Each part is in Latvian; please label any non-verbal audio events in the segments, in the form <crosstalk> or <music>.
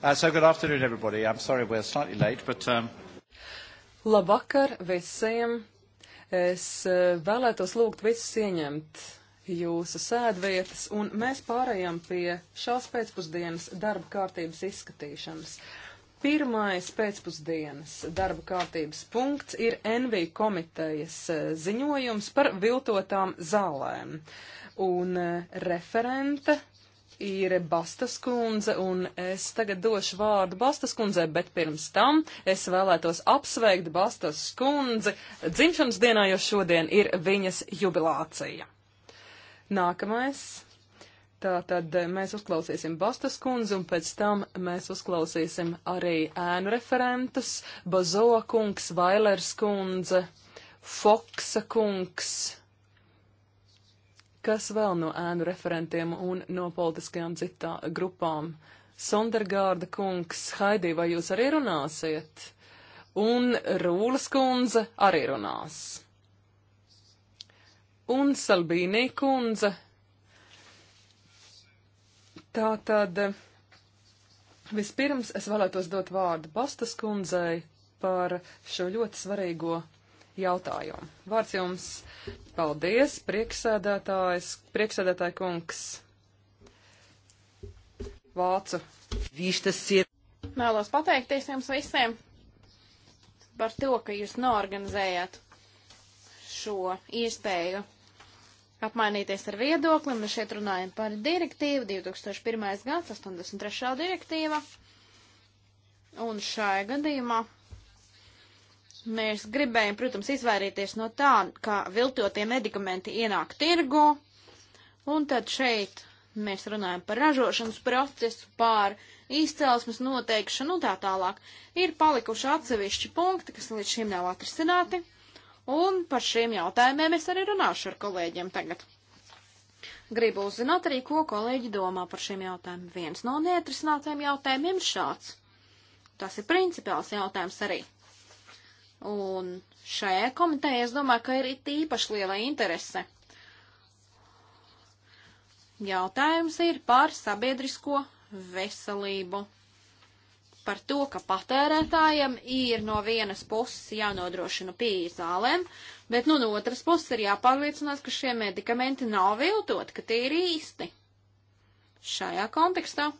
Uh, so good afternoon, everybody. I'm sorry we're slightly late, but... Um... Labvakar visiem! Es uh, vēlētos lūgt visus ieņemt jūsu sēdvietas, un mēs pārējām pie šās pēcpusdienas darba kārtības izskatīšanas. Pirmais pēcpusdienas darba kārtības punkts ir NV komitejas uh, ziņojums par viltotām zālēm, un uh, referente ir Bastas kundze, un es tagad došu vārdu Bastas kundzei, bet pirms tam es vēlētos apsveikt Bastas kundzi dzimšanas dienā, jo šodien ir viņas jubilācija. Nākamais. Tātad mēs uzklausīsim Bastas kundzi, un pēc tam mēs uzklausīsim arī ēnu referentus - Bazo kungs, Vailers kundze, Foksa kungs Kas vēl no ēnu referentiem un no politiskajām citā grupām? Sondergārda kungs, Haidī, vai jūs arī runāsiet? Un Rūlas kundze arī runās. Un Salbīnī kundze. Tā tad vispirms es vēlētos dot vārdu Bastas kundzei par šo ļoti svarīgo jautājumu. Vārds jums. Paldies, prieksēdētājs, prieksēdētāja kungs. Vācu. Vīštas ir. Mēlos pateikties jums visiem par to, ka jūs norganizējāt šo iespēju apmainīties ar viedokli. Mēs šeit runājam par direktīvu 2001. gads 83. direktīva. Un šajā gadījumā Mēs gribējam, protams, izvairīties no tā, ka viltotie medikamenti ienāk tirgu, un tad šeit mēs runājam par ražošanas procesu, par izcelsmes noteikšanu un tā tālāk. Ir palikuši atsevišķi punkti, kas līdz šim nav atrisināti, un par šiem jautājumiem es arī runāšu ar kolēģiem tagad. Gribu uzzināt arī, ko kolēģi domā par šiem jautājumiem. Viens no neatrisinātajiem jautājumiem ir šāds. Tas ir principiāls jautājums arī. Un šajā komitejā es domāju, ka ir it īpaši liela interese. Jautājums ir par sabiedrisko veselību. Par to, ka patērētājiem ir no vienas puses jānodrošina pieeja zālēm, bet nu, no otras puses ir jāpārliecinās, ka šie medikamenti nav viltot, ka tie ir īsti. Šajā kontekstā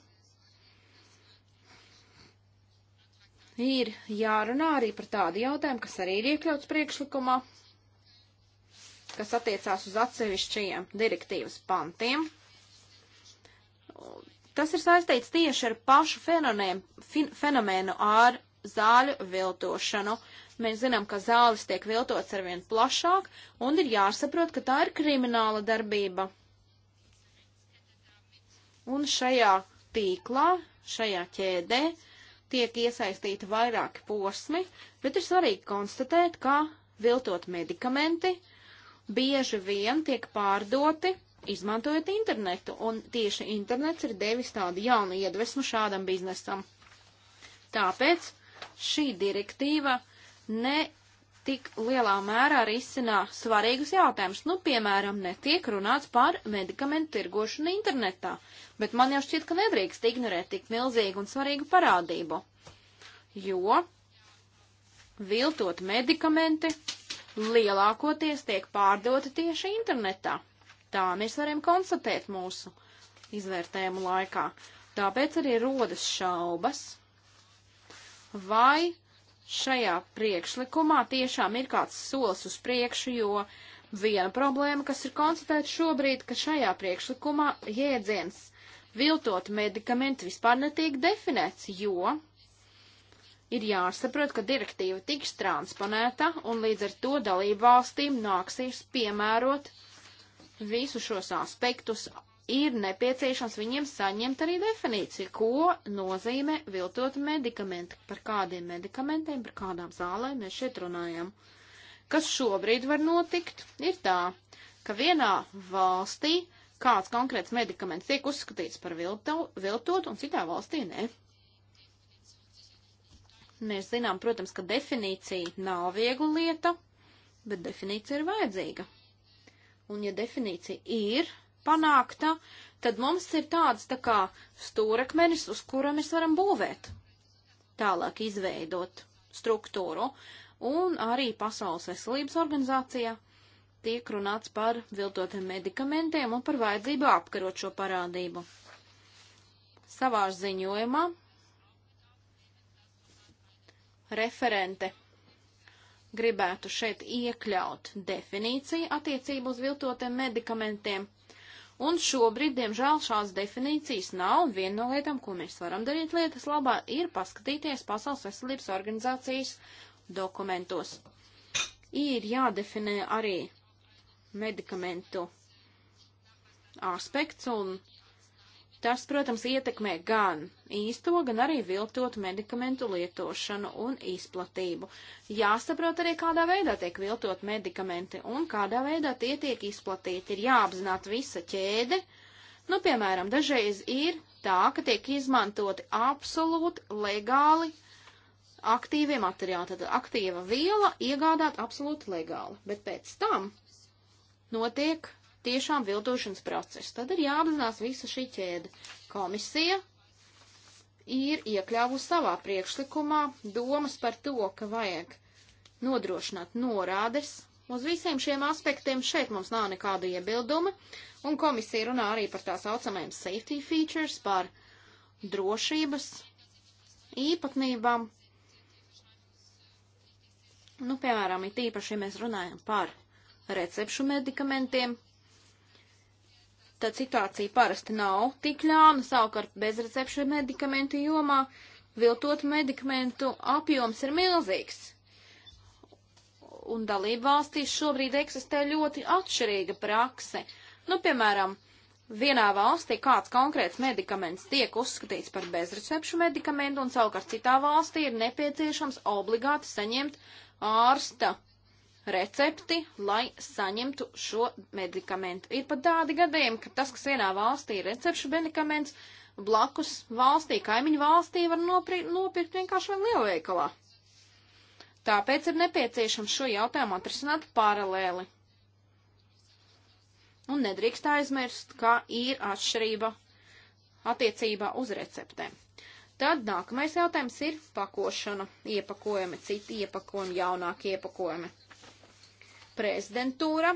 ir jārunā arī par tādu jautājumu, kas arī ir iekļauts priekšlikumā, kas attiecās uz atsevišķajiem direktīvas pantiem. Tas ir saistīts tieši ar pašu fenomēnu, fin, fenomēnu ar zāļu viltošanu. Mēs zinām, ka zāles tiek viltots arvien plašāk, un ir jāsaprot, ka tā ir krimināla darbība. Un šajā tīklā, šajā ķēdē, uh, tiek iesaistīti vairāki posmi, bet ir svarīgi konstatēt, ka viltot medikamenti bieži vien tiek pārdoti, izmantojot internetu, un tieši internets ir devis tādu jaunu iedvesmu šādam biznesam. Tāpēc šī direktīva ne tik lielā mērā arī izcinā svarīgus jautājumus. Nu, piemēram, netiek runāts par medikamentu tirgošanu internetā, bet man jau šķiet, ka nedrīkst ignorēt tik milzīgu un svarīgu parādību, jo viltot medikamenti lielākoties tiek pārdoti tieši internetā. Tā mēs varam konstatēt mūsu izvērtējumu laikā. Tāpēc arī rodas šaubas, vai šajā priekšlikumā tiešām ir kāds solis uz priekšu, jo viena problēma, kas ir konstatēta šobrīd, ka šajā priekšlikumā jēdziens viltot medikamentu vispār netiek definēts, jo ir jāsaprot, ka direktīva tiks transponēta un līdz ar to dalību valstīm nāksies piemērot visu šos aspektus ir nepieciešams viņiem saņemt arī definīciju, ko nozīmē viltot medikamenti, par kādiem medikamentiem, par kādām zālēm mēs šeit runājam. Kas šobrīd var notikt, ir tā, ka vienā valstī kāds konkrēts medikaments tiek uzskatīts par vilto, viltot un citā valstī ne. Mēs zinām, protams, ka definīcija nav viegla lieta, bet definīcija ir vajadzīga. Un ja definīcija ir, panākta, tad mums ir tāds tā kā stūrakmenis, uz kura mēs varam būvēt, tālāk izveidot struktūru. Un arī Pasaules veselības organizācijā tiek runāts par viltotiem medikamentiem un par vajadzību apkarot šo parādību. Savā ziņojumā referente gribētu šeit iekļaut definīciju attiecību uz viltotiem medikamentiem – Un šobrīd, diemžēl, šās definīcijas nav, un viena no lietām, ko mēs varam darīt lietas labā, ir paskatīties Pasaules veselības organizācijas dokumentos. Ir jādefinē arī medikamentu aspekts, un Tas, protams, ietekmē gan īsto, gan arī viltotu medikamentu lietošanu un izplatību. Jāsaprot arī, kādā veidā tiek viltot medikamenti un kādā veidā tie tiek izplatīti. Ir jāapzināt visa ķēde. Nu, piemēram, dažreiz ir tā, ka tiek izmantoti absolūti legāli aktīvie materiāli. Tad aktīva viela iegādāt absolūti legāli, bet pēc tam notiek tiešām viltošanas process. Tad ir jāapzinās visa šī ķēde. Komisija ir iekļāvusi savā priekšlikumā domas par to, ka vajag nodrošināt norādes Uz visiem šiem aspektiem šeit mums nav nekādu iebildumu, un komisija runā arī par tā saucamajiem safety features, par drošības īpatnībām. Nu, piemēram, it īpaši, ja mēs runājam par recepšu medikamentiem, tad situācija parasti nav tik ļauna, savukārt bezrecepšu medikamentu jomā viltotu medikamentu apjoms ir milzīgs. Un dalību valstīs šobrīd eksistē ļoti atšķirīga prakse. Nu, piemēram, vienā valstī kāds konkrēts medikaments tiek uzskatīts par bezrecepšu medikamentu, un savukārt citā valstī ir nepieciešams obligāti saņemt ārsta recepti, lai saņemtu šo medikamentu. Ir pat tādi gadījumi, ka tas, kas vienā valstī ir recepšu medikaments, blakus valstī, kaimiņu valstī var nopirkt, nopirkt vienkārši vien lielveikalā. Tāpēc ir nepieciešams šo jautājumu atrisināt paralēli. Un nedrīkst aizmirst, kā ir atšķirība attiecībā uz receptēm. Tad nākamais jautājums ir pakošana, iepakojumi, citi iepakojumi, jaunāki iepakojumi prezidentūra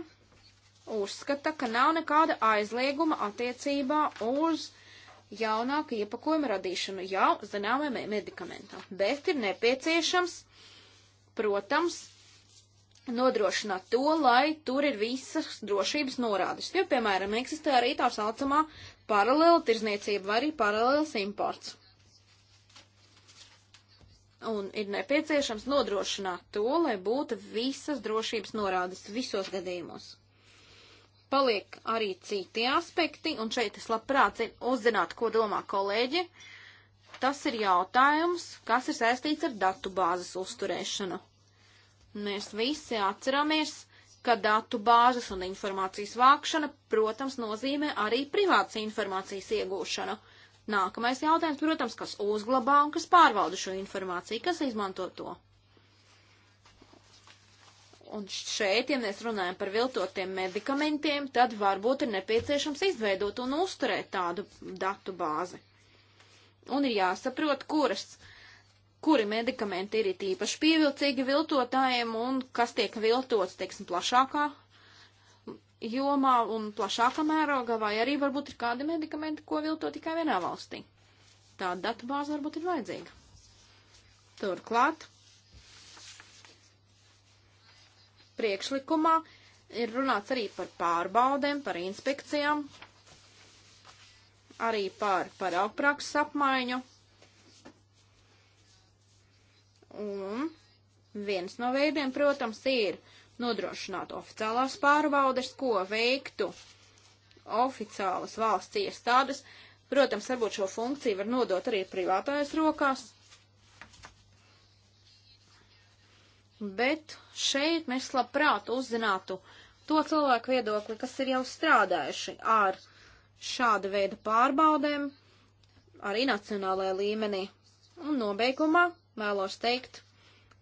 uzskata, ka nav nekāda aizlieguma attiecībā uz jaunāka iepakojuma radīšanu jau zināmajam medikamentam, bet ir nepieciešams, protams, nodrošināt to, lai tur ir visas drošības norādes. Jo, piemēram, eksistē arī tā saucamā paralēla tirzniecība vai arī paralēls imports un ir nepieciešams nodrošināt to, lai būtu visas drošības norādes visos gadījumos. Paliek arī citi aspekti, un šeit es labprāt zinu uzzināt, ko domā kolēģi. Tas ir jautājums, kas ir saistīts ar datu bāzes uzturēšanu. Mēs visi atceramies, ka datu bāzes un informācijas vākšana, protams, nozīmē arī privāts informācijas iegūšanu. Nākamais jautājums, protams, kas uzglabā un kas pārvalda šo informāciju, kas izmanto to. Un šeit, ja mēs runājam par viltotiem medikamentiem, tad varbūt ir nepieciešams izveidot un uzturēt tādu datu bāzi. Un ir jāsaprot, kuras, kuri medikamenti ir īpaši pievilcīgi viltotājiem un kas tiek viltots, teiksim, plašākā jomā un plašākā mērogā, vai arī varbūt ir kādi medikamenti, ko vilto tikai vienā valstī. Tāda datu bāze varbūt ir vajadzīga. Turklāt priekšlikumā ir runāts arī par pārbaudēm, par inspekcijām, arī par paraugprakses apmaiņu. Un viens no veidiem, protams, ir uh, nodrošināt oficiālās pārbaudes, ko veiktu oficiālas valsts iestādes. Protams, varbūt šo funkciju var nodot arī privātājas rokās. Bet šeit mēs labprāt uzzinātu to cilvēku viedokli, kas ir jau strādājuši ar šāda veida pārbaudēm, arī nacionālajā līmenī. Un nobeigumā vēlos teikt,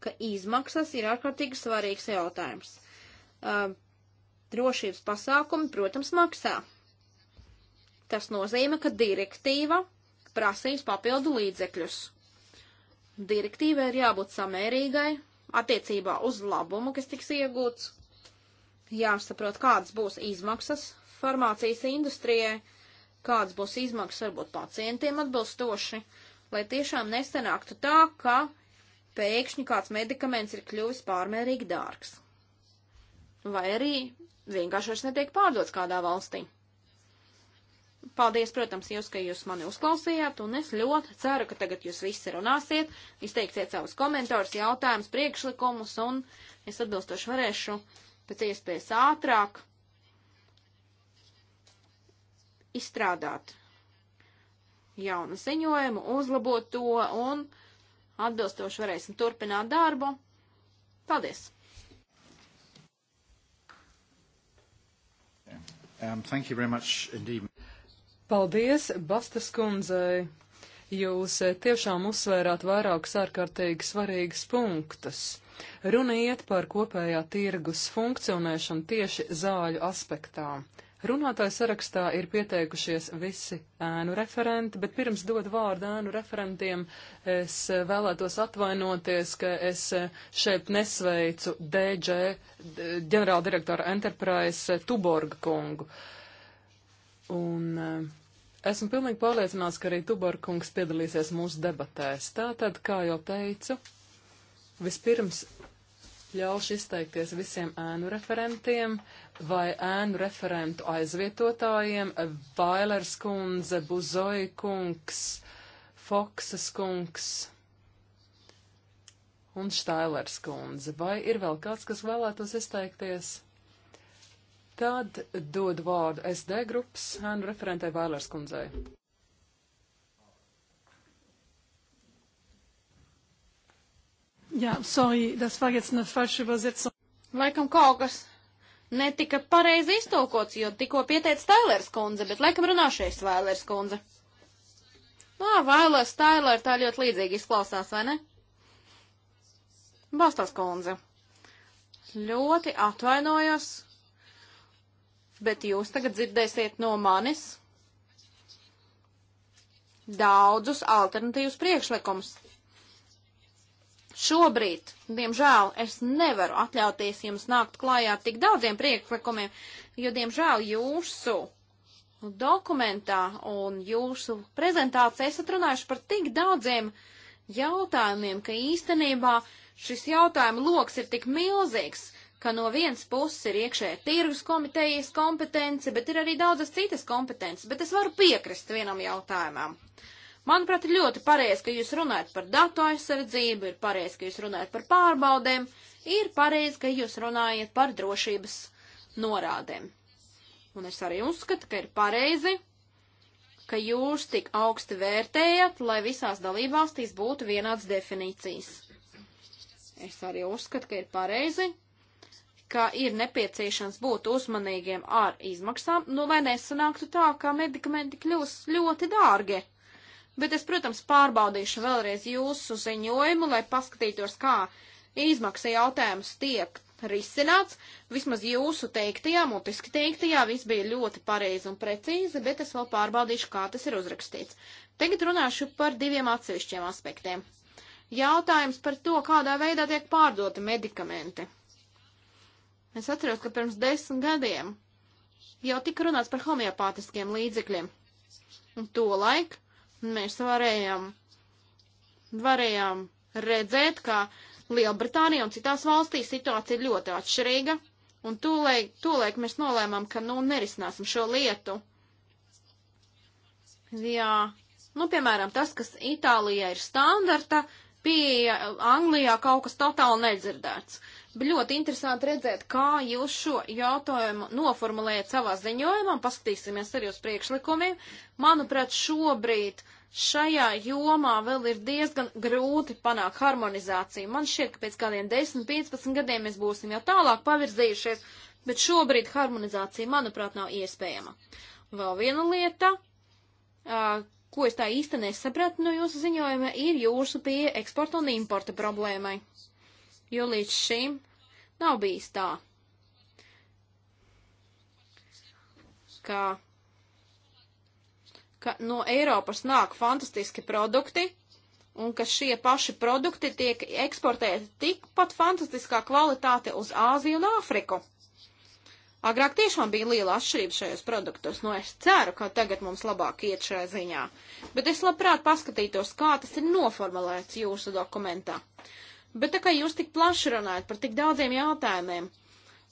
ka izmaksas ir ārkārtīgi svarīgs jautājums. Uh, drošības pasākumi, protams, maksā. Tas nozīmē, ka direktīva prasīs papildu līdzekļus. Direktīvai ir jābūt samērīgai attiecībā uz labumu, kas tiks iegūts. Jāsaprot, kādas būs izmaksas farmācijas industrijai, kādas būs izmaksas varbūt pacientiem atbilstoši, lai tiešām nesanāktu tā, ka pēkšņi kāds medikaments ir kļuvis pārmērīgi dārgs. Vai arī vienkārši vairs netiek pārdots kādā valstī. Paldies, protams, jūs, ka jūs mani uzklausījāt, un es ļoti ceru, ka tagad jūs visi runāsiet, izteiksiet savus komentārus, jautājumus, priekšlikumus, un es atbilstoši varēšu pēc iespējas ātrāk izstrādāt jaunu ziņojumu, uzlabot to un atbilstoši varēsim turpināt darbu. Paldies! Um, thank you very much indeed. Paldies, Bastas kundzei! Jūs eh, tiešām uzsvērāt vairākus ārkārtīgi svarīgus punktus. Runa iet par kopējā tirgus funkcionēšanu tieši zāļu aspektā. Runātāju sarakstā ir pieteikušies visi ēnu referenti, bet pirms dod vārdu ēnu referentiem, es vēlētos atvainoties, ka es šeit nesveicu DG, ģenerāldirektora Enterprise Tuborga kungu. Un eh, esmu pilnīgi pārliecināts, ka arī Tuborga kungs piedalīsies mūsu debatēs. Tātad, kā jau teicu, vispirms ļaušu izteikties visiem ēnu referentiem, vai ēnu referentu aizvietotājiem Vailers kundze, Buzoja kungs, Foksas kungs un Štailers kundze. Vai ir vēl kāds, kas vēlētos izteikties? Tad dod vārdu SD grupas ēnu referentē Vailers kundzei. Jā, sorry, das war jetzt eine falsche Übersetzung. Laikam kaut kas netika pareizi iztulkots, jo tikko pieteica Tailers kundze, bet laikam runā šeit Vailers kundze. Nā, Vailers, Tailers tā ļoti līdzīgi izklausās, vai ne? Bastās kundze. Ļoti atvainojos, bet jūs tagad dzirdēsiet no manis daudzus alternatīvus priekšlikumus. Šobrīd, diemžēl, es nevaru atļauties jums nākt klājā tik daudziem priekšlikumiem, jo, diemžēl, jūsu dokumentā un jūsu prezentācijā esat runājuši par tik daudziem jautājumiem, ka īstenībā šis jautājumu loks ir tik milzīgs, ka no vienas puses ir iekšēja tirgus komitejas kompetence, bet ir arī daudzas citas kompetences, bet es varu piekrist vienam jautājumam. Uh, Manuprāt, ir ļoti pareizi, ka jūs runājat par datu aizsardzību, ir pareizi, ka jūs runājat par pārbaudēm, ir pareizi, ka jūs runājat par drošības norādēm. Un es arī uzskatu, ka ir pareizi, ka jūs tik augsti vērtējat, lai visās dalībvalstīs būtu vienāds definīcijas. Es arī uzskatu, ka ir pareizi, ka ir nepieciešams būt uzmanīgiem ar izmaksām, nu lai nesanāktu tā, ka medikamenti kļūs ļoti dārgi. Bet es, protams, pārbaudīšu vēlreiz jūsu ziņojumu, lai paskatītos, kā izmaksa jautājums tiek risināts. Vismaz jūsu teiktajā, mutiski teiktajā, viss bija ļoti pareizi un precīzi, bet es vēl pārbaudīšu, kā tas ir uzrakstīts. Tagad runāšu par diviem atsevišķiem aspektiem. Jautājums par to, kādā veidā tiek pārdoti medikamenti. Es atceros, ka pirms desmit gadiem jau tika runāts par homeopātiskiem līdzekļiem. Un to laiku Mēs varējām, varējām redzēt, ka Lielbritānija un citās valstīs situācija ir ļoti atšķirīga, un tūlēk, tūlēk mēs nolēmām, ka nu nerisināsim šo lietu. Jā, nu piemēram, tas, kas Itālijā ir standarta, pieeja Anglijā kaut kas totāli nedzirdēts. Uh, Bija ļoti interesanti redzēt, kā jūs šo jautājumu noformulējat savā ziņojumā, paskatīsimies arī uz priekšlikumiem. Manuprāt, šobrīd šajā jomā vēl ir diezgan grūti panākt harmonizāciju. Man šķiet, ka pēc kādiem 10-15 gadiem mēs būsim jau tālāk pavirzījušies, bet šobrīd harmonizācija, manuprāt, nav iespējama. Vēl viena lieta, ko es tā īsti nesapratu no jūsu ziņojuma, ir jūsu pieeja eksporta un importa problēmai jo līdz šim nav bijis tā, ka, ka no Eiropas nāk fantastiski produkti un ka šie paši produkti tiek eksportēti tikpat fantastiskā kvalitāte uz Āziju un Āfriku. Agrāk tiešām bija liela atšķirība šajos produktos, nu es ceru, ka tagad mums labāk iet šajā ziņā, bet es labprāt paskatītos, kā tas ir noformulēts jūsu dokumentā. Bet tā kā jūs tik plaši runājat par tik daudziem jautājumiem,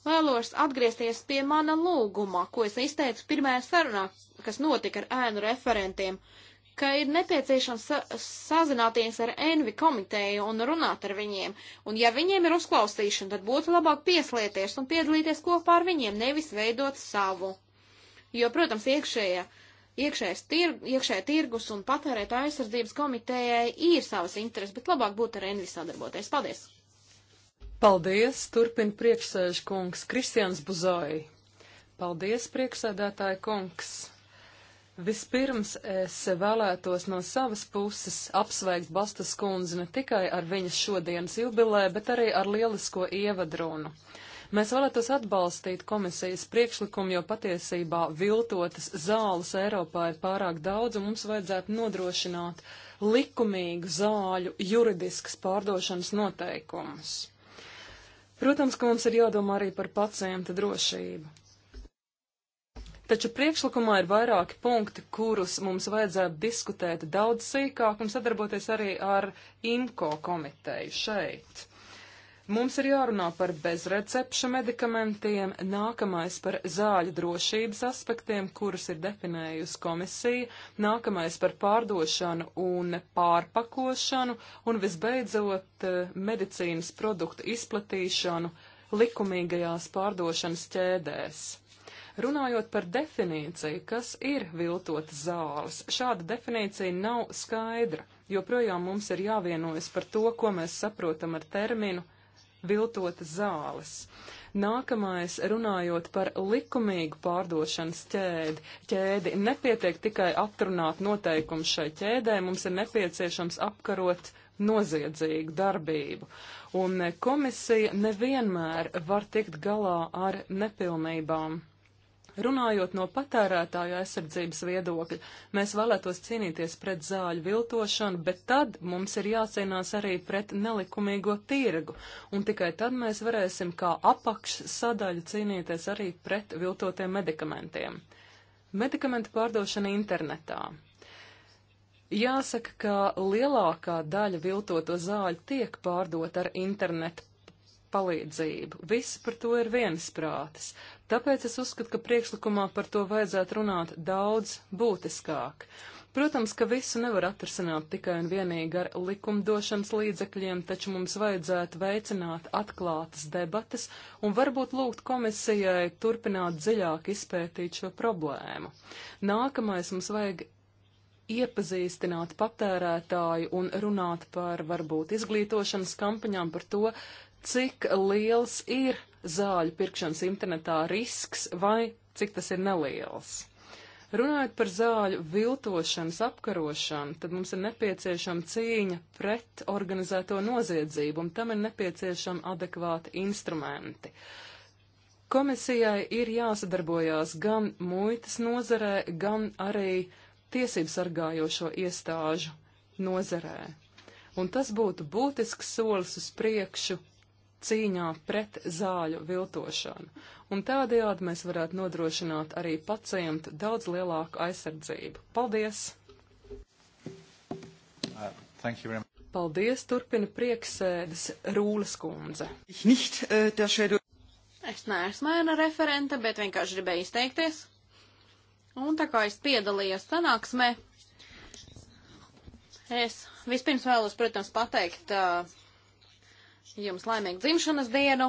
vēlos atgriezties pie mana lūguma, ko es izteicu pirmajā sarunā, kas notika ar ēnu referentiem, ka ir nepieciešams sa sazināties ar Envi komiteju un runāt ar viņiem, un ja viņiem ir uzklausīšana, tad būtu labāk pieslieties un piedalīties kopā ar viņiem, nevis veidot savu. Jo, protams, iekšējā iekšējais tirg, iekšējā tirgus un patērēta aizsardzības komitejai ir savas intereses, bet labāk būtu ar Envi sadarboties. Paldies! Paldies! Turpin priekšsēžu kungs Kristians Buzoji. Paldies, priekšsēdētāja kungs! Vispirms es vēlētos no savas puses apsveikt Bastas kundzi ne tikai ar viņas šodienas jubilē, bet arī ar lielisko ievadrunu. Mēs vēlētos atbalstīt komisijas priekšlikumu, jo patiesībā viltotas zāles Eiropā ir pārāk daudz, un mums vajadzētu nodrošināt likumīgu zāļu juridiskas pārdošanas noteikumus. Protams, ka mums ir jādomā arī par pacienta drošību. Taču priekšlikumā ir vairāki punkti, kurus mums vajadzētu diskutēt daudz sīkāk un sadarboties arī ar IMCO komiteju šeit. Mums ir jārunā par bezrecepšu medikamentiem, nākamais par zāļu drošības aspektiem, kurus ir definējusi komisija, nākamais par pārdošanu un pārpakošanu, un visbeidzot eh, medicīnas produktu izplatīšanu likumīgajās pārdošanas ķēdēs. Runājot par definīciju, kas ir viltotas zāles, šāda definīcija nav skaidra, jo projām mums ir jāvienojas par to, ko mēs saprotam ar terminu viltotas zāles. Nākamais, runājot par likumīgu pārdošanas ķēdi, ķēdi, nepietiek tikai atrunāt noteikumus šai ķēdē, mums ir nepieciešams apkarot noziedzīgu darbību. Un eh, komisija nevienmēr var tikt galā ar nepilnībām Runājot no patērētāju aizsardzības viedokļa, mēs vēlētos cīnīties pret zāļu viltošanu, bet tad mums ir jācīnās arī pret nelikumīgo tirgu, un tikai tad mēs varēsim kā apakš sadaļu cīnīties arī pret viltotiem medikamentiem. Medikamentu pārdošana internetā. Jāsaka, ka lielākā daļa viltoto zāļu tiek pārdota ar internetu palīdzību. Visi par to ir viensprātis. Tāpēc es uzskatu, ka priekšlikumā par to vajadzētu runāt daudz būtiskāk. Protams, ka visu nevar atrisināt tikai un vienīgi ar likumdošanas līdzekļiem, taču mums vajadzētu veicināt atklātas debatas un varbūt lūgt komisijai turpināt dziļāk izpētīt šo problēmu. Nākamais mums vajag iepazīstināt patērētāju un runāt par varbūt izglītošanas kampaņām par to, cik liels ir zāļu pirkšanas internetā risks vai cik tas ir neliels. Runājot par zāļu viltošanas apkarošanu, tad mums ir nepieciešama cīņa pret organizēto noziedzību, un tam ir nepieciešama adekvāti instrumenti. Komisijai ir jāsadarbojās gan muitas nozarē, gan arī tiesību sargājošo iestāžu nozarē. Un tas būtu būtisks solis uz priekšu cīņā pret zāļu viltošanu, un tādējādi mēs varētu nodrošināt arī pacientu daudz lielāku aizsardzību. Paldies! Uh, Paldies, turpina prieksēdes Rūles kundze. Nicht, uh, es neesmu ēna referente, bet vienkārši gribēju izteikties. Un tā kā es piedalījos sanāksmē, es vispirms vēlos, protams, pateikt uh, jums laimīgu dzimšanas dienu,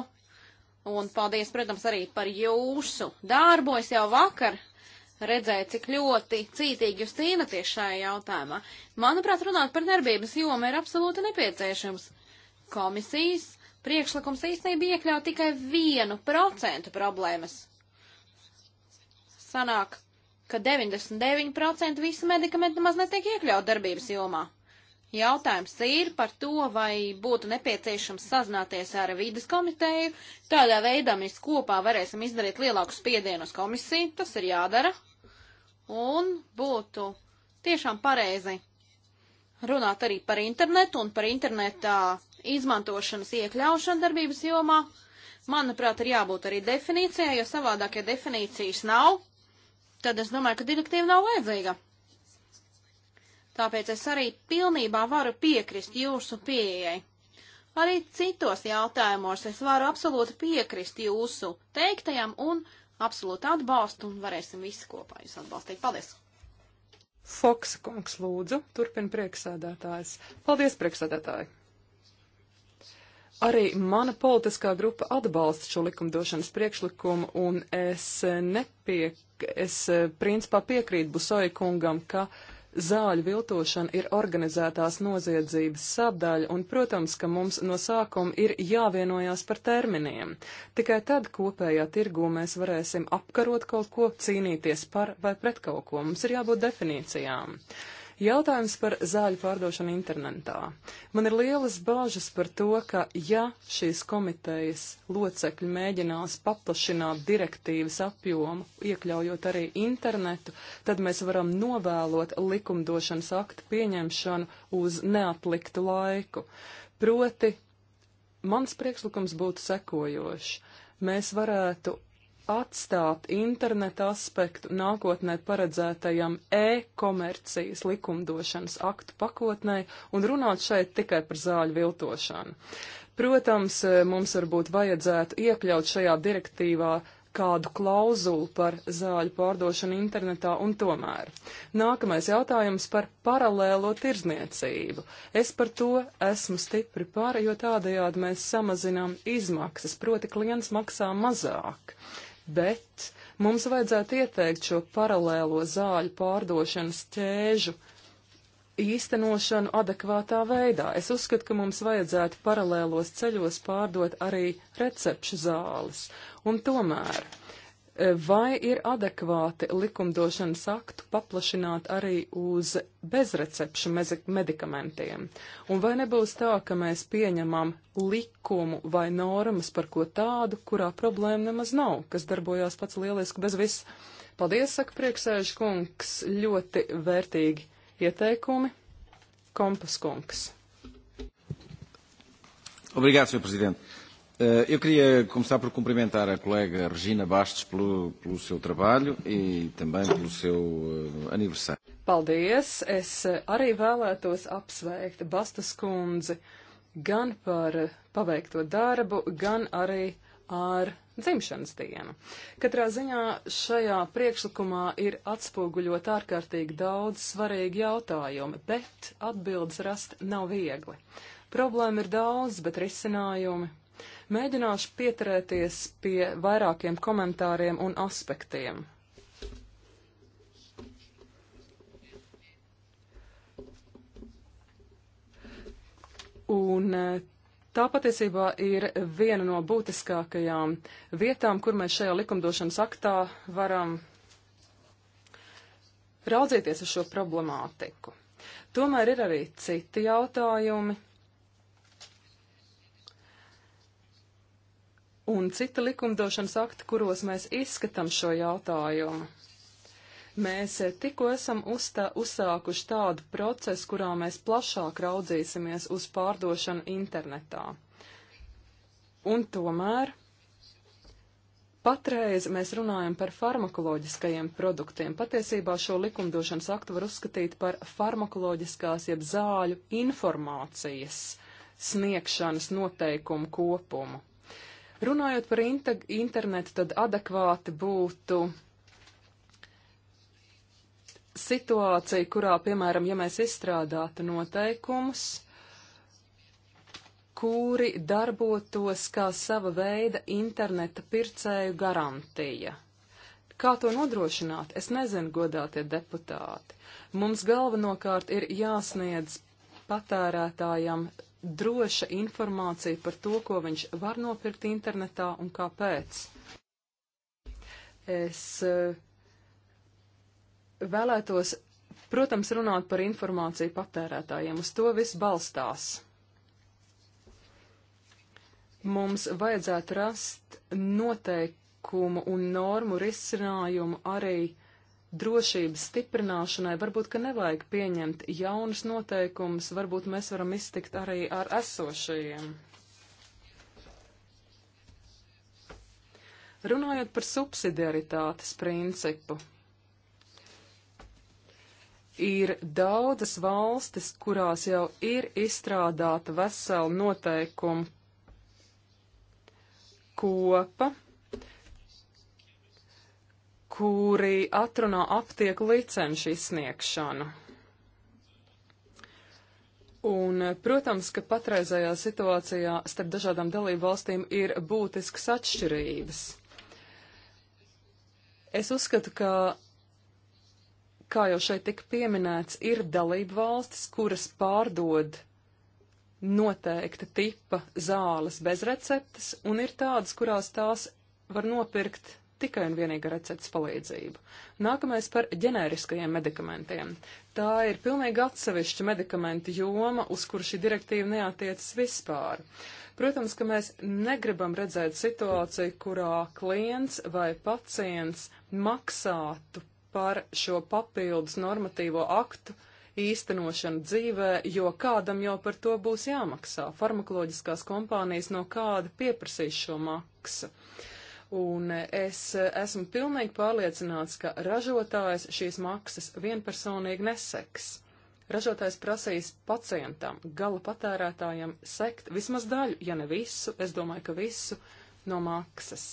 un paldies, protams, arī par jūsu darbu. Es jau vakar redzēju, cik ļoti cītīgi jūs cīnāties šajā jautājumā. Manuprāt, runāt par darbības jomu ir absolūti nepieciešams. Komisijas priekšlikums īstenībā iekļauj tikai vienu procentu problēmas. Sanāk, ka 99% visu medikamentu maz netiek iekļaut darbības jomā. Jautājums ir par to, vai būtu nepieciešams sazināties ar vīdas komiteju. Tādā veidā mēs kopā varēsim izdarīt lielāku spiedienu uz komisiju. Tas ir jādara. Un būtu tiešām pareizi runāt arī par internetu un par internetā izmantošanas iekļaušanu darbības jomā. Manuprāt, ir jābūt arī definīcijai, jo savādāk, ja definīcijas nav, tad es domāju, ka direktīva nav vajadzīga. Tāpēc es arī pilnībā varu piekrist jūsu pieejai. Arī citos jautājumos es varu absolūti piekrist jūsu teiktajam un absolūti atbalstu un varēsim visi kopā jūs atbalstīt. Paldies! Foks kungs lūdzu, turpina prieksēdētājs. Paldies, prieksēdētāji! Arī mana politiskā grupa atbalsta šo likumdošanas priekšlikumu, un es, nepiek, es eh, principā piekrītu Busoja kungam, ka uh, Zāļu viltošana ir organizētās noziedzības sadaļa, un, protams, ka mums no sākuma ir jāvienojās par terminiem. Tikai tad kopējā tirgū mēs varēsim apkarot kaut ko, cīnīties par vai pret kaut ko. Mums ir jābūt definīcijām. Uh, Jautājums par zāļu pārdošanu internetā. Man ir lielas bāžas par to, ka ja šīs komitejas locekļi mēģinās paplašināt direktīvas apjomu, iekļaujot arī internetu, tad mēs varam novēlot likumdošanas aktu pieņemšanu uz neatliktu laiku. Proti, mans priekšlikums būtu sekojošs. Mēs varētu atstāt interneta aspektu nākotnē paredzētajam e-komercijas likumdošanas aktu pakotnē un runāt šeit tikai par zāļu viltošanu. Protams, e, mums varbūt vajadzētu iekļaut šajā direktīvā kādu klauzulu par zāļu pārdošanu internetā un tomēr. Nākamais jautājums par paralēlo tirzniecību. Es par to esmu stipri par, jo tādējādi mēs samazinām izmaksas, proti klients maksā mazāk. Uh, bet mums vajadzētu ieteikt šo paralēlo zāļu pārdošanas ķēžu īstenošanu adekvātā veidā. Es uzskatu, ka mums vajadzētu paralēlos ceļos pārdot arī recepšu zāles. Un tomēr Vai ir adekvāti likumdošanas aktu paplašināt arī uz bezrecepšu medikamentiem? Un vai nebūs tā, ka mēs pieņemam likumu vai normas par ko tādu, kurā problēma nemaz nav, kas darbojās pats lieliski bez viss? Paldies, saka priekšsēžu kungs, ļoti vērtīgi ieteikumi. Kompas kungs. Obrigāts, jo prezidents. Eh, eu queria começar por cumprimentar a colega Regina Bastos pelo, pelo seu trabalho e também pelo seu eh, aniversário. Paldies! Es eh, arī vēlētos apsveikt Bastas kundzi gan par paveikto darbu, gan arī ar dzimšanas dienu. Katrā ziņā šajā priekšlikumā ir atspoguļot ārkārtīgi daudz svarīgi jautājumi, bet atbildes rast nav viegli. Problēma ir daudz, bet risinājumi Mēģināšu pieturēties pie vairākiem komentāriem un aspektiem. Un eh, tā patiesībā ir viena no būtiskākajām vietām, kur mēs šajā likumdošanas aktā varam raudzīties uz šo problemātiku. Tomēr ir arī citi jautājumi, un cita likumdošanas akti, kuros mēs izskatām šo jautājumu. Mēs eh, tikko esam uzstā, uzsākuši tādu procesu, kurā mēs plašāk raudzīsimies uz pārdošanu internetā. Un tomēr patreiz mēs runājam par farmakoloģiskajiem produktiem. Patiesībā šo likumdošanas aktu var uzskatīt par farmakoloģiskās jeb zāļu informācijas sniegšanas noteikumu kopumu. Runājot par internetu, tad adekvāti būtu situācija, kurā, piemēram, ja mēs izstrādātu noteikumus, kuri darbotos kā sava veida interneta pircēju garantija. Kā to nodrošināt? Es nezinu, godātie deputāti. Mums galvenokārt ir jāsniedz patērētājam droša informācija par to, ko viņš var nopirkt internetā un kāpēc. Es eh, vēlētos, protams, runāt par informāciju patērētājiem. Uz to viss balstās. Mums vajadzētu rast noteikumu un normu risinājumu arī drošības stiprināšanai varbūt, ka nevajag pieņemt jaunus noteikumus, varbūt mēs varam iztikt arī ar esošajiem. Runājot par subsidiaritātes principu, ir daudzas valstis, kurās jau ir izstrādāta vesela noteikuma kopa, kuri atrunā aptieku licenšu izsniegšanu. Un, protams, ka patreizējā situācijā starp dažādām dalību valstīm ir būtisks atšķirības. Es uzskatu, ka, kā jau šeit tika pieminēts, ir dalību valstis, kuras pārdod noteikta tipa zāles bez receptes, un ir tādas, kurās tās var nopirkt tikai un vienīgi ar receptes palīdzību. Nākamais par ģenēriskajiem medikamentiem. Tā ir pilnīgi atsevišķa medikamentu joma, uz kuru šī direktīva neatiecas vispār. Protams, ka mēs negribam redzēt situāciju, kurā klients vai pacients maksātu par šo papildus normatīvo aktu īstenošanu dzīvē, jo kādam jau par to būs jāmaksā. Farmakoloģiskās kompānijas no kāda pieprasīs šo maksu. Un es esmu pilnīgi pārliecināts, ka ražotājs šīs maksas vienpersonīgi neseks. Ražotājs prasīs pacientam, gala patērētājam sekt vismaz daļu, ja ne visu, es domāju, ka visu no maksas.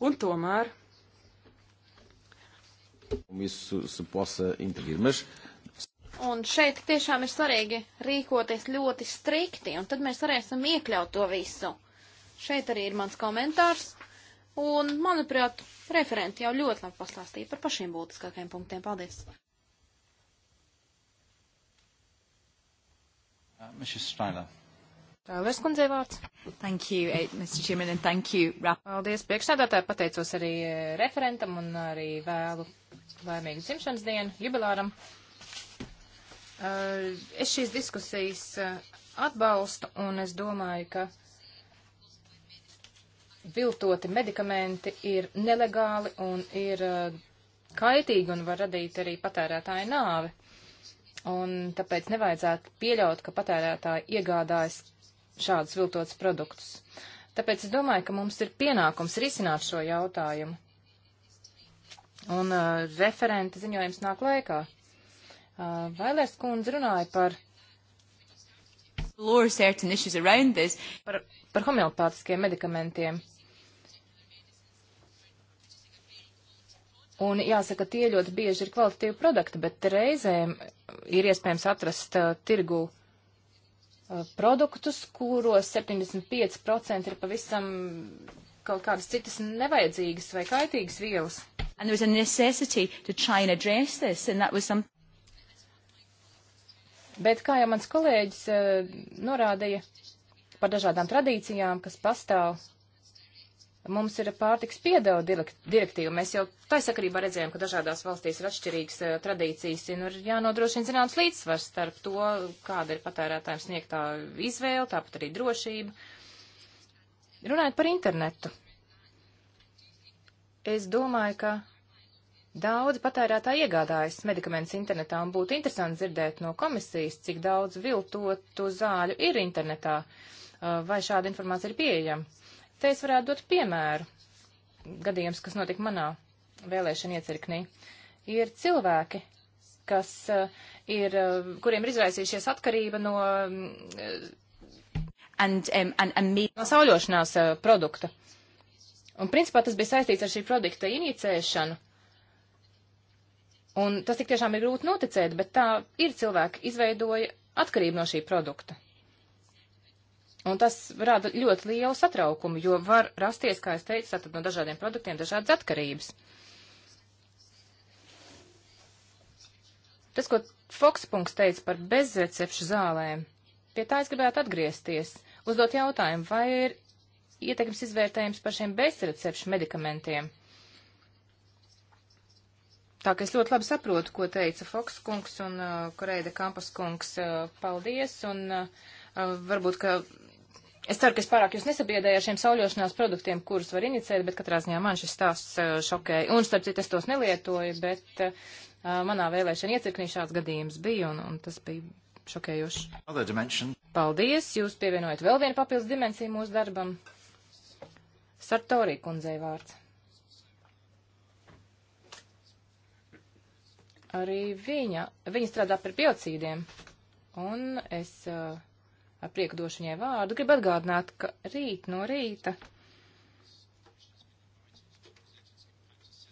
Un tomēr. Isso se possa intervir, mas uh, Un šeit tiešām ir svarīgi rīkoties ļoti strikti, un tad mēs varēsim iekļaut to visu. Šeit arī ir mans komentārs, un, manuprāt, referenti jau ļoti labi pastāstīja par pašiem būtiskākajiem punktiem. Paldies! Uh, Tālēs kundze vārds. Thank you, eh, Mr. Chairman, and thank you. Paldies priekšsādātāji, pateicos arī eh, referentam un arī vēlu laimīgu dzimšanas dienu jubilāram. Uh, Eh, es šīs diskusijas eh, atbalstu un es domāju, ka viltoti medikamenti ir nelegāli un ir eh, kaitīgi un var radīt arī patērētāju nāvi. Un tāpēc nevajadzētu pieļaut, ka patērētāji iegādājas šādus viltotus produktus. Tāpēc es domāju, ka mums ir pienākums risināt šo jautājumu. Un uh, referenta ziņojums nāk laikā. Uh, Vailērs kundze runāja par. Par, par homeopātiskiem medikamentiem. Un jāsaka, tie ļoti bieži ir kvalitatīvi produkti, bet reizēm ir iespējams atrast uh, tirgu uh, produktus, kuros 75% ir pavisam kaut kādas citas nevajadzīgas vai kaitīgas vielas. Some... Bet, kā jau mans kolēģis uh, norādīja par dažādām tradīcijām, kas pastāv, mums ir pārtiks piedevu direktīva. Mēs jau tā sakarībā redzējām, ka dažādās valstīs ir atšķirīgas uh, tradīcijas un ir jānodrošina zināms līdzsvars starp to, kāda ir patērētājiem sniegtā izvēle, tāpat arī drošība. Runājot par internetu, es domāju, ka Daudz patērētāji iegādājas medikamentus internetā un būtu interesanti dzirdēt no komisijas, cik daudz viltotu zāļu ir internetā, uh, vai šāda informācija ir pieejama. Te es varētu dot piemēru gadījums, kas notika manā vēlēšana iecirknī. Ir cilvēki, kas uh, ir, uh, kuriem ir izraisījušies atkarība no, mm, and, um, and, and no sauļošanās produkta. Un principā tas bija saistīts ar šī produkta inicēšanu Un tas tik tiešām ir grūti noticēt, bet tā ir cilvēki izveidoja atkarību no šī produkta. Un tas rada ļoti lielu satraukumu, jo var rasties, kā es teicu, tātad no dažādiem produktiem dažādas atkarības. Tas, ko Fokspunks teica par bezrecepšu zālēm, pie tā es gribētu atgriezties, uzdot jautājumu, vai ir ietekmes izvērtējums par šiem bezrecepšu medikamentiem. Tā ka es ļoti labi saprotu, ko teica Foks kungs un uh, Koreida Kampas kungs. Uh, paldies, un uh, uh, varbūt, ka es ceru, ka es pārāk jūs nesabiedēju ar šiem sauļošanās produktiem, kurus var inicēt, bet katrā ziņā man šis stāsts uh, šokēja. Un, starp citu, es tos nelietoju, bet uh, uh, manā vēlēšana iecirknī šāds gadījums bija, un, un tas bija šokējoši. Paldies, jūs pievienojat vēl vienu papildus dimensiju mūsu darbam. Sartorī kundzei vārds. Arī viņa, viņa strādā par biocīdiem, un es uh, ar prieku došu viņai vārdu. Gribu atgādināt, ka rīt no rīta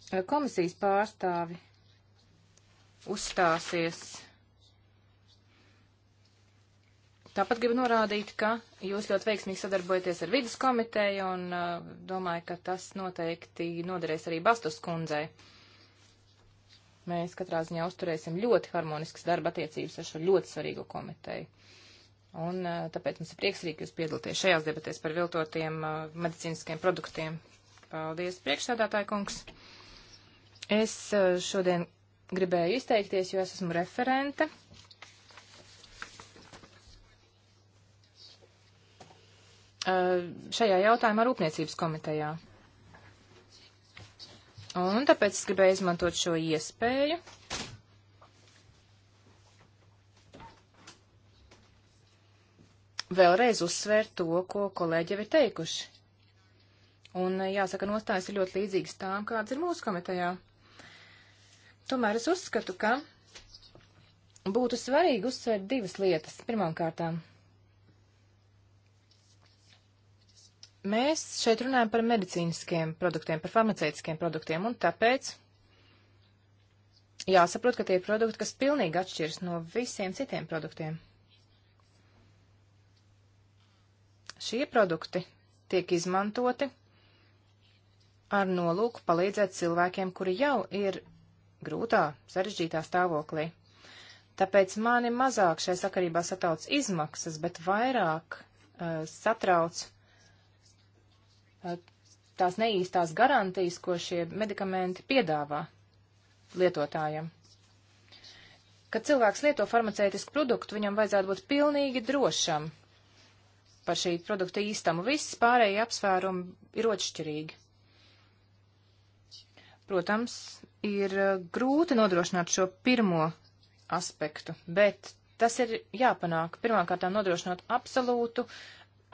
uh, komisijas pārstāvi uzstāsies. Tāpat gribu norādīt, ka jūs ļoti veiksmīgi sadarbojaties ar vidus komiteju un uh, domāju, ka tas noteikti noderēs arī Bastus kundzei. Uh, Mēs katrā ziņā uzturēsim ļoti harmoniskas darba attiecības ar šo ļoti svarīgo komiteju. Un eh, tāpēc mums ir prieks arī, ka jūs piedalāties šajās debatēs par viltotiem uh, medicīniskiem produktiem. Paldies, priekšsēdētāji kungs. Es uh, šodien gribēju izteikties, jo es esmu referente. Uh, šajā jautājumā Rūpniecības komitejā. Un tāpēc es gribēju izmantot šo iespēju. Vēlreiz uzsvērt to, ko kolēģi jau ir teikuši. Un, eh, jāsaka, nostājas ir ļoti līdzīgas tām, kādas ir mūsu komitejā. Tomēr es uzskatu, ka būtu svarīgi uzsvērt divas lietas. Pirmām kārtām. Mēs šeit runājam par medicīniskiem produktiem, par farmaceitiskiem produktiem, un tāpēc jāsaprot, ka tie ir produkti, kas pilnīgi atšķiras no visiem citiem produktiem. Šie produkti tiek izmantoti ar nolūku palīdzēt cilvēkiem, kuri jau ir grūtā, sarežģītā stāvoklī. Tāpēc mani mazāk šai sakarībā satrauc izmaksas, bet vairāk uh, satrauc tās neīstās garantijas, ko šie medikamenti piedāvā lietotājiem. Kad cilvēks lieto farmaceitisku produktu, viņam vajadzētu būt pilnīgi drošam par šī produkta īstamu. Viss pārējie apsvērumi ir otršķirīgi. Protams, ir grūti nodrošināt šo pirmo aspektu, bet tas ir jāpanāk. Pirmkārt, nodrošinot absolūtu uh,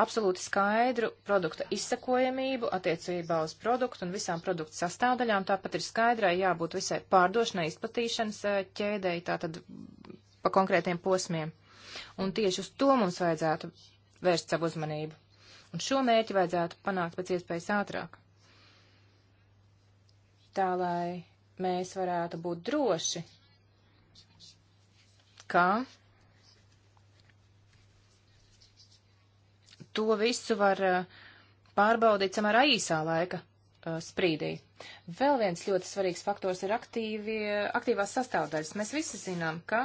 absolūti skaidru produkta izsakojamību attiecībā uz produktu un visām produktu sastāvdaļām. Tāpat ir skaidrai jābūt visai pārdošanai, izplatīšanas eh, ķēdēji, tātad pa konkrētiem posmiem. Un tieši uz to mums vajadzētu vērst savu uzmanību. Un šo mērķi vajadzētu panākt pēc iespējas ātrāk. Tā lai mēs varētu būt droši, ka to visu var eh, pārbaudīt samērā īsā laika eh, sprīdī. Vēl viens ļoti svarīgs faktors ir aktīvie, aktīvās sastāvdaļas. Mēs visi zinām, ka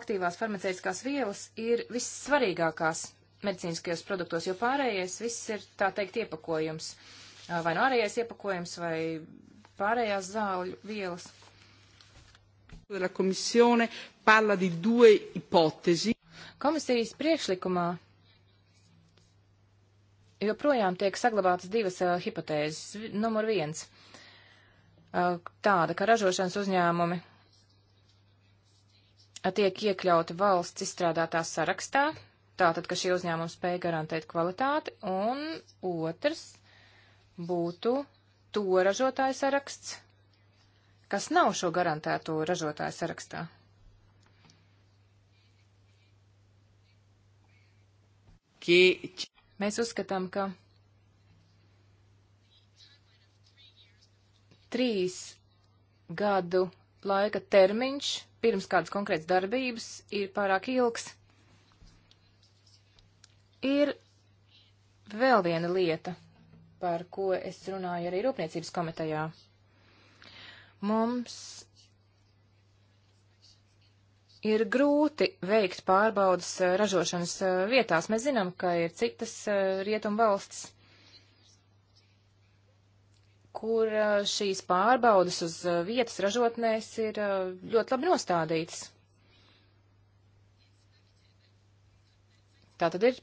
aktīvās farmaceitiskās vielas ir vissvarīgākās medicīniskajos produktos, jo pārējais viss ir, tā teikt, iepakojums. Eh, vai no nu ārējais iepakojums, vai pārējās zāļu vielas. Komisijas priekšlikumā joprojām tiek saglabātas divas uh, hipotēzes. Numur viens uh, - tāda, ka ražošanas uzņēmumi tiek iekļauti valsts izstrādātā sarakstā, tātad, ka šie uzņēmumi spēja garantēt kvalitāti, un otrs būtu to ražotāju saraksts, kas nav šo garantēto ražotāju sarakstā. Ki... Mēs uzskatām, ka trīs gadu laika termiņš pirms kādas konkrētas darbības ir pārāk ilgs. Ir vēl viena lieta, par ko es runāju arī Rūpniecības komitejā. Mums ir grūti veikt pārbaudas eh, ražošanas eh, vietās. Mēs zinām, ka ir citas eh, rietumu valstis, kur šīs pārbaudas uz vietas ražotnēs ir ļoti labi nostādītas. Tā tad ir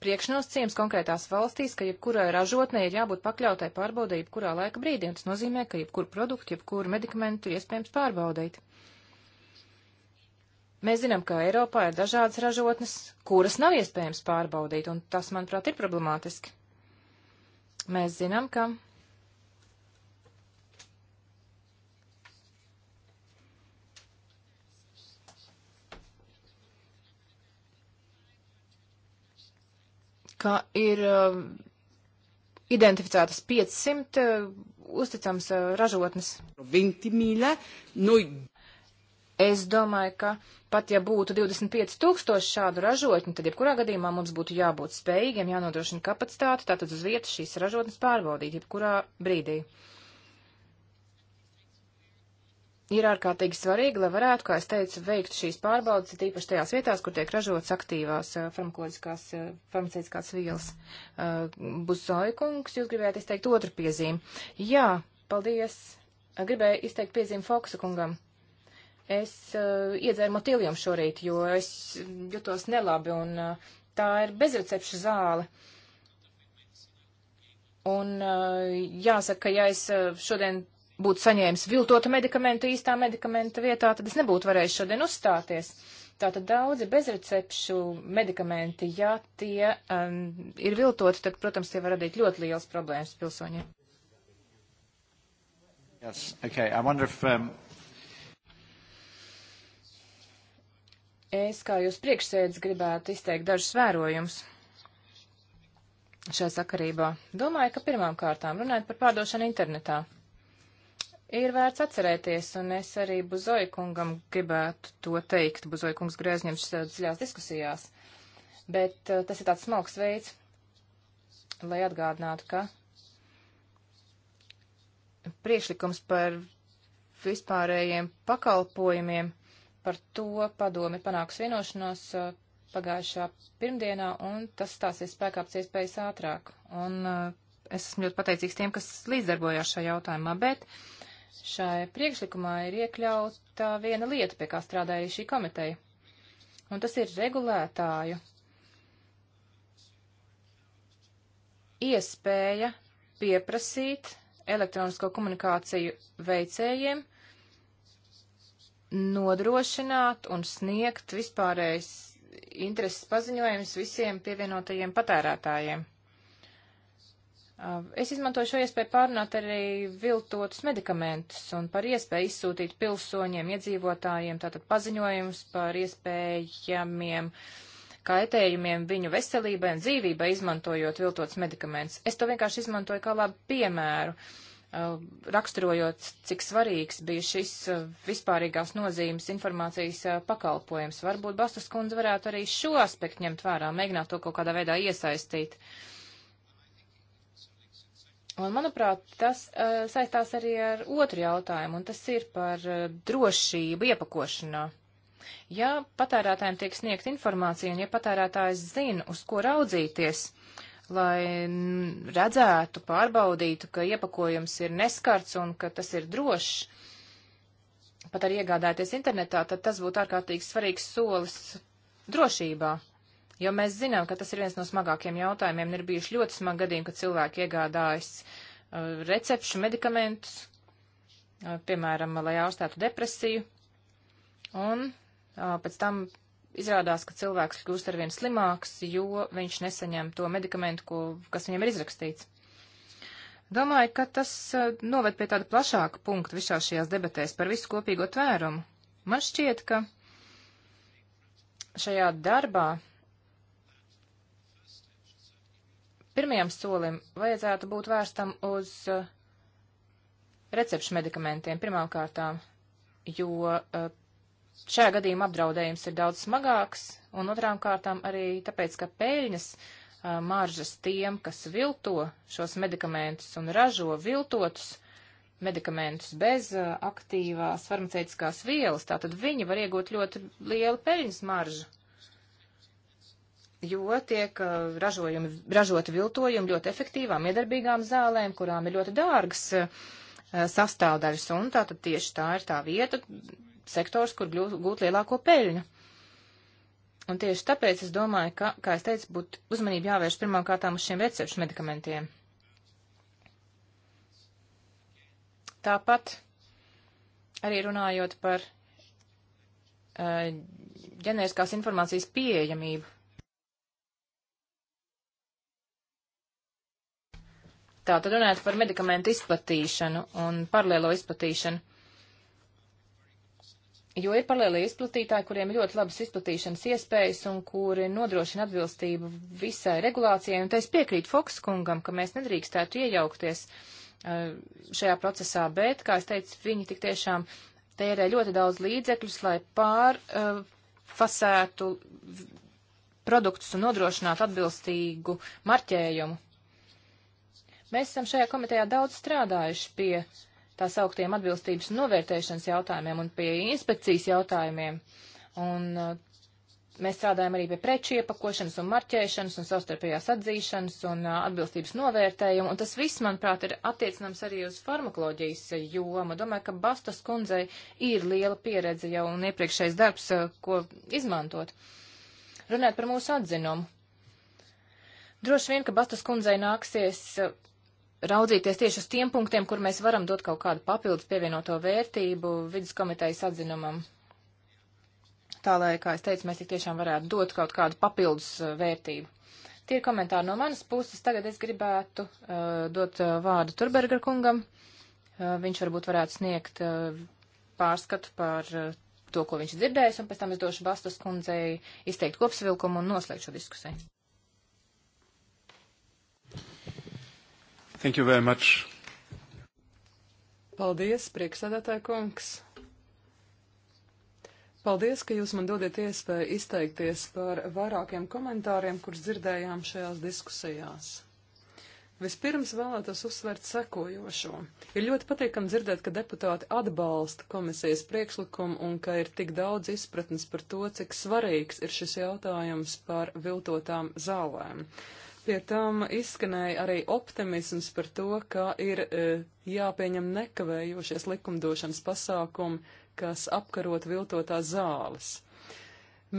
priekšnosacījums konkrētās valstīs, ka jebkurai ražotnē ir jābūt pakļautai pārbaudai jebkurā laika brīdī, un tas nozīmē, ka jebkuru produktu, jebkuru medikamentu iespējams pārbaudīt. Mēs zinām, ka Eiropā ir dažādas ražotnes, kuras nav iespējams pārbaudīt, un tas, manuprāt, ir problemātiski. Mēs zinām, ka ka ir um, identificētas 500 uh, uzticams uh, ražotnes. 20 nu... Es domāju, ka pat ja būtu 25 tūkstoši šādu ražotņu, tad jebkurā gadījumā mums būtu jābūt spējīgiem, jānodrošina kapacitāte, tātad uz vietas šīs ražotnes pārbaudīt jebkurā brīdī. Uh, ir ārkārtīgi svarīgi, lai varētu, kā es teicu, veikt šīs pārbaudas, tīpaši tajās vietās, kur tiek ražotas aktīvās uh, farmakoloģiskās, uh, farmaceitiskās vielas. Uh, Buzoikungs, jūs gribējāt izteikt otru piezīmi. Jā, paldies. Gribēju izteikt piezīmi Foksa kungam. Es uh, iedzēru motīljumu šorīt, jo es jutos nelabi, un uh, tā ir bezrecepšu zāle. Un uh, jāsaka, ka ja es uh, šodien būtu saņēmis viltotu medikamentu īstā medikamenta vietā, tad es nebūtu varējis šodien uzstāties. Tātad daudzi bezrecepšu medikamenti, ja tie um, ir viltoti, tad, protams, tie var radīt ļoti liels problēmas pilsoņiem. Yes, okay. I wonder if, um... Es, kā jūs priekšsēdz, gribētu izteikt dažus vērojumus šajā sakarībā. Domāju, ka pirmām kārtām runājot par pārdošanu internetā ir vērts atcerēties, un es arī Buzoja kungam gribētu to teikt. Buzoja kungs grēzņemts dziļās diskusijās, bet uh, tas ir tāds smalks veids, lai atgādinātu, ka priekšlikums par vispārējiem pakalpojumiem par to padomi panāks vienošanos uh, pagājušā pirmdienā, un tas stāsies spēkā pēc iespējas ātrāk. Un uh, es esmu ļoti pateicīgs tiem, kas līdzdarbojās šajā jautājumā, bet uh, Šai priekšlikumā ir iekļauta viena lieta, pie kā strādāja šī komiteja, un tas ir regulētāju iespēja pieprasīt elektronisko komunikāciju veicējiem nodrošināt un sniegt vispārējais intereses paziņojums visiem pievienotajiem patērētājiem. Uh, es izmantoju šo iespēju pārunāt arī viltotus medikamentus un par iespēju izsūtīt pilsoņiem, iedzīvotājiem tātad paziņojumus par iespējamiem kaitējumiem viņu veselībai un dzīvībai izmantojot viltotus medikamentus. Es to vienkārši izmantoju kā labu piemēru, uh, raksturojot, cik svarīgs bija šis uh, vispārīgās nozīmes informācijas pakalpojums. Varbūt Bastas kundze varētu arī šo aspektu ņemt vērā, mēģināt to kaut kādā veidā iesaistīt. Uh, Un, manuprāt, tas uh, saistās arī ar otru jautājumu, un tas ir par uh, drošību iepakošanā. Ja patērētājiem tiek sniegt informācija, un ja patērētājs zina, uz ko raudzīties, lai mm, redzētu, pārbaudītu, ka iepakojums ir neskarts un ka tas ir drošs, pat arī iegādāties internetā, tad tas būtu ārkārtīgi svarīgs solis drošībā. Jo mēs zinām, ka tas ir viens no smagākiem jautājumiem. Ir bijuši ļoti smagi gadījumi, kad cilvēki iegādājas uh, recepšu medikamentus, uh, piemēram, lai ārstētu depresiju, un uh, pēc tam izrādās, ka cilvēks kļūst arvien slimāks, jo viņš nesaņem to medikamentu, ko, kas viņam ir izrakstīts. Domāju, ka tas uh, noved pie tāda plašāka punkta visā šajās debatēs par visu kopīgo tvērumu. Man šķiet, ka šajā darbā Pirmajam solim vajadzētu būt vērstam uz eh, recepšu medikamentiem pirmām kārtām, jo eh, šajā gadījumā apdraudējums ir daudz smagāks, un otrām kārtām arī tāpēc, ka peļņas eh, maržas tiem, kas vilto šos medikamentus un ražo viltotus medikamentus bez aktīvās farmaceitiskās vielas, tātad viņi var iegūt ļoti lielu peļņas maržu jo tiek uh, ražojumi, ražoti viltojumi ļoti efektīvām, iedarbīgām zālēm, kurām ir ļoti dārgas uh, sastāvdaļas, un tātad tieši tā ir tā vieta, sektors, kur gūt, gūt lielāko peļņu. Un tieši tāpēc es domāju, ka, kā es teicu, būtu uzmanība jāvērš pirmām kārtām uz šiem recepšu medikamentiem. Tāpat arī runājot par uh, ģeneriskās informācijas pieejamību Tātad runājot par medikamentu izplatīšanu un paralēlo izplatīšanu. Jo ir paralēlie izplatītāji, kuriem ir ļoti labas izplatīšanas iespējas un kuri nodrošina atbilstību visai regulācijai. Un tā es piekrītu Fokskungam, ka mēs nedrīkstētu iejaukties eh, šajā procesā, bet, kā es teicu, viņi tik tiešām tērē ļoti daudz līdzekļus, lai pārfasētu eh, produktus un nodrošinātu atbilstīgu marķējumu. Mēs esam šajā komitejā daudz strādājuši pie tās augtiem atbilstības novērtēšanas jautājumiem un pie inspekcijas jautājumiem. Un uh, mēs strādājam arī pie preču iepakošanas un marķēšanas un savstarpējās atzīšanas un uh, atbilstības novērtējumu. Un tas viss, manuprāt, ir attiecināms arī uz farmakoloģijas uh, jomu. Domāju, ka Bastas kundzei ir liela pieredze jau un iepriekšējais darbs, ko izmantot. Runājot par mūsu atzinumu. Droši vien, ka Bastas kundzei nāksies raudzīties tieši uz tiem punktiem, kur mēs varam dot kaut kādu papildus pievienoto vērtību viduskomitejas atzinumam. Tā lai, kā es teicu, mēs tik tiešām varētu dot kaut kādu papildus uh, vērtību. Tie ir komentāri no manas puses. Tagad es gribētu uh, dot uh, vārdu Turberga kungam. Uh, viņš varbūt varētu sniegt uh, pārskatu par uh, to, ko viņš dzirdējis, un pēc tam es došu Bastas kundzei izteikt kopsvilkumu un noslēgšu diskusiju. Thank you very much. Paldies, priekšsēdētāja kungs. Paldies, ka jūs man dodiet iespēju izteikties par vairākiem komentāriem, kurus dzirdējām šajās diskusijās. Vispirms vēlētos uzsvērt sekojošo. Ir ļoti patīkami dzirdēt, ka deputāti atbalsta komisijas priekšlikumu un ka ir tik daudz izpratnes par to, cik svarīgs ir šis jautājums par viltotām zālēm. Pie tam izskanēja arī optimisms par to, ka ir e, jāpieņem nekavējošies likumdošanas pasākumi, kas apkarot viltotās zāles.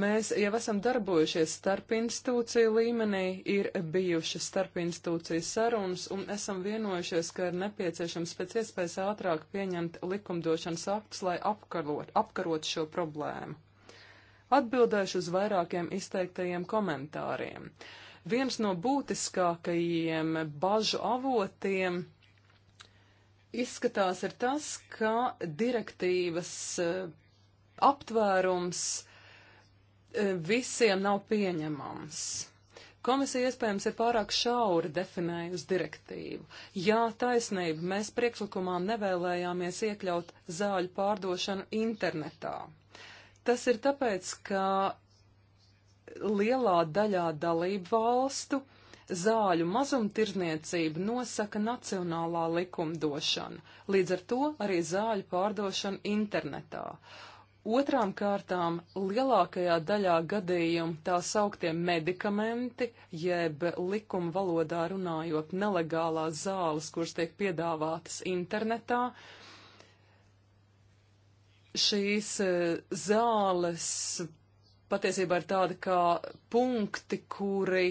Mēs jau esam darbojušies starp institūciju līmenī, ir bijušas starp institūciju sarunas un esam vienojušies, ka ir nepieciešams pēc iespējas ātrāk pieņemt likumdošanas aktus, lai apkarot, apkarot šo problēmu. Atbildēšu uz vairākiem izteiktajiem komentāriem. Uh, Viens no būtiskākajiem bažu avotiem izskatās ir tas, ka direktīvas eh, aptvērums eh, visiem nav pieņemams. Komisija iespējams ir pārāk šauri definējusi direktīvu. Jā, taisnība, mēs priekšlikumā nevēlējāmies iekļaut zāļu pārdošanu internetā. Tas ir tāpēc, ka lielā daļā dalību valstu zāļu mazumtirdzniecību nosaka nacionālā likumdošana, līdz ar to arī zāļu pārdošana internetā. Otrām kārtām lielākajā daļā gadījumu tā sauktie medikamenti, jeb likuma valodā runājot nelegālās zāles, kuras tiek piedāvātas internetā, šīs eh, zāles patiesībā ir tādi kā punkti, kuri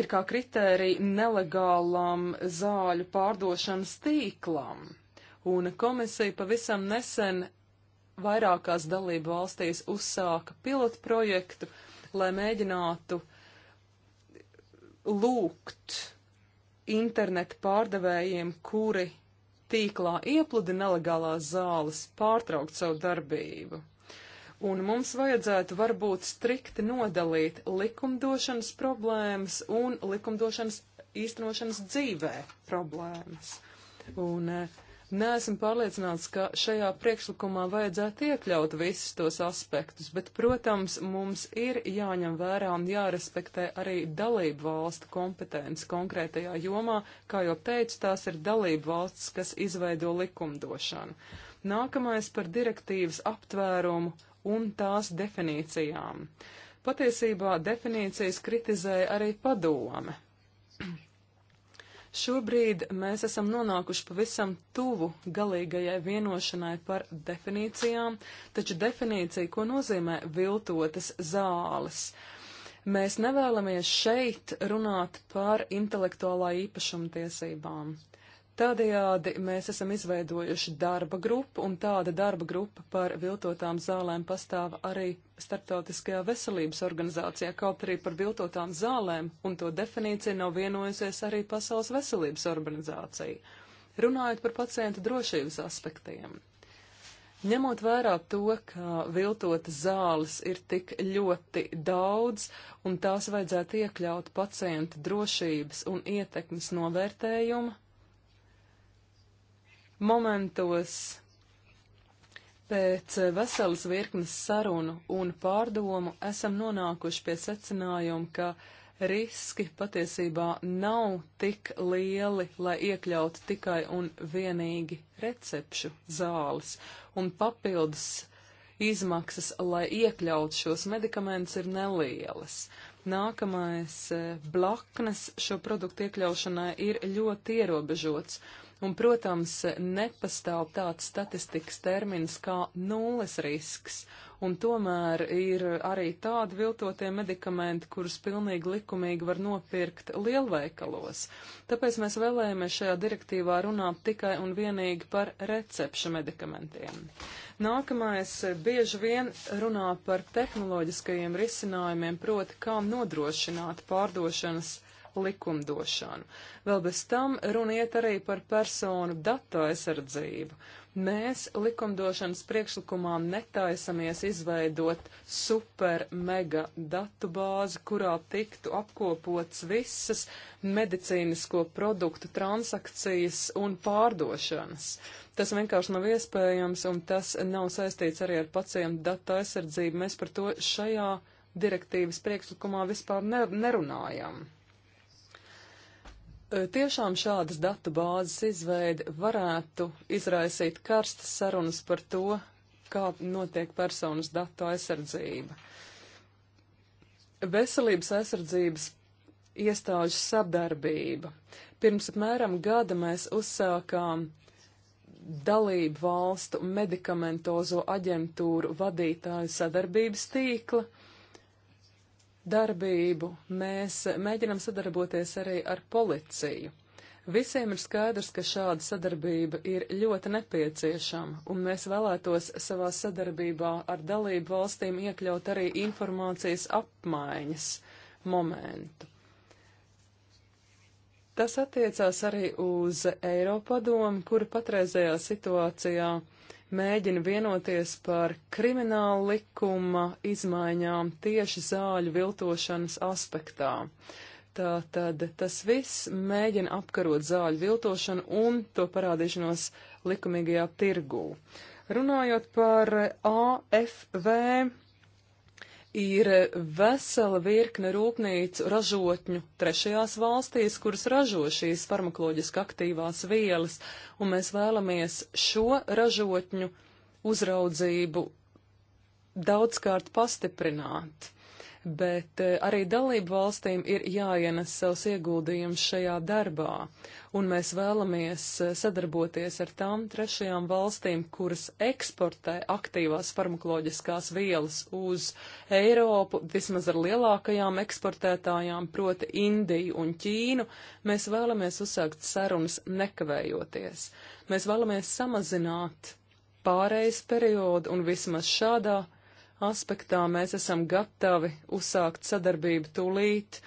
ir kā kritērija nelegālam zāļu pārdošanas tīklam. Un komisija pavisam nesen vairākās dalību valstīs uzsāka pilotu projektu, lai mēģinātu lūgt internetu pārdevējiem, kuri tīklā iepludina nelegālās zāles, pārtraukt savu darbību. Un mums vajadzētu varbūt strikti nodalīt likumdošanas problēmas un likumdošanas īstenošanas dzīvē problēmas. Un eh, neesmu pārliecināts, ka šajā priekšlikumā vajadzētu iekļaut visus tos aspektus, bet, protams, mums ir jāņem vērā un jārespektē arī dalību valstu kompetence konkrētajā jomā. Kā jau teicu, tās ir dalību valsts, kas izveido likumdošanu. Nākamais par direktīvas aptvērumu un tās definīcijām. Patiesībā definīcijas kritizēja arī padome. <clears throat> Šobrīd mēs esam nonākuši pavisam tuvu galīgajai vienošanai par definīcijām, taču definīcija, ko nozīmē viltotas zāles. Mēs nevēlamies šeit runāt par intelektuālā īpašuma tiesībām. Tādējādi mēs esam izveidojuši darba grupu, un tāda darba grupa par viltotām zālēm pastāv arī Startautiskajā veselības organizācijā, kaut arī par viltotām zālēm, un to definīciju nav vienojusies arī Pasaules veselības organizācija. Runājot par pacientu drošības aspektiem. Ņemot vērā to, ka viltotas zāles ir tik ļoti daudz, un tās vajadzētu iekļaut pacienta drošības un ietekmes novērtējumu momentos pēc veselas virknes sarunu un pārdomu esam nonākuši pie secinājuma, ka riski patiesībā nav tik lieli, lai iekļautu tikai un vienīgi recepšu zāles un papildus izmaksas, lai iekļautu šos medikamentus, ir nelielas. Nākamais eh, blaknes šo produktu iekļaušanai ir ļoti ierobežots, Un, protams, nepastāv tāds statistikas termins kā nulles risks, un tomēr ir arī tādi viltotie medikamenti, kurus pilnīgi likumīgi var nopirkt lielveikalos. Tāpēc mēs vēlējamies šajā direktīvā runāt tikai un vienīgi par recepšu medikamentiem. Nākamais bieži vien runā par tehnoloģiskajiem risinājumiem, proti, kā nodrošināt pārdošanas likumdošanu. Vēl bez tam runiet arī par personu datu aizsardzību. Mēs likumdošanas priekšlikumā netaisamies izveidot super mega datu bāzi, kurā tiktu apkopots visas medicīnisko produktu transakcijas un pārdošanas. Tas vienkārši nav iespējams, un tas nav saistīts arī ar pacientu datu aizsardzību. Mēs par to šajā direktīvas priekšlikumā vispār nerunājam. Tiešām šādas datu bāzes izveide varētu izraisīt karstas sarunas par to, kā notiek personas datu aizsardzība. Veselības aizsardzības iestāžu sadarbība. Pirms apmēram gada mēs uzsākām dalību valstu medikamentozo aģentūru vadītāju sadarbības tīkla, darbību, mēs mēģinām sadarboties arī ar policiju. Visiem ir skaidrs, ka šāda sadarbība ir ļoti nepieciešama, un mēs vēlētos savā sadarbībā ar dalību valstīm iekļaut arī informācijas apmaiņas momentu. Tas attiecās arī uz Eiropadomu, kura patreizējā situācijā uh, mēģina vienoties par krimināla likuma izmaiņām tieši zāļu viltošanas aspektā. Tātad tas viss mēģina apkarot zāļu viltošanu un to parādīšanos likumīgajā tirgū. Runājot par AFV ir vesela virkne rūpnīcu ražotņu trešajās valstīs, kuras ražo šīs farmakoloģiski aktīvās vielas, un mēs vēlamies šo ražotņu uzraudzību daudzkārt pastiprināt bet eh, arī dalību valstīm ir jāienes savs ieguldījums šajā darbā, un mēs vēlamies eh, sadarboties ar tām trešajām valstīm, kuras eksportē aktīvās farmakoloģiskās vielas uz Eiropu, vismaz ar lielākajām eksportētājām, proti Indiju un Ķīnu. Mēs vēlamies uzsākt sarunas nekavējoties. Mēs vēlamies samazināt pārejas periodu un vismaz šādā aspektā mēs esam gatavi uzsākt sadarbību tūlīt.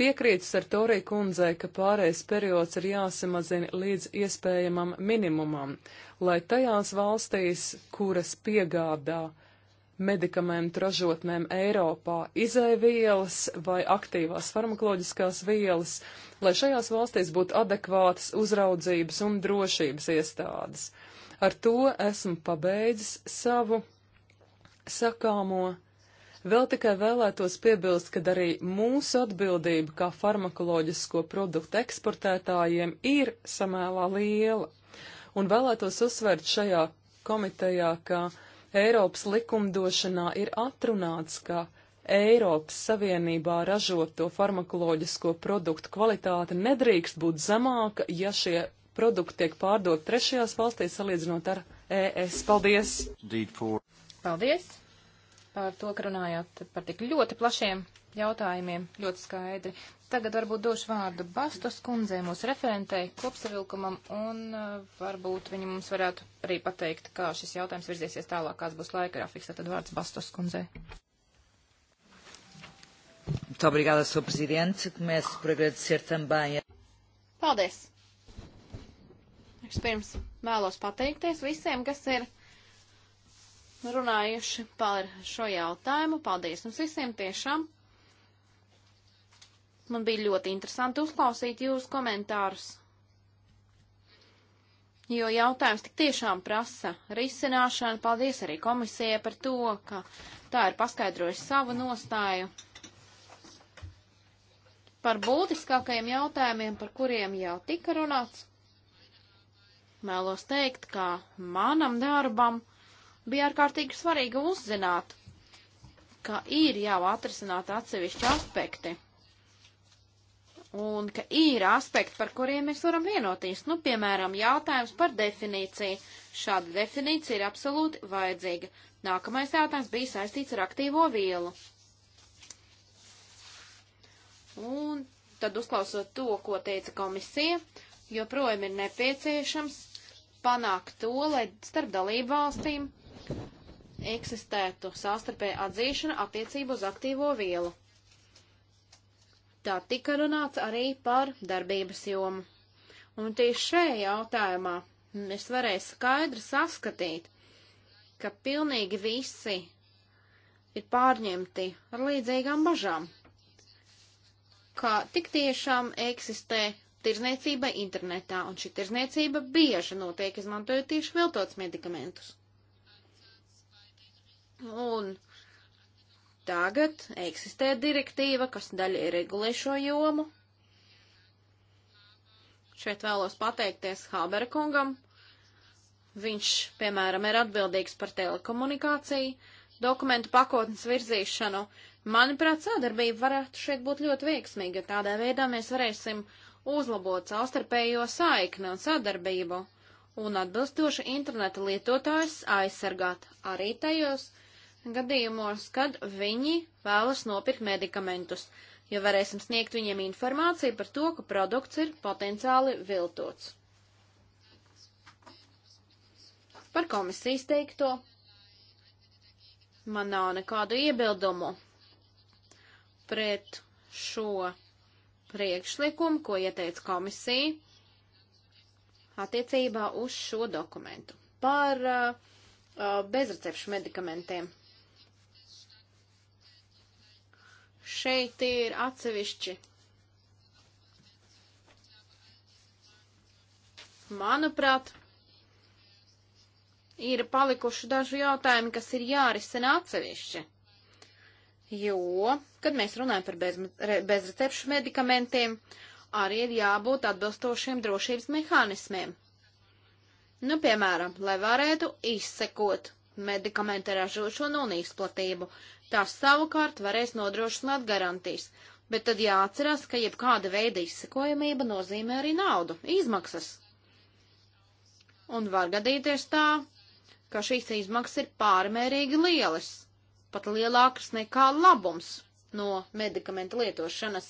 Piekrītas ar Toriju kundzei, ka pārējais periods ir jāsamazina līdz iespējamam minimumam, lai tajās valstīs, kuras piegādā medikamentu ražotnēm Eiropā izaivielas vai aktīvās farmakoloģiskās vielas, lai šajās valstīs būtu adekvātas uzraudzības un drošības iestādes. Ar to esmu pabeidzis savu sakāmo. Vēl tikai vēlētos piebilst, ka arī mūsu atbildība kā farmakoloģisko produktu eksportētājiem ir samērā liela. Un vēlētos uzsvērt šajā komitejā, ka Eiropas likumdošanā ir atrunāts, ka Eiropas Savienībā ražoto farmakoloģisko produktu kvalitāte nedrīkst būt zemāka, ja šie produkti tiek pārdot trešajās valstīs salīdzinot ar ES. Paldies! Paldies par to, ka runājāt par tik ļoti plašiem jautājumiem, ļoti skaidri. Tagad varbūt došu vārdu Bastos kundzei, mūsu referentei, kopsavilkumam, un uh, varbūt viņa mums varētu arī pateikt, kā šis jautājums virzīsies tālāk, kāds būs laika grafiks. Tad vārds Bastos kundzei. Obrigada, Sr. Presidente. Começo por agradecer também. Paldies! Vispirms vēlos pateikties visiem, kas ir runājuši par šo jautājumu. Paldies jums visiem tiešām. Man bija ļoti interesanti uzklausīt jūsu komentārus. Jo jautājums tik tiešām prasa risināšanu. Paldies arī komisijai par to, ka tā ir paskaidrojusi savu nostāju. Par būtiskākajiem jautājumiem, par kuriem jau tika runāts, mēlos teikt, ka manam darbam bija ārkārtīgi svarīgi uzzināt, ka ir jau atrisināti atsevišķi aspekti. Un ka ir aspekti, par kuriem mēs varam vienoties. Nu, piemēram, jautājums par definīciju. Šāda definīcija ir absolūti vajadzīga. Nākamais jautājums bija saistīts ar aktīvo vielu. Un tad uzklausot to, ko teica komisija, joprojām ir nepieciešams panākt to, lai starp dalību valstīm eksistētu sāstarpēja atzīšana attiecību uz aktīvo vielu. Tā tika runāts arī par darbības jomu. Un tieši šajā jautājumā es varēju skaidri saskatīt, ka pilnīgi visi ir pārņemti ar līdzīgām bažām, ka tik tiešām eksistē tirzniecība internetā, un šī tirzniecība bieži notiek izmantojot tieši viltots medikamentus. Un tagad eksistē direktīva, kas daļai regulē šo jomu. Šeit vēlos pateikties Hābera kungam. Viņš, piemēram, ir atbildīgs par telekomunikāciju, dokumentu pakotnes virzīšanu. Manuprāt, sadarbība varētu šeit būt ļoti veiksmīga, jo tādā veidā mēs varēsim uzlabot savstarpējo saikni un sadarbību un atbilstoši interneta lietotājs aizsargāt arī tajos gadījumos, kad viņi vēlas nopirkt medikamentus, jo varēsim sniegt viņiem informāciju par to, ka produkts ir potenciāli viltots. Par komisijas teikto man nav nekādu iebildumu pret šo priekšlikumu, ko ieteica komisija attiecībā uz šo dokumentu par uh, uh bezrecepšu medikamentiem. Šeit tie ir atsevišķi. Manuprāt, ir palikuši daži jautājumi, kas ir jārisina atsevišķi. Jo, kad mēs runājam par bez, bezrecepšu medikamentiem, arī ir jābūt atbilstošiem drošības mehānismiem. Nu, piemēram, lai varētu izsekot medikamentu ražošanu un izplatību. Tās savukārt varēs nodrošināt garantijas. Bet tad jāatcerās, ka jebkāda veida izsekojamība nozīmē arī naudu, izmaksas. Un var gadīties tā, ka šīs izmaksas ir pārmērīgi lielas, pat lielākas nekā labums no medikamentu lietošanas.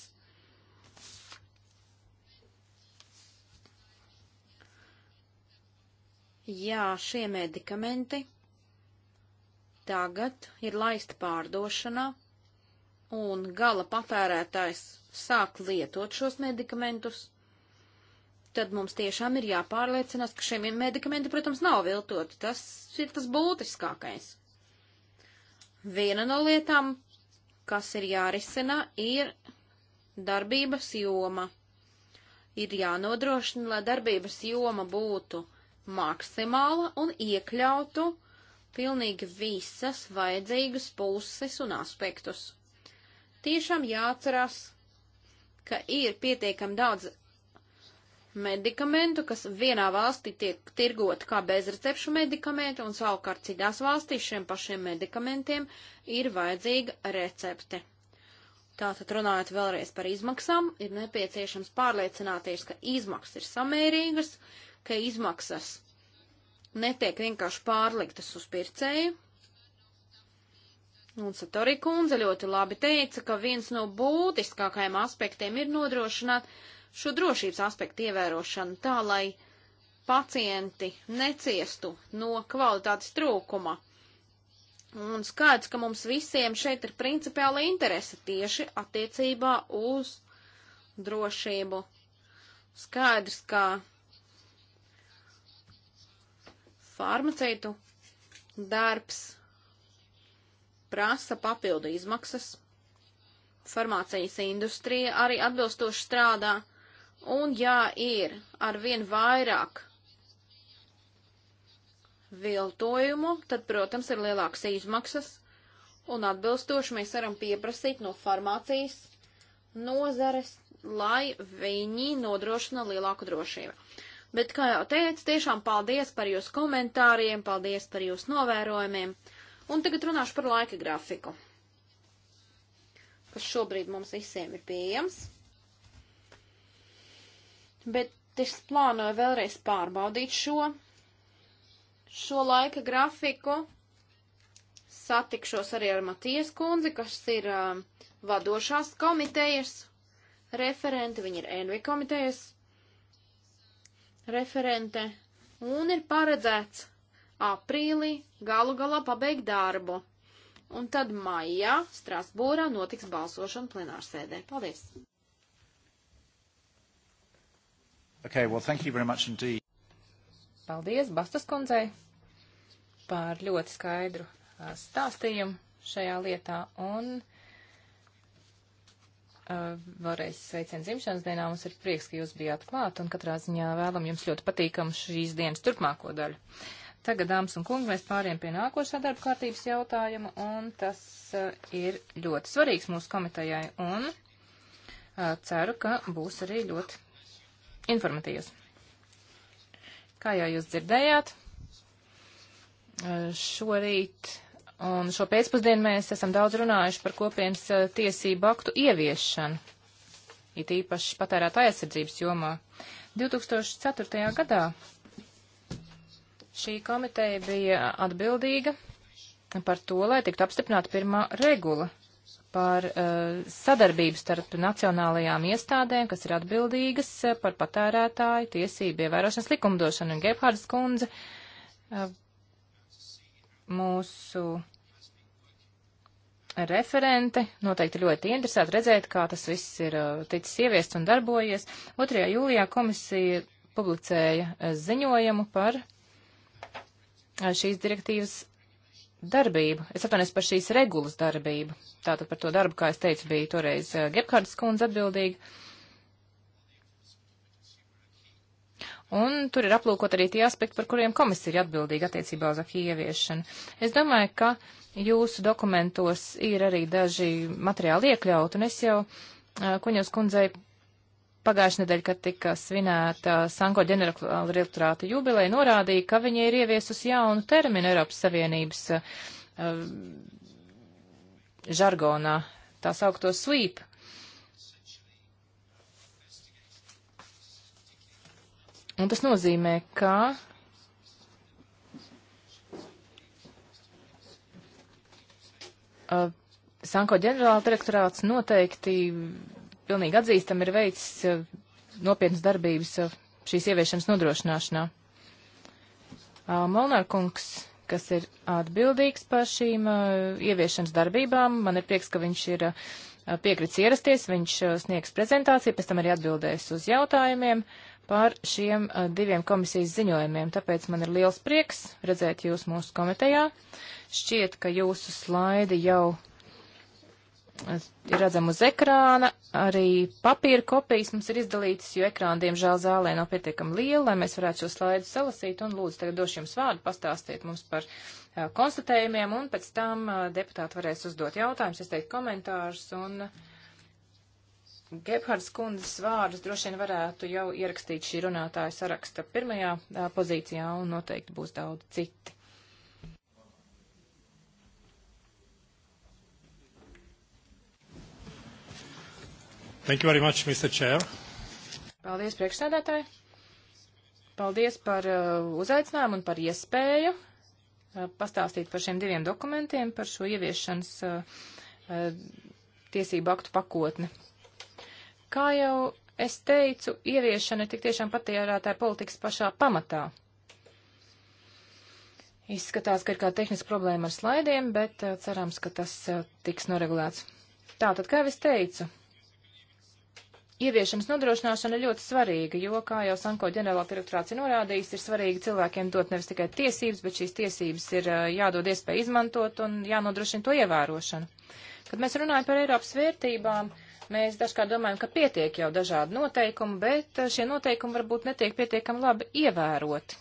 Jā, šie medikamenti tagad ir laista pārdošanā, un gala patērētājs sāk lietot šos medikamentus, tad mums tiešām ir jāpārliecinās, ka šie medikamenti, protams, nav viltoti. Tas ir tas būtiskākais. Viena no lietām, kas ir jārisina, ir darbības joma. Ir jānodrošina, lai darbības joma būtu maksimāla un iekļautu pilnīgi visas vajadzīgas puses un aspektus. Tiešām jāatcerās, ka ir pietiekami daudz medikamentu, kas vienā valstī tiek tirgoti kā bezrecepšu medikamentu, un savukārt citās valstīs šiem pašiem medikamentiem ir vajadzīga recepte. Tātad runājot vēlreiz par izmaksām, ir nepieciešams pārliecināties, ka izmaksas ir samērīgas, ka izmaksas netiek vienkārši pārliktas uz pircēju. Un Satori kundze ļoti labi teica, ka viens no būtiskākajiem aspektiem ir nodrošināt šo drošības aspektu ievērošanu tā, lai pacienti neciestu no kvalitātes trūkuma. Un skaidrs, ka mums visiem šeit ir principiāla interese tieši attiecībā uz drošību. Skaidrs, ka farmaceitu darbs prasa papildu izmaksas. Farmācijas industrija arī atbilstoši strādā, un jā, ir ar vien vairāk viltojumu, tad, protams, ir lielākas izmaksas, un atbilstoši mēs varam pieprasīt no farmācijas nozares, lai viņi nodrošina lielāku drošību. Bet, kā jau teicu, tiešām paldies par jūsu komentāriem, paldies par jūsu novērojumiem. Un tagad runāšu par laika grafiku, kas šobrīd mums visiem ir pieejams. Bet es plānoju vēlreiz pārbaudīt šo, šo laika grafiku. Satikšos arī ar Matijas kundzi, kas ir uh, vadošās komitejas referenti, viņi ir Envi komitejas referente, un ir paredzēts aprīlī galu galā pabeigt darbu. Un tad maijā Strasbūrā notiks balsošana plenārsēdē. Paldies! Okay, well, thank you very much indeed. Paldies Bastas kundzei par ļoti skaidru uh, stāstījumu šajā lietā, un Eh, vēlreiz sveicien dzimšanas dienā. Mums ir prieks, ka jūs bijāt klāt un katrā ziņā vēlam jums ļoti patīkamu šīs dienas turpmāko daļu. Tagad, dāmas un kungi, mēs pāriem pie nākošā darba kārtības jautājuma, un tas uh, ir ļoti svarīgs mūsu komitejai, un uh, ceru, ka būs arī ļoti informatīvs. Kā jau jūs dzirdējāt, uh, šorīt Un šo pēcpusdienu mēs esam daudz runājuši par kopienas eh, tiesību aktu ieviešanu, it īpaši patērētā aizsardzības jomā. 2004. gadā šī komiteja bija atbildīga par to, lai tiktu apstiprināta pirmā regula par uh, sadarbību starp nacionālajām iestādēm, kas ir atbildīgas eh, par patērētāju tiesību ievērošanas likumdošanu. Un Gebhards kundze uh, mūsu referente noteikti ļoti interesēta redzēt, kā tas viss ir uh, ticis ieviests un darbojies. 2. jūlijā komisija publicēja uh, ziņojumu par uh, šīs direktīvas darbību. Es atvainojos par šīs regulas darbību. Tātad par to darbu, kā es teicu, bija toreiz Gebhardas kundze atbildīga. Un tur ir aplūkot arī tie aspekti, par kuriem komisija ir atbildīga attiecībā uz akī ieviešanu. Es domāju, ka jūsu dokumentos ir arī daži materiāli iekļaut, un es jau uh, kuņos kundzei pagājušajā nedēļā, kad tika svinēta Sanko ģenerāla rektorāta jubileja, norādīja, ka viņa ir ieviesusi jaunu terminu Eiropas Savienības uh, žargonā, tā saukto sweep Un tas nozīmē, ka uh, Sanko ģenerāla direktorāts noteikti pilnīgi atzīstam ir veicis uh, nopietnas darbības uh, šīs ieviešanas nodrošināšanā. Molnārkungs, kas ir atbildīgs par šīm ieviešanas darbībām, man ir prieks, ka viņš ir piekritis ierasties, viņš sniegs prezentāciju, pēc tam arī atbildēs uz jautājumiem. Uh, par šiem a, diviem komisijas ziņojumiem, tāpēc man ir liels prieks redzēt jūs mūsu komitejā. Šķiet, ka jūsu slaidi jau ir redzami uz ekrāna, arī papīra kopijas mums ir izdalītas, jo ekrāna, diemžēl, zālē nav pietiekami liela, lai mēs varētu šo slaidu salasīt, un lūdzu, tagad došu jums vārdu, pastāstiet mums par a, konstatējumiem, un pēc tam a, deputāti varēs uzdot jautājumus, izteikt komentārus, un uh, Gebhards kundzes vārdus droši vien varētu jau ierakstīt šī runātāja saraksta pirmajā a, pozīcijā, un noteikti būs daudz citi. Thank you very much, Mr. Chair. Paldies, priekšsēdētāji. Paldies par uh, uzaicinājumu un par iespēju uh, pastāstīt par šiem diviem dokumentiem, par šo ieviešanas uh, tiesību aktu pakotni. Kā jau es teicu, ieviešana ir tik tiešām patērētāja politikas pašā pamatā. Izskatās, ka ir kāda tehniska problēma ar slaidiem, bet eh, cerams, ka tas eh, tiks noregulēts. Tātad, kā jau es teicu, Ieviešanas nodrošināšana ir ļoti svarīga, jo, kā jau Sanko ģenerālā direktorāts ir norādījis, ir svarīgi cilvēkiem dot nevis tikai tiesības, bet šīs tiesības ir eh, jādod iespēja izmantot un jānodrošina to ievērošanu. Kad mēs runājam par Eiropas vērtībām, Mēs dažkārt domājam, ka pietiek jau dažādi noteikumi, bet eh, šie noteikumi varbūt netiek pietiekami labi ievēroti.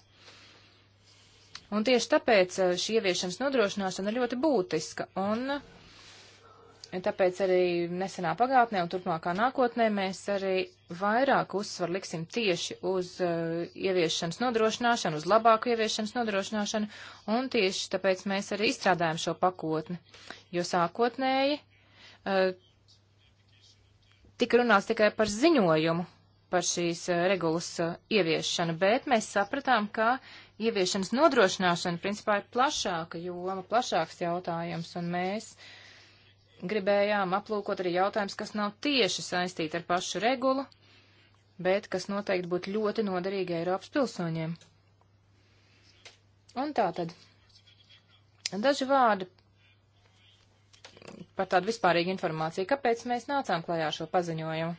Un tieši tāpēc eh, šī ieviešanas nodrošināšana ir ļoti būtiska. Un eh, tāpēc arī nesenā pagātnē un turpmākā nākotnē mēs arī vairāk uzsvaru liksim tieši uz uh, ieviešanas nodrošināšanu, uz labāku ieviešanas nodrošināšanu. Un tieši tāpēc mēs arī izstrādājam šo pakotni. Jo sākotnēji uh, tika runāts tikai par ziņojumu par šīs eh, regulas eh, ieviešanu, bet mēs sapratām, ka ieviešanas nodrošināšana principā ir plašāka joma, plašāks jautājums, un mēs gribējām aplūkot arī jautājums, kas nav tieši saistīti ar pašu regulu, bet kas noteikti būtu ļoti noderīgi Eiropas pilsoņiem. Un tā tad. Daži vārdi par tādu vispārīgu informāciju. Kāpēc mēs nācām klajā šo paziņojumu?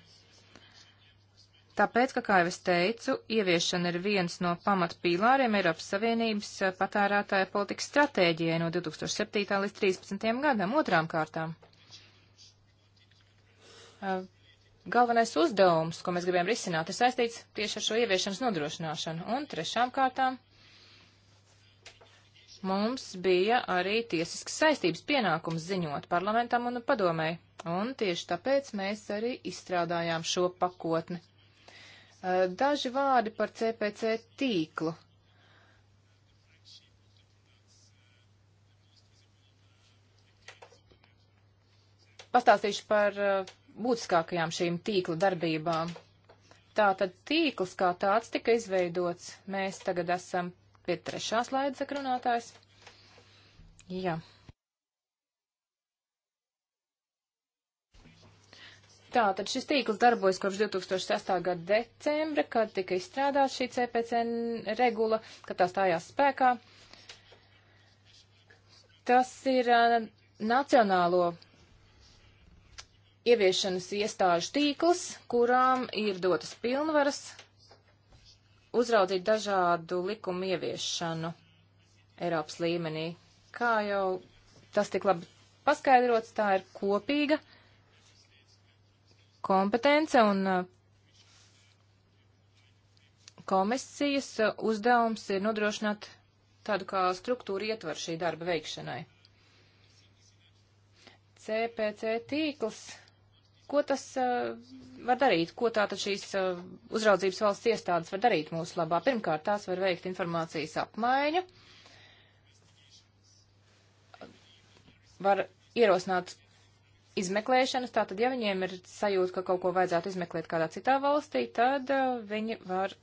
Tāpēc, ka, kā jau es teicu, ieviešana ir viens no pamatpīlāriem Eiropas Savienības eh, patērētāja politikas stratēģijai no 2007. līdz 2013. gadam otrām kārtām. Eh, galvenais uzdevums, ko mēs gribējam risināt, ir saistīts tieši ar šo ieviešanas nodrošināšanu. Un trešām kārtām mums bija arī tiesiskas saistības pienākums ziņot parlamentam un padomēji, un tieši tāpēc mēs arī izstrādājām šo pakotni. Daži vārdi par CPC tīklu. Pastāstīšu par būtiskākajām šīm tīkla darbībām. Tātad tīkls kā tāds tika izveidots. Mēs tagad esam Pie trešā slaida saka runātājs. Jā. Tā, tad šis tīkls darbojas kopš 2006. gada decembra, kad tika izstrādāta šī CPCN regula, kad tā stājās spēkā. Tas ir uh, nacionālo ieviešanas iestāžu tīkls, kurām ir dotas pilnvaras uzraudzīt dažādu likumu ieviešanu Eiropas līmenī. Kā jau tas tik labi paskaidrots, tā ir kopīga kompetence un uh, komisijas uh, uzdevums ir nodrošināt tādu kā struktūru ietvaru šī darba veikšanai. CPC tīkls Ko tas uh, var darīt? Ko tātad šīs uh, uzraudzības valsts iestādes var darīt mūsu labā? Pirmkārt, tās var veikt informācijas apmaiņu, var ierosināt izmeklēšanas, tātad, ja viņiem ir sajūta, ka kaut ko vajadzētu izmeklēt kādā citā valstī, tad uh, viņi var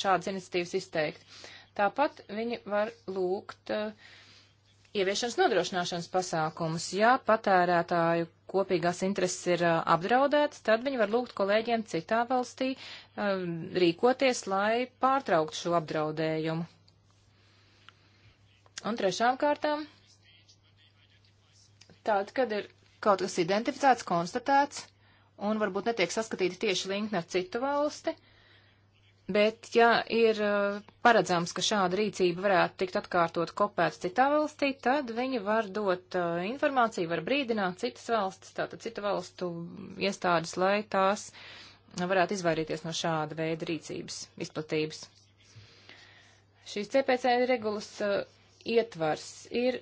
šādas iniciatīvas izteikt. Tāpat viņi var lūgt uh, ieviešanas nodrošināšanas pasākumus. Ja patērētāju kopīgās intereses ir uh, apdraudētas, tad viņi var lūgt kolēģiem citā valstī uh, rīkoties, lai pārtrauktu šo apdraudējumu. Un trešām kārtām, tad, kad ir kaut kas identificēts, konstatēts, un varbūt netiek saskatīti tieši linkni ar citu valsti, uh, Bet, ja ir eh, paredzams, ka šāda rīcība varētu tikt atkārtot kopēts citā valstī, tad viņi var dot eh, informāciju, var brīdināt citas valstis, tātad citu valstu iestādes, lai tās varētu izvairīties no šāda veida rīcības izplatības. Šīs CPC regulas uh, ietvars ir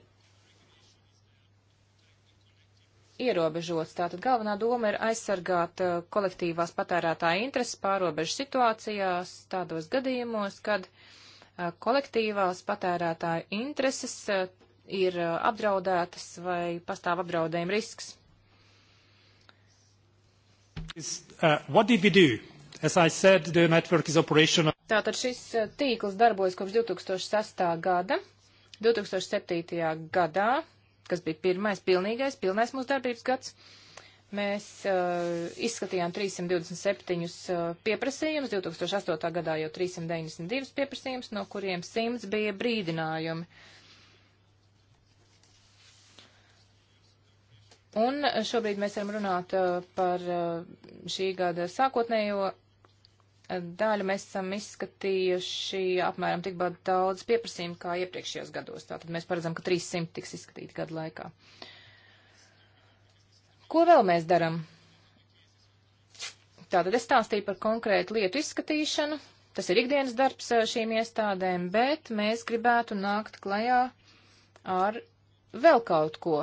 ierobežots. Tātad galvenā doma ir aizsargāt uh, kolektīvās patērētāja intereses pārobežu situācijās, tādos gadījumos, kad uh, kolektīvās patērētāja intereses uh, ir apdraudētas vai pastāv apdraudējuma risks. Is, uh, said, Tātad šis tīkls darbojas kopš 2006. gada. 2007. gadā kas bija pirmais pilnīgais, pilnais mūsu darbības gads. Mēs uh, izskatījām 327 uh, pieprasījumus, 2008. gadā jau 392 pieprasījumus, no kuriem 100 bija brīdinājumi. Un šobrīd mēs varam runāt uh, par uh, šī gada sākotnējo daļu mēs esam izskatījuši apmēram tikpat daudz pieprasījumu kā iepriekšējos gados. Tātad mēs paredzam, ka 300 tiks izskatīti gadu laikā. Ko vēl mēs darām? Tātad es stāstīju par konkrētu lietu izskatīšanu. Tas ir ikdienas darbs šīm iestādēm, bet mēs gribētu nākt klajā ar vēl kaut ko,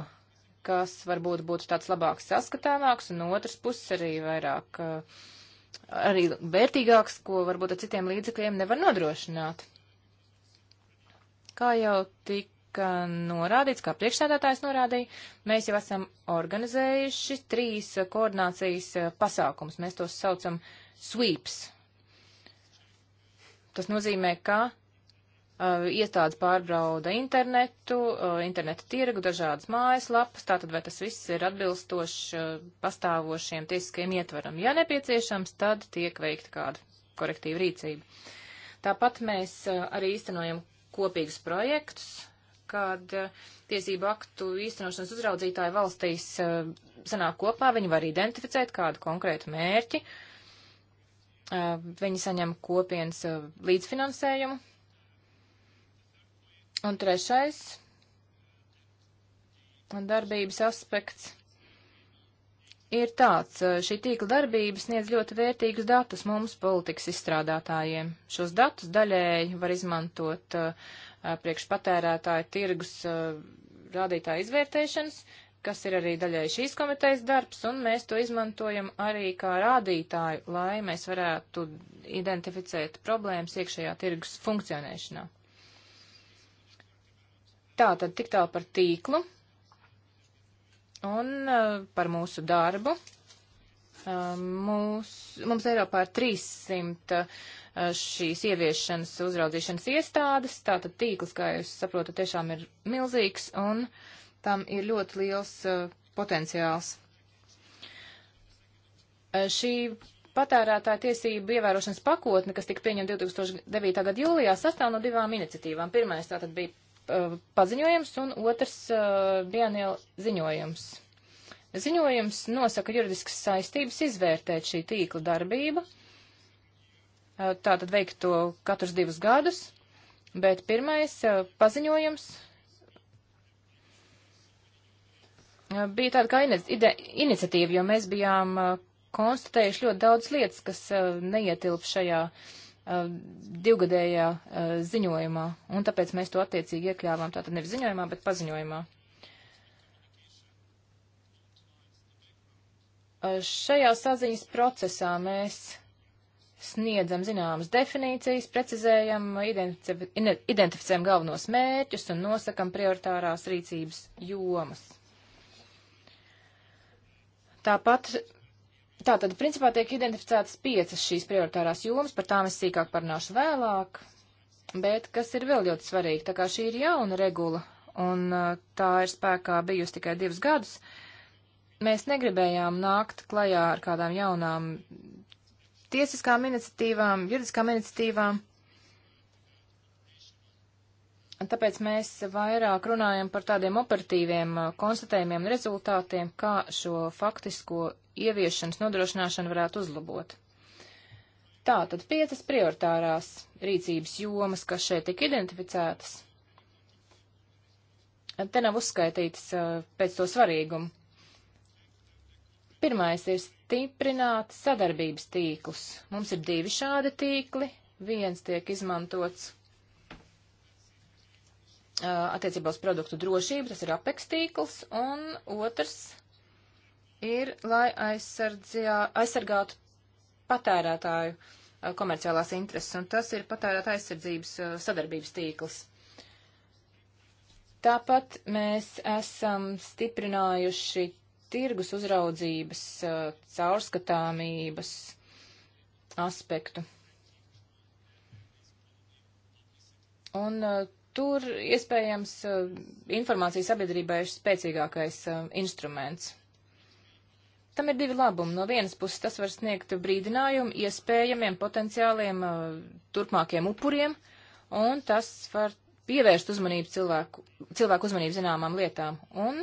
kas varbūt būtu tāds labāks saskatāmāks, un otrs puses arī vairāk uh, arī vērtīgāks, ko varbūt ar citiem līdzekļiem nevar nodrošināt. Kā jau tika norādīts, kā priekšsēdētājs norādīja, mēs jau esam organizējuši trīs koordinācijas eh, pasākumus. Mēs tos saucam sweeps. Tas nozīmē, ka Uh, iestādes pārbrauda internetu, uh, interneta tirgu, dažādas mājaslapas, tātad vai tas viss ir atbilstoši uh, pastāvošiem tiesiskajiem ietvaram. Ja nepieciešams, tad tiek veikta kāda korektīva rīcība. Tāpat mēs arī īstenojam kopīgus projektus, kad tiesību aktu īstenošanas uzraudzītāji valstīs sanāk kopā, viņi var identificēt kādu konkrētu mērķi, viņi saņem kopienas līdzfinansējumu, Un trešais darbības aspekts ir tāds. Šī tīkla darbība sniedz ļoti vērtīgus datus mums, politikas izstrādātājiem. Šos datus daļēji var izmantot uh, priekšpatērētāja tirgus uh, rādītāja izvērtēšanas, kas ir arī daļēji šīs komitejas darbs, un mēs to izmantojam arī kā rādītāju, lai mēs varētu identificēt problēmas iekšējā tirgus funkcionēšanā. Tā tad tik tālu par tīklu un eh, par mūsu darbu. Eh, mūs, mums Eiropā ir 300 eh, šīs ieviešanas uzraudzīšanas iestādes, tātad tīkls, kā jūs saprotat, tiešām ir milzīgs un tam ir ļoti liels uh, potenciāls. Šī patērētāja tiesību ievērošanas pakotne, kas tika pieņemta 2009. gada jūlijā, sastāv no divām iniciatīvām. Pirmais tātad bija uh, paziņojums un otrs uh, bienēl ziņojums. Ziņojums nosaka juridiskas saistības izvērtēt šī tīkla darbību, uh, tātad veikt to katrs divus gadus, bet pirmais uh, paziņojums uh, bija tāda kā iniciatīva, jo mēs bijām uh, konstatējuši ļoti daudz lietas, kas uh, neietilp šajā uh, Um, divgadējā uh, ziņojumā, un tāpēc mēs to attiecīgi iekļāvām, tātad nevis ziņojumā, bet paziņojumā. Uh, šajā saziņas procesā mēs sniedzam zināmas definīcijas, precizējam, identificējam galvenos mērķus un nosakam prioritārās rīcības jomas. Tāpat Tātad, principā, tiek identificētas piecas šīs prioritārās jomas, par tām es sīkāk parunāšu vēlāk, bet kas ir vēl ļoti svarīgi, tā kā šī ir jauna regula, un tā ir spēkā bijusi tikai divus gadus, mēs negribējām nākt klajā ar kādām jaunām tiesiskām iniciatīvām, juridiskām iniciatīvām. Tāpēc mēs vairāk runājam par tādiem operatīviem konstatējumiem un rezultātiem, kā šo faktisko ieviešanas nodrošināšanu varētu uzlabot. Tātad piecas prioritārās rīcības jomas, kas šeit tik identificētas, te nav uzskaitītas pēc to svarīgumu. Pirmais ir stiprināt sadarbības tīklus. Mums ir divi šādi tīkli. Viens tiek izmantots attiecībā uz produktu drošību, tas ir apeks tīkls, un otrs ir, lai aizsargātu patērētāju eh, komerciālās intereses, un tas ir patērētāja aizsardzības eh, sadarbības tīkls. Tāpat mēs esam stiprinājuši tirgus uzraudzības eh, caurskatāmības aspektu. Un tur iespējams informācija sabiedrībai ir spēcīgākais instruments. Tam ir divi labumi. No vienas puses tas var sniegt brīdinājumu iespējamiem potenciāliem uh, turpmākiem upuriem, un tas var pievērst uzmanību cilvēku, cilvēku uzmanību zināmām lietām. Un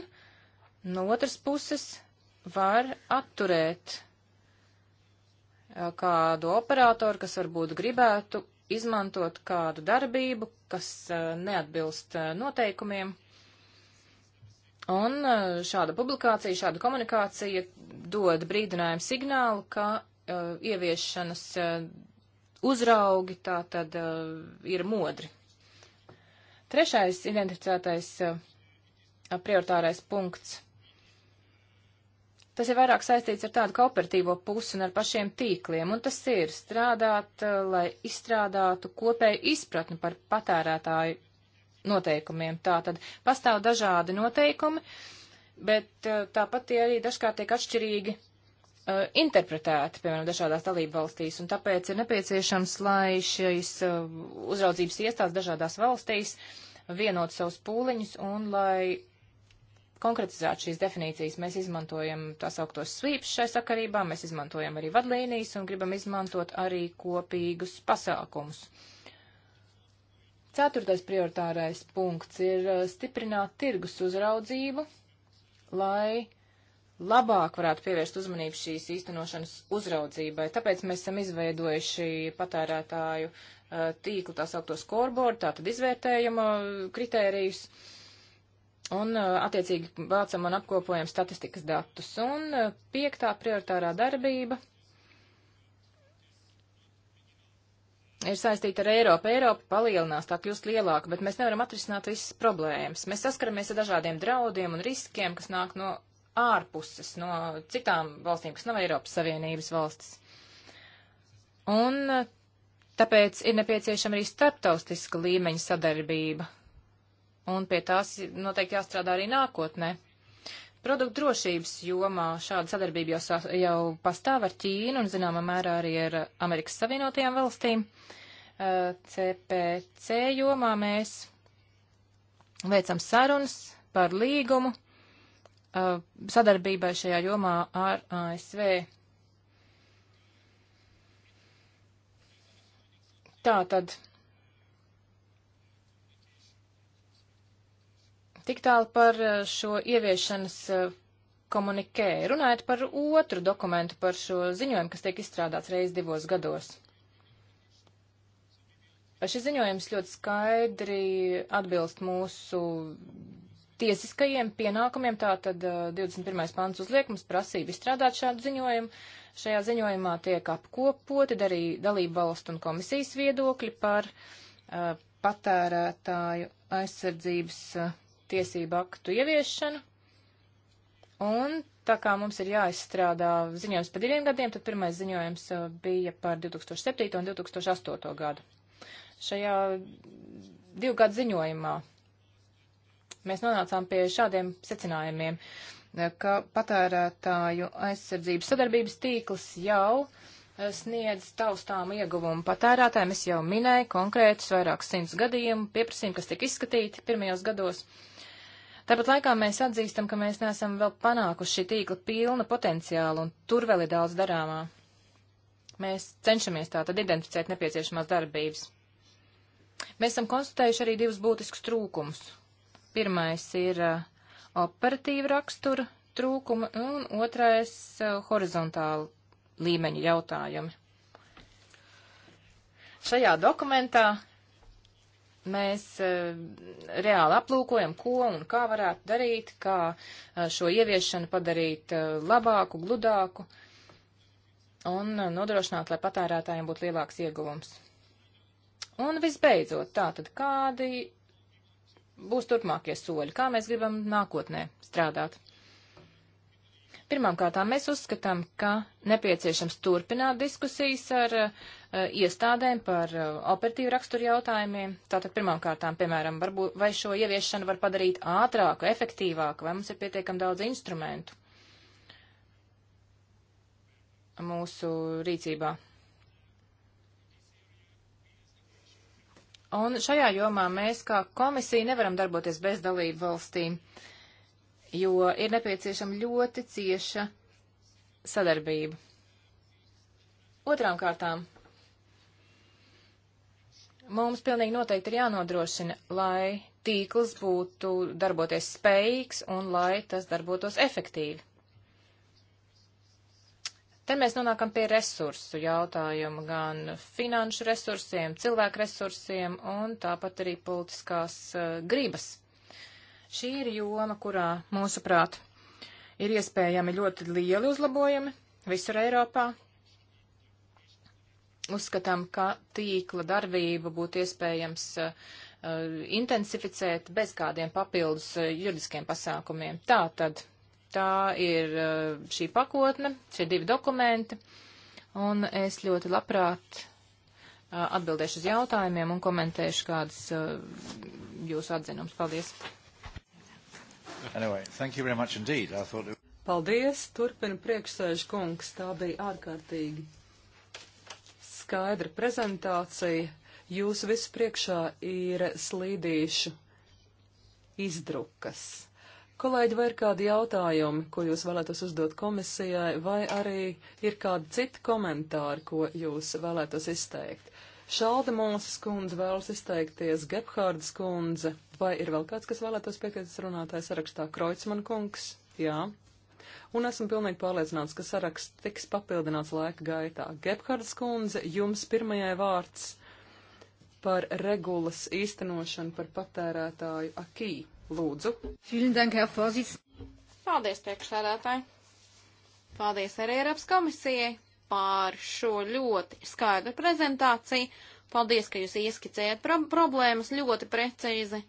no otras puses var atturēt uh, kādu operatoru, kas varbūt gribētu izmantot kādu darbību, kas uh, neatbilst uh, noteikumiem Un e, šāda publikācija, šāda komunikācija dod brīdinājumu signālu, ka uh, ieviešanas uh, uzraugi tā tad uh, ir modri. Trešais identificētais uh, prioritārais punkts. Tas ir vairāk saistīts ar tādu kooperatīvo pusi un ar pašiem tīkliem, un tas ir strādāt, uh, lai izstrādātu kopēju izpratni par patērētāju noteikumiem. Tātad pastāv dažādi noteikumi, bet eh, tāpat tie arī dažkārt tiek atšķirīgi uh, interpretēti, piemēram, dažādās dalību valstīs, un tāpēc ir nepieciešams, lai šīs uh, uzraudzības iestādes dažādās valstīs vienot savus pūliņus un lai konkretizētu šīs definīcijas. Mēs izmantojam tās augtos svīps šai sakarībā, mēs izmantojam arī vadlīnijas un gribam izmantot arī kopīgus pasākumus. Uh, Ceturtais prioritārais punkts ir uh, stiprināt tirgus uzraudzību, lai labāk varētu pievērst uzmanību šīs īstenošanas uzraudzībai. Tāpēc mēs esam izveidojuši patērētāju uh, tīklu, tā saukto scoreboard, tātad izvērtējuma kritērijus. Un uh, attiecīgi vācam un apkopojam statistikas datus. Un piektā prioritārā darbība ir saistīta ar Eiropu. Eiropa palielinās, tā kļūst lielāka, bet mēs nevaram atrisināt visas problēmas. Mēs saskaramies ar dažādiem draudiem un riskiem, kas nāk no ārpuses, no citām valstīm, kas nav Eiropas Savienības valstis. Un tāpēc ir nepieciešama arī starptautiska līmeņa sadarbība. Un pie tās noteikti jāstrādā arī nākotnē. Produktu drošības jomā šāda sadarbība jau, jau pastāv ar Ķīnu un zināmā mērā arī ar Amerikas Savienotajām valstīm. CPC eh, jomā mēs veicam sarunas par līgumu eh, sadarbībai šajā jomā ar ASV. Tā tad tik tālu par eh, šo ieviešanas eh, komunikē. Runājot par otru dokumentu, par šo ziņojumu, kas tiek izstrādāts reiz divos gados. Šis ziņojums ļoti skaidri atbilst mūsu tiesiskajiem pienākumiem, tātad 21. Eh, pants uzliek mums prasību izstrādāt šādu ziņojumu. Šajā ziņojumā tiek apkopoti arī dalību valstu un komisijas viedokļi par uh, patērētāju aizsardzības uh, tiesību aktu ieviešanu. Un tā kā mums ir jāizstrādā ziņojums par diviem gadiem, tad pirmais ziņojums uh, bija par 2007. un 2008. gadu. Šajā divu gadu ziņojumā mēs nonācām pie šādiem secinājumiem, uh, ka patērētāju aizsardzības sadarbības tīkls jau uh, sniedz taustām ieguvumu patērētājiem. Es jau minēju konkrētus vairākus simtus gadījumu pieprasījumu, kas tika izskatīti pirmajos gados. Uh, Tāpat laikā mēs atzīstam, ka mēs neesam vēl panākuši šī tīkla pilna potenciāla, un tur vēl ir daudz darāmā. Mēs cenšamies tātad identificēt nepieciešamās darbības. Mēs esam konstatējuši arī divus būtiskus trūkumus. Pirmais ir uh, operatīva rakstura trūkumi, un otrais uh, horizontāla līmeņa jautājumi. Šajā dokumentā mēs e, reāli aplūkojam, ko un kā varētu darīt, kā e, šo ieviešanu padarīt e, labāku, gludāku un nodrošināt, lai patērētājiem būtu lielāks ieguvums. Un visbeidzot, tātad kādi būs turpmākie soļi, kā mēs gribam nākotnē strādāt. Pirmkārt, mēs uzskatām, ka nepieciešams turpināt diskusijas ar uh, iestādēm par uh, operatīvu raksturu jautājumiem. Tātad pirmkārt, piemēram, varbūt, vai šo ieviešanu var padarīt ātrāku, efektīvāku, vai mums ir pietiekami daudz instrumentu mūsu rīcībā. Un šajā jomā mēs kā komisija nevaram darboties bez dalību valstīm. Uh, jo ir nepieciešama ļoti cieša sadarbība. Otrām kārtām, mums pilnīgi noteikti ir jānodrošina, lai tīkls būtu darboties spējīgs un lai tas darbotos efektīvi. Te mēs nonākam pie resursu jautājumu, gan finanšu resursiem, cilvēku resursiem un tāpat arī politiskās uh, gribas Šī ir joma, kurā, mūsuprāt, ir iespējami ļoti lieli uzlabojumi visur Eiropā. Uzskatām, ka tīkla darbību būtu iespējams uh, intensificēt bez kādiem papildus uh, juridiskiem pasākumiem. Tā tad tā ir uh, šī pakotne, šie divi dokumenti, un es ļoti labprāt atbildēšu uz jautājumiem un komentēšu kādas jūsu atzinums. Paldies! Anyway, thank you very much indeed. I thought it... Paldies, turpina priekšsēžu kungs. Tā bija ārkārtīgi skaidra prezentācija. Jūs visu priekšā ir slīdīšu izdrukas. Kolēģi, vai ir kādi jautājumi, ko jūs vēlētos uzdot komisijai, vai arī ir kādi citi komentāri, ko jūs vēlētos izteikt? Šalda Mūsas kundze vēlas izteikties, Gebhārdas kundze. Vai ir vēl kāds, kas vēlētos pieteikties runātāju sarakstā? Kreutzmann kungs? Jā. Un esmu pilnīgi pārliecināts, ka saraksts tiks papildināts laika gaitā. Gebhards kundze, jums pirmajai vārds par regulas īstenošanu par patērētāju akī. Lūdzu. Paldies, priekšsēdētāji. Paldies arī Eiropas komisijai par šo ļoti skaidru prezentāciju. Paldies, ka jūs ieskicējat pro problēmas ļoti precīzi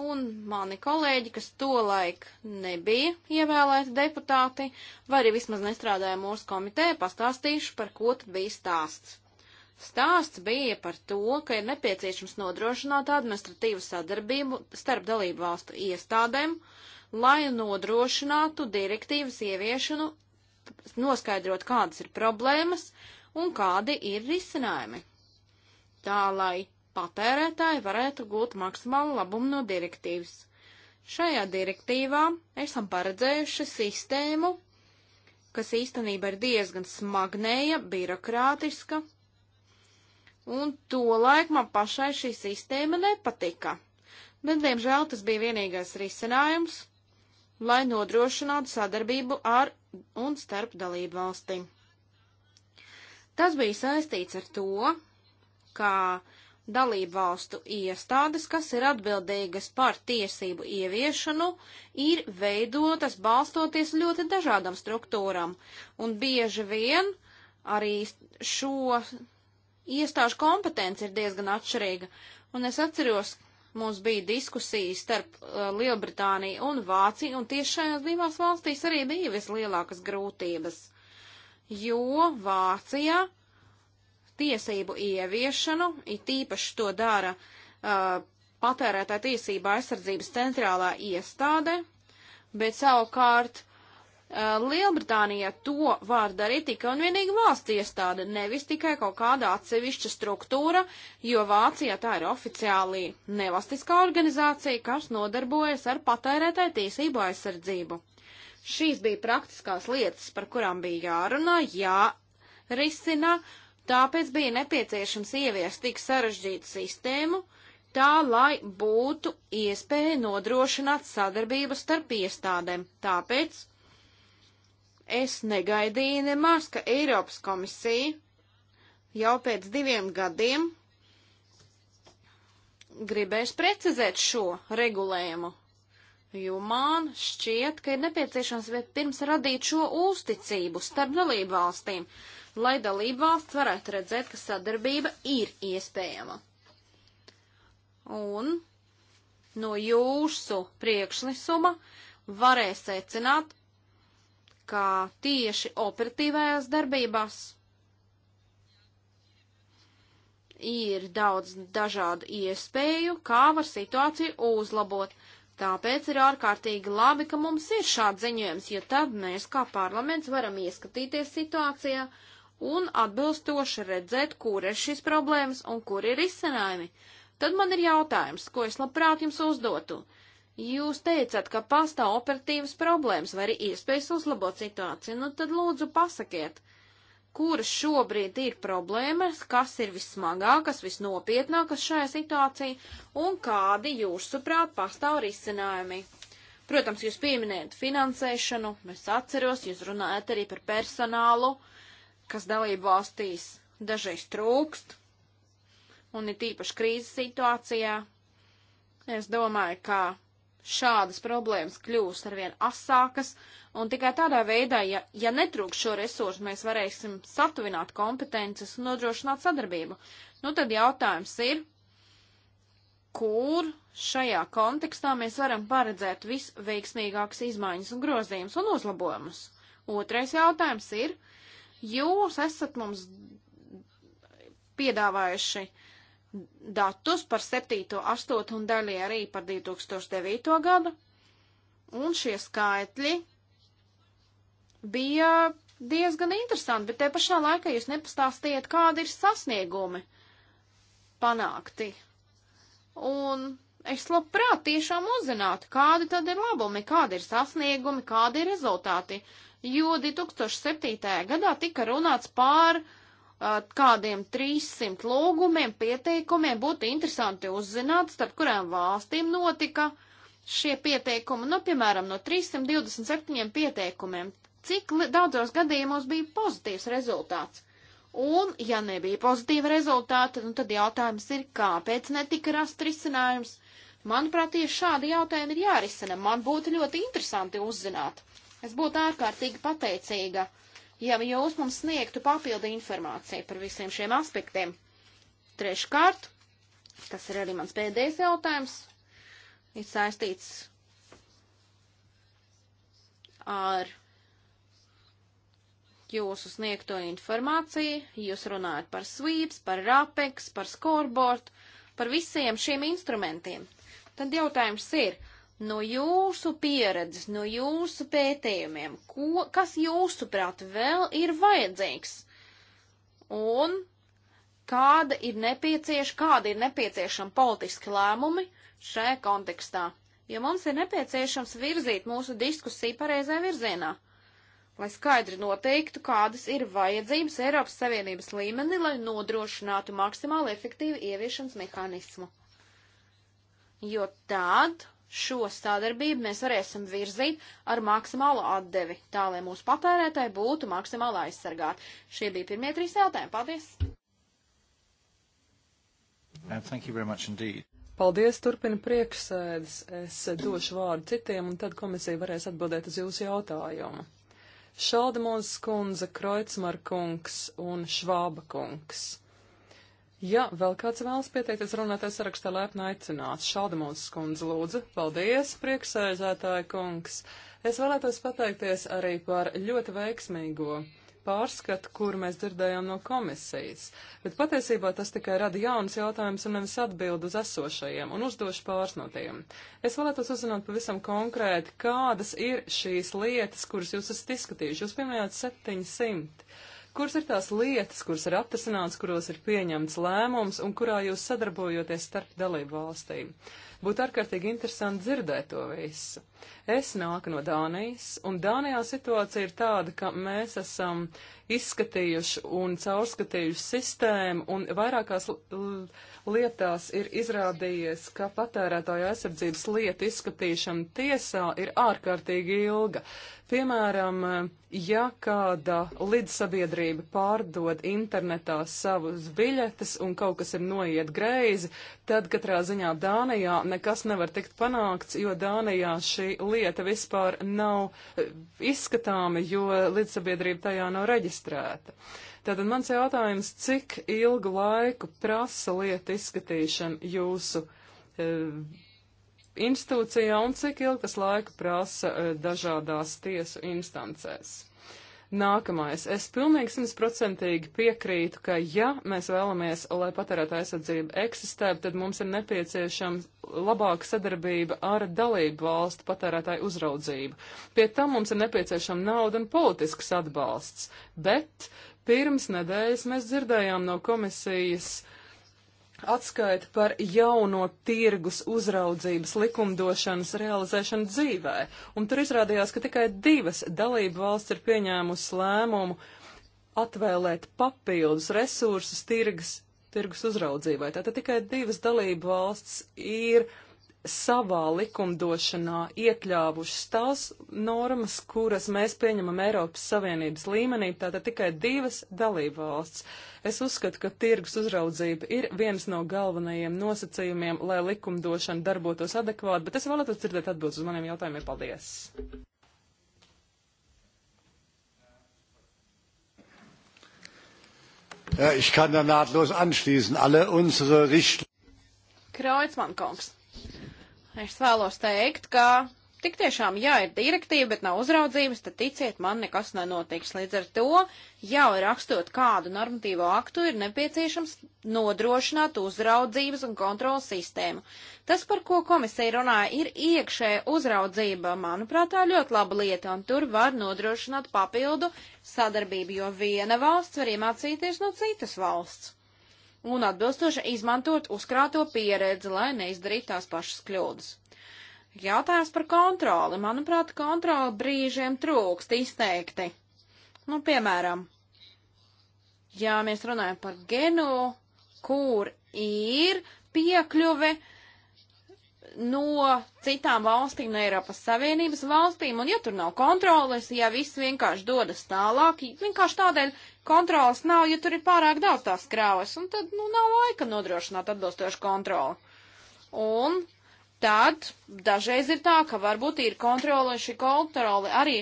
un mani kolēģi, kas tolaik nebija ievēlēti deputāti, vai arī vismaz nestrādāja mūsu komitē, pastāstīšu, par ko tad bija stāsts. Stāsts bija par to, ka ir nepieciešams nodrošināt administratīvu sadarbību starp dalību valstu iestādēm, lai nodrošinātu direktīvas ieviešanu, noskaidrot, kādas ir problēmas un kādi ir risinājumi. Tā, lai patērētāji varētu gūt maksimālu labumu no direktīvas. Šajā direktīvā esam paredzējuši sistēmu, kas īstenībā ir diezgan smagnēja, birokrātiska, un tolaik man pašai šī sistēma nepatika. Bet, diemžēl, tas bija vienīgais risinājums, lai nodrošinātu sadarbību ar un starp dalību valstīm. Tas bija saistīts ar to, ka uh, dalību valstu iestādes, kas ir atbildīgas par tiesību ieviešanu, ir veidotas balstoties ļoti dažādām struktūram, un bieži vien arī šo iestāžu kompetence ir diezgan atšķirīga. Un es atceros, mums bija diskusijas starp uh, Lielbritāniju un Vāciju, un tieši šajās divās valstīs arī bija vislielākas grūtības, jo Vācijā tiesību ieviešanu, it īpaši to dara uh, patērētāja tiesība aizsardzības centrālā iestāde, bet savukārt uh, Lielbritānijā to var darīt tikai un vienīgi valsts iestāde, nevis tikai kaut kāda atsevišķa struktūra, jo Vācijā tā ir oficiāli nevalstiskā organizācija, kas nodarbojas ar patērētāju tiesību aizsardzību. Šīs bija praktiskās lietas, par kurām bija jārunā, jā, risina, Tāpēc bija nepieciešams ieviest tik sarežģītu sistēmu, tā lai būtu iespēja nodrošināt sadarbību starp iestādēm. Tāpēc es negaidīju nemaz, ka Eiropas komisija jau pēc diviem gadiem gribēs precizēt šo regulējumu, jo man šķiet, ka ir nepieciešams pirms radīt šo uzticību starp dalību valstīm. Uh, lai dalībvalsts varētu redzēt, ka sadarbība ir iespējama. Un no jūsu priekšlisuma varēs secināt, ka tieši operatīvajās darbībās ir daudz dažādu iespēju, kā var situāciju uzlabot. Tāpēc ir ārkārtīgi labi, ka mums ir šāds ziņojums, jo tad mēs kā parlaments varam ieskatīties situācijā, uh, un atbilstoši redzēt, kur ir šīs problēmas un kur ir izcinājumi. Tad man ir jautājums, ko es labprāt jums uzdotu. Jūs teicat, ka pastāv operatīvas problēmas vai arī iespējas uzlabot situāciju, nu tad lūdzu pasakiet, kuras šobrīd ir problēmas, kas ir vissmagākas, visnopietnākas šajā situācijā un kādi jūsuprāt pastāv risinājumi. Protams, jūs pieminējat finansēšanu, es atceros, jūs runājat arī par personālu. Uh, kas dalību valstīs dažreiz trūkst, un ir tīpaši krīzes situācijā. Es domāju, ka šādas problēmas kļūst arvien asākas, un tikai tādā veidā, ja, ja netrūks šo resursu, mēs varēsim satuvināt kompetences un nodrošināt sadarbību. Nu tad jautājums ir, kur šajā kontekstā mēs varam paredzēt visveiksmīgākas izmaiņas un grozījumus un uzlabojumus. Otrais jautājums ir, Jūs esat mums piedāvājuši datus par 7, 8 un daļai arī par 2009. gadu, un šie skaitļi bija diezgan interesanti, bet te pašā laikā jūs nepastāstījāt, kādi ir sasniegumi panākti. Un es labprāt tiešām uzzinātu, kādi tad ir labumi, kādi ir sasniegumi, kādi ir rezultāti jo 2007. gadā tika runāts pār uh, kādiem 300 lūgumiem, pieteikumiem, būtu interesanti uzzināt, starp kurām valstīm notika šie pieteikumi, nu, piemēram, no 327 pieteikumiem, cik daudzos gadījumos bija pozitīvs rezultāts. Un, ja nebija pozitīva rezultāta, nu, tad jautājums ir, kāpēc netika rast risinājums? Manuprāt, tieši šādi jautājumi ir jārisina. Man būtu ļoti interesanti uzzināt. Es būtu ārkārtīgi pateicīga, ja jūs mums sniegtu papildu informāciju par visiem šiem aspektiem. Treškārt, tas ir arī mans pēdējais jautājums, ir saistīts ar jūsu sniegto informāciju. Jūs runājat par sweeps, par rapex, par scoreboard, par visiem šiem instrumentiem. Tad jautājums ir, no jūsu pieredzes, no jūsu pētījumiem, ko, kas jūsuprāt vēl ir vajadzīgs? Un kāda ir nepieciešama, kāda ir nepieciešama politiski lēmumi šajā kontekstā? Jo mums ir nepieciešams virzīt mūsu diskusiju pareizā virzienā, lai skaidri noteiktu, kādas ir vajadzības Eiropas Savienības līmenī, lai nodrošinātu maksimāli efektīvu ieviešanas mehānismu. Jo tad šo stādarbību mēs varēsim virzīt ar maksimālu atdevi, tā lai mūsu patērētāji būtu maksimāli aizsargāti. Šie bija pirmie trīs jautājumi. Paldies! Uh, Paldies, turpina priekšsēdes. Es došu vārdu citiem, un tad komisija varēs atbildēt uz jūsu jautājumu. Šaldemons kundze, Kreutzmar kungs un Švāba kungs. Ja vēl kāds vēlas pieteikties runātais sarakstā, lēpni aicināts. Šaldemons skundze lūdzu. Paldies, prieksēzētāja kungs. Es vēlētos pateikties arī par ļoti veiksmīgo pārskatu, kur mēs dzirdējām no komisijas. Bet patiesībā tas tikai rada jaunas jautājumas un nevis atbild uz esošajiem, un uzdošu pāris no tiem. Es vēlētos uzzināt pavisam konkrēti, kādas ir šīs lietas, kuras jūs esat izskatījuši. Jūs pieminējāt 700. Kuras ir tās lietas, kuras ir atrasināts, kuros ir pieņemts lēmums un kurā jūs sadarbojoties starp dalību valstīm? Būtu ārkārtīgi interesanti dzirdēt to visu. Es nāku no Dānijas, un Dānijā situācija ir tāda, ka mēs esam izskatījuši un caurskatījuši sistēmu un vairākās. L- l- lietās ir izrādījies, ka patērētāja aizsardzības lieta izskatīšana tiesā ir ārkārtīgi ilga. Piemēram, ja kāda lidsabiedrība pārdod internetā savus biļetes un kaut kas ir noiet greizi, tad katrā ziņā Dānijā nekas nevar tikt panākts, jo Dānijā šī lieta vispār nav eh, izskatāma, jo lidsabiedrība tajā nav reģistrēta. Uh, Tātad mans jautājums, cik ilgu laiku prasa lieta izskatīšana jūsu e, institūcijā un cik ilgi tas laika prasa e, dažādās tiesu instancēs? Nākamais. Es pilnīgi simtprocentīgi piekrītu, ka ja mēs vēlamies, lai patērēta aizsardzība eksistē, tad mums ir nepieciešama labāka sadarbība ar dalību valstu patērētāju uzraudzību. Pie tam mums ir nepieciešama nauda un politisks atbalsts. Bet Pirms nedēļas mēs dzirdējām no komisijas atskaita par jauno tirgus uzraudzības likumdošanas realizēšanu dzīvē, un tur izrādījās, ka tikai divas dalību valsts ir pieņēmusi lēmumu atvēlēt papildus resursus tirgus, tirgus uzraudzībai. Tātad tikai divas dalību valsts ir uh, savā likumdošanā iekļāvušas tās normas, kuras mēs pieņemam Eiropas Savienības līmenī, tātad tikai divas dalību valsts. Es uzskatu, ka tirgus uzraudzība ir viens no galvenajiem nosacījumiem, lai likumdošana darbotos adekvāti, bet es vēlētos dzirdēt atbildes uz maniem jautājumiem. Paldies! Ja, ich kann da nahtlos anschließen. Alle unsere Richtlinien. Kreuzmann, kommst es vēlos teikt, ka tik tiešām, jā, ir direktīva, bet nav uzraudzības, tad ticiet, man nekas nenotiks. Līdz ar to, jau rakstot kādu normatīvo aktu, ir nepieciešams nodrošināt uzraudzības un kontrolas sistēmu. Tas, par ko komisija runāja, ir iekšēja uzraudzība, manuprāt, tā ļoti laba lieta, un tur var nodrošināt papildu sadarbību, jo viena valsts var iemācīties no citas valsts un atbilstoši izmantot uzkrāto pieredzi, lai neizdarītu tās pašas kļūdas. Jātājums par kontroli. Manuprāt, kontroli brīžiem trūkst izteikti. Nu, piemēram, ja mēs runājam par genu, kur ir piekļuve, no citām valstīm, no Eiropas Savienības valstīm, un ja tur nav kontroles, ja viss vienkārši dodas tālāk, vienkārši tādēļ, kontrolas nav, ja tur ir pārāk daudz tās krāvas, un tad, nu, nav laika nodrošināt atbilstošu kontroli. Un tad dažreiz ir tā, ka varbūt ir kontrole, šī kontrole arī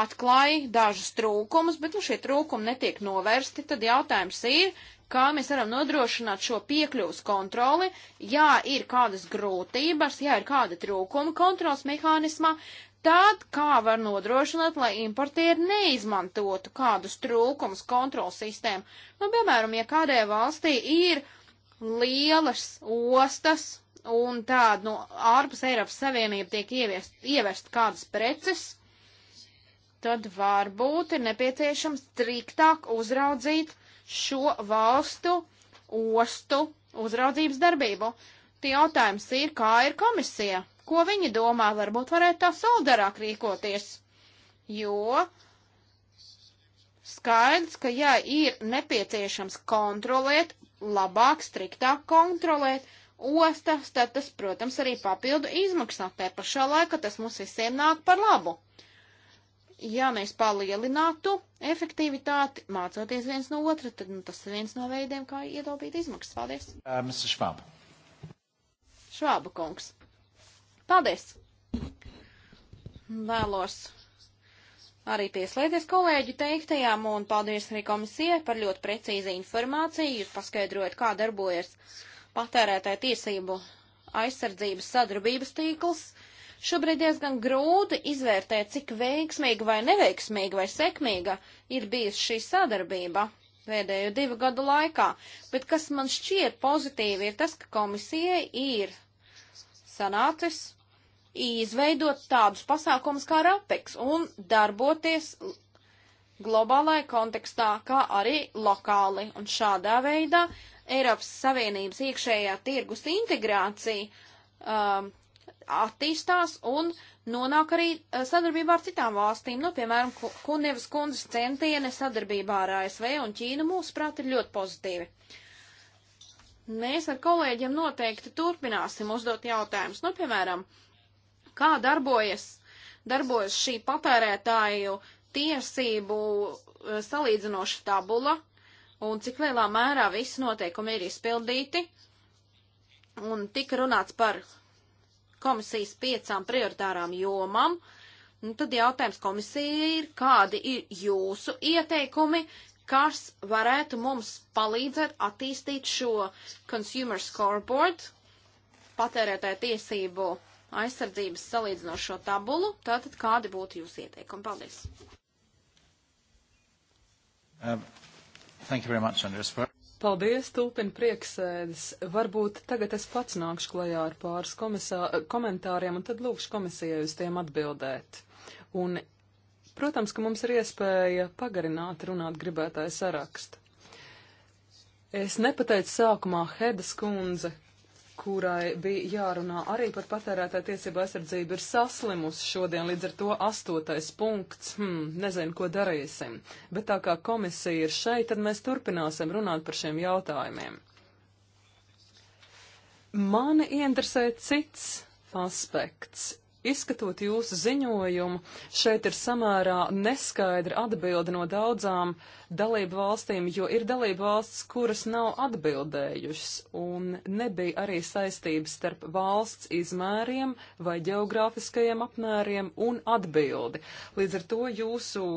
atklāja dažus trūkumus, bet, nu, šie trūkumi netiek novērsti, tad jautājums ir, kā mēs varam nodrošināt šo piekļuvas kontroli, ja ir kādas grūtības, ja ir kāda trūkuma kontrols mehānismā, Tad kā var nodrošināt, lai importieri neizmantotu kādus trūkumus kontrols sistēmu? Nu, piemēram, ja kādai valstī ir lielas ostas un tāda no nu, ārpus Eiropas Savienība tiek ieviest, ievest kādas preces, tad varbūt ir nepieciešams striktāk uzraudzīt šo valstu ostu uzraudzības darbību. Tie jautājums ir, kā ir komisija, ko viņi domā, varbūt varētu tā soldarāk rīkoties. Jo skaidrs, ka jā, ir nepieciešams kontrolēt, labāk, striktāk kontrolēt ostas, tad tas, protams, arī papildu izmaksā. Te pašā laikā tas mums visiem nāk par labu. Ja mēs palielinātu efektivitāti, mācoties viens no otra, tad nu, tas ir viens no veidiem, kā ietaupīt izmaksas. Paldies! Uh, Švāba kungs. Paldies! Vēlos arī pieslēgties kolēģu teiktajām un paldies arī komisijai par ļoti precīzi informāciju. Jūs paskaidrojat, kā darbojas patērētāja tiesību aizsardzības sadarbības tīkls. Šobrīd diezgan grūti izvērtēt, cik veiksmīga vai neveiksmīga vai sekmīga ir bijusi šī sadarbība pēdējo divu gadu laikā, bet kas man šķiet pozitīvi ir tas, ka komisijai ir sanācis izveidot tādus pasākumus kā RAPEX un darboties globālajā kontekstā, kā arī lokāli. Un šādā veidā Eiropas Savienības iekšējā tirgus integrācija um, attīstās un nonāk arī uh, sadarbībā ar citām valstīm. Nu, piemēram, Kunievas kundzes centieni sadarbībā ar ASV un Ķīnu mūsuprāt ir ļoti pozitīvi. Mēs ar kolēģiem noteikti turpināsim uzdot jautājumus. Nu, piemēram, uh, kā darbojas, darbojas šī patērētāju tiesību eh, salīdzinoša tabula un cik lielā mērā visi noteikumi ir izpildīti. Un tika runāts par komisijas piecām prioritārām jomām. Un nu, tad jautājums komisijai ir, kādi ir jūsu ieteikumi, kas varētu mums palīdzēt attīstīt šo Consumer Scoreboard, patērētāju tiesību uh, aizsardzības salīdzinošo tabulu, tātad kādi būtu jūsu ieteikumi? Paldies! Um, thank you very much, Andres. Paldies, tūpin prieksēdes. Varbūt tagad es pats nākšu klajā ar pāris komisā, komentāriem un tad lūkšu komisijai uz tiem atbildēt. Un, protams, ka mums ir iespēja pagarināt runāt gribētāju sarakstu. Es nepateicu sākumā Hedas kundze, kurai bija jārunā arī par patērētāju tiesību aizsardzību, ir saslimusi šodien, līdz ar to astotais punkts, hmm, nezinu, ko darīsim. Bet tā kā komisija ir šeit, tad mēs turpināsim runāt par šiem jautājumiem. Mani interesē cits aspekts. Izskatot jūsu ziņojumu, šeit ir samērā neskaidra atbilde no daudzām dalību valstīm, jo ir dalību valsts, kuras nav atbildējušas, un nebija arī saistības starp valsts izmēriem vai geogrāfiskajiem apmēriem un atbildi. Līdz ar to jūsu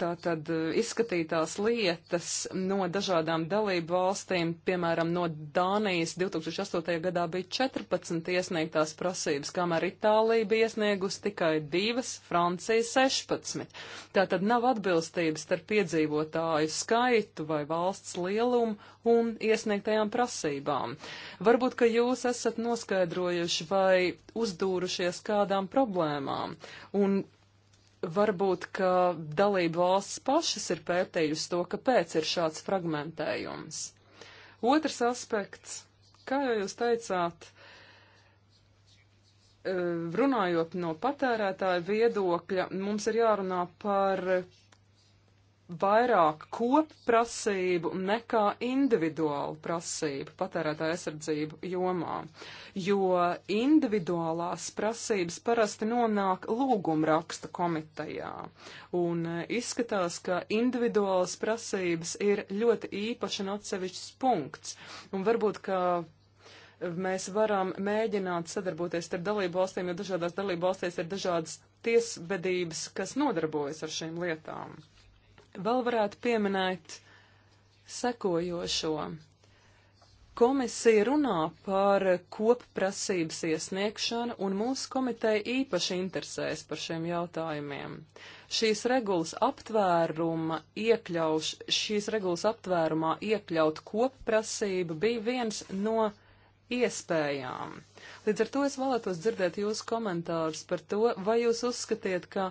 tātad e, izskatītās lietas no dažādām dalību valstīm, piemēram, no Dānijas 2008. gadā bija 14 iesniegtās prasības, kamēr Itālija bija iesniegusi tikai divas, Francija 16. Tātad nav atbilstības starp piedzīvotāju skaitu vai valsts lielumu un iesniegtajām prasībām. Varbūt, ka jūs esat noskaidrojuši vai uzdūrušies kādām problēmām. Un varbūt, ka dalību valsts pašas ir pētījusi to, kāpēc ir šāds fragmentējums. Otrs aspekts, kā jau jūs teicāt, eh, runājot no patērētāja viedokļa, mums ir jārunā par vairāk kopprasību nekā individuālu prasību patērētāja aizsardzību jomā, jo individuālās prasības parasti nonāk lūguma raksta komitejā, un e, izskatās, ka individuālas prasības ir ļoti īpaši un atsevišķs punkts, un varbūt, ka mēs varam mēģināt sadarboties ar dalību valstīm, jo dažādās dalību valstīs ir dažādas tiesvedības, kas nodarbojas ar šīm lietām vēl varētu pieminēt sekojošo. Komisija runā par kopprasības iesniegšanu, un mūsu komiteja īpaši interesēs par šiem jautājumiem. Šīs regulas, aptvēruma iekļauš, šīs regulas aptvērumā iekļaut kopprasību bija viens no iespējām. Līdz ar to es vēlētos dzirdēt jūsu komentārus par to, vai jūs uzskatiet, ka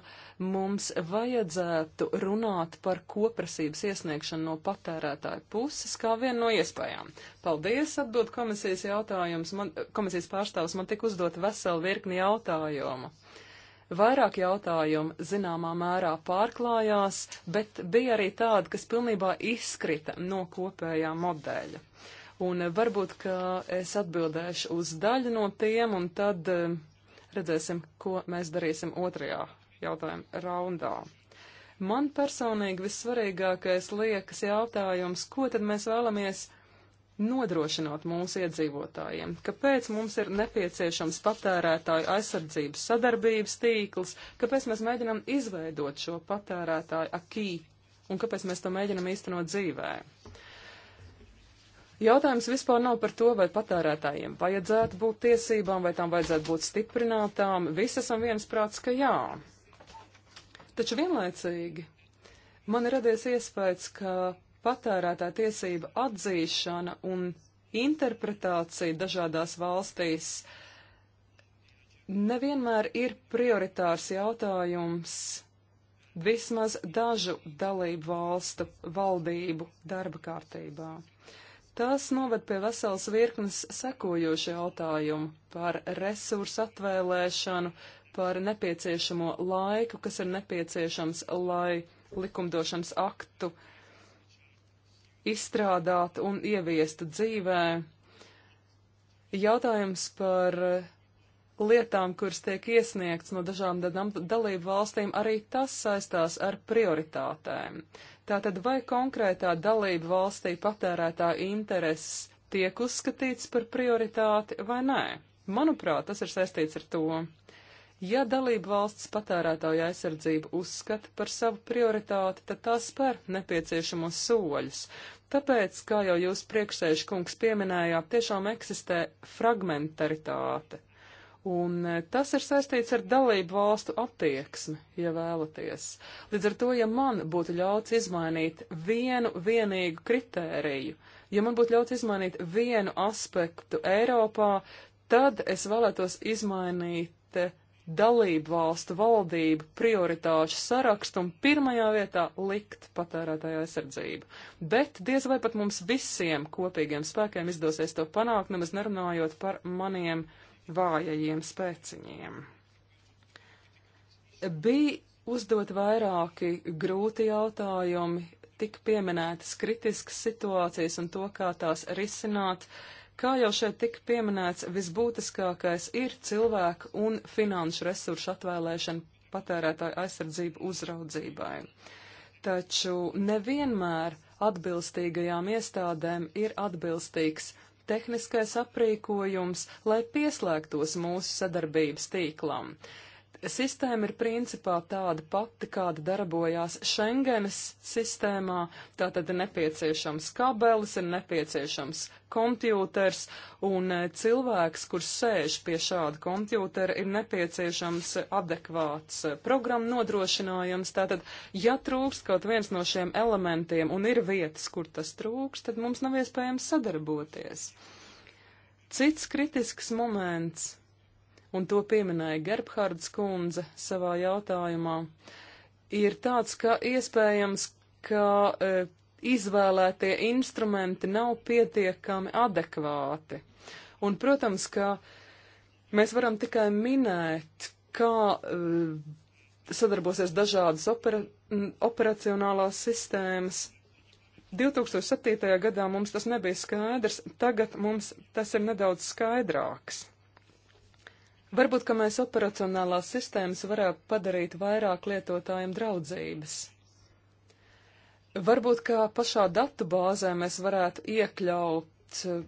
mums vajadzētu runāt par koprasības iesniegšanu no patērētāja puses kā vienu no iespējām. Paldies, atdod komisijas jautājums. Man, komisijas pārstāvs man tik uzdot veselu virkni jautājumu. Vairāk jautājumu zināmā mērā pārklājās, bet bija arī tādi, kas pilnībā izkrita no kopējā modeļa. Uh, Un eh, varbūt, ka es atbildēšu uz daļu no tiem, un tad eh, redzēsim, ko mēs darīsim otrajā jautājuma raundā. Man personīgi vissvarīgākais liekas jautājums, ko tad mēs vēlamies nodrošināt mūsu iedzīvotājiem, kāpēc mums ir nepieciešams patērētāju aizsardzības sadarbības tīkls, kāpēc mēs mēģinam izveidot šo patērētāju akī un kāpēc mēs to mēģinam īstenot dzīvē. Jautājums vispār nav par to, vai patērētājiem vajadzētu būt tiesībām, vai tām vajadzētu būt stiprinātām. Visi esam viensprāts, ka jā. Taču vienlaicīgi man ir radies iespējas, ka patērētāja tiesība atzīšana un interpretācija dažādās valstīs nevienmēr ir prioritārs jautājums vismaz dažu dalību valstu valdību darba kārtībā. Tās noved pie veselas virknes sekojošu jautājumu par resursu atvēlēšanu, par nepieciešamo laiku, kas ir nepieciešams, lai likumdošanas aktu izstrādātu un ieviestu dzīvē. Jautājums par lietām, kuras tiek iesniegts no dažām dalību valstīm, arī tas saistās ar prioritātēm. Tātad vai konkrētā dalība valstī patērētā intereses tiek uzskatīts par prioritāti vai nē? Manuprāt, tas ir saistīts ar to. Ja dalība valsts patērētāja aizsardzību uzskata par savu prioritāti, tad tā spēr nepieciešamos soļus. Tāpēc, kā jau jūs priekšsēžu kungs pieminējāt, tiešām eksistē fragmentaritāte. Un e, tas ir saistīts ar dalību valstu attieksmi, ja vēlaties. Līdz ar to, ja man būtu ļauts izmainīt vienu vienīgu kritēriju, ja man būtu ļauts izmainīt vienu aspektu Eiropā, tad es vēlētos izmainīt e, dalību valstu valdību prioritāšu sarakstu un pirmajā vietā likt patērētāju aizsardzību. Bet diez vai pat mums visiem kopīgiem spēkiem izdosies to panākt, nemaz nerunājot par maniem vājajiem spēciņiem. Bija uzdot vairāki grūti jautājumi, tik pieminētas kritiskas situācijas un to, kā tās risināt. Kā jau šeit tika pieminēts, visbūtiskākais ir cilvēku un finanšu resursu atvēlēšana patērētāju aizsardzību uzraudzībai. Taču nevienmēr atbilstīgajām iestādēm ir atbilstīgs tehniskais aprīkojums, lai pieslēgtos mūsu sadarbības tīklam. Sistēma ir principā tāda pati, kāda darbojās Schengenes sistēmā. Tātad ir nepieciešams kabelis, ir nepieciešams kompjūters, un e, cilvēks, kurš sēž pie šāda kompjūtera, ir nepieciešams adekvāts e, programmu nodrošinājums. Tātad, ja trūkst kaut viens no šiem elementiem un ir vietas, kur tas trūkst, tad mums nav iespējams sadarboties. Cits kritisks moments un to pieminēja Gerbhards kundze savā jautājumā, ir tāds, ka iespējams, ka e, izvēlētie instrumenti nav pietiekami adekvāti. Un, protams, ka mēs varam tikai minēt, kā e, sadarbosies dažādas opera, operacionālās sistēmas. 2007. gadā mums tas nebija skaidrs, tagad mums tas ir nedaudz skaidrāks. Varbūt, ka mēs operacionālās sistēmas varētu padarīt vairāk lietotājiem draudzības. Varbūt, ka pašā datu bāzē mēs varētu iekļaut eh,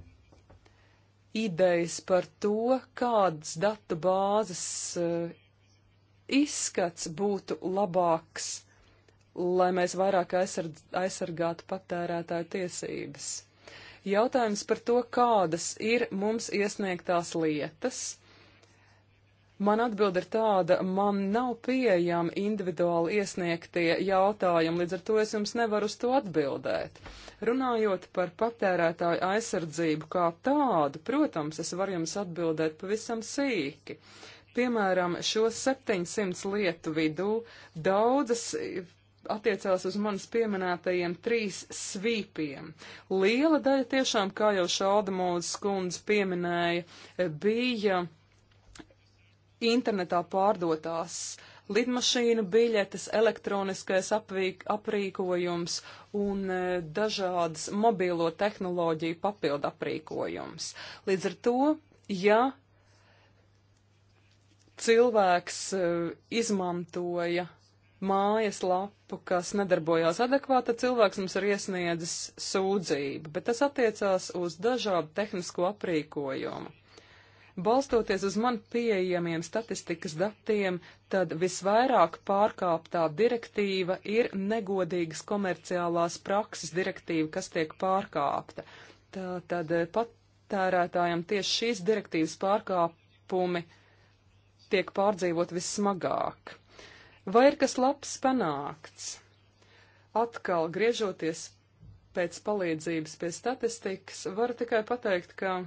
idejas par to, kādas datu bāzes uh, izskats būtu labāks, lai mēs vairāk aizsardz, aizsargātu patērētāju tiesības. Jautājums par to, kādas ir mums iesniegtās lietas, Man atbild ir tāda, man nav pieejami individuāli iesniegtie jautājumi, līdz ar to es jums nevaru uz to atbildēt. Runājot par patērētāju aizsardzību kā tādu, protams, es varu jums atbildēt pavisam sīki. Piemēram, šo 700 lietu vidū daudzas attiecās uz manas pieminētajiem trīs svīpiem. Liela daļa tiešām, kā jau Šalda Mūzes kundze pieminēja, bija internetā pārdotās lidmašīnu biļetes, elektroniskais apvīk, aprīkojums un e, dažādas mobīlo tehnoloģiju papildu aprīkojums. Līdz ar to, ja cilvēks e, izmantoja mājas lapu, kas nedarbojās adekvāti, cilvēks mums ir iesniedzis sūdzību, bet tas attiecās uz dažādu tehnisko aprīkojumu. Balstoties uz man pieejamiem statistikas datiem, tad visvairāk pārkāptā direktīva ir negodīgas komerciālās prakses direktīva, kas tiek pārkāpta. Tā tad eh, patērētājiem tieši šīs direktīvas pārkāpumi tiek pārdzīvot vissmagāk. Vai ir kas labs panākts? Atkal griežoties pēc palīdzības pie statistikas, varu tikai pateikt, ka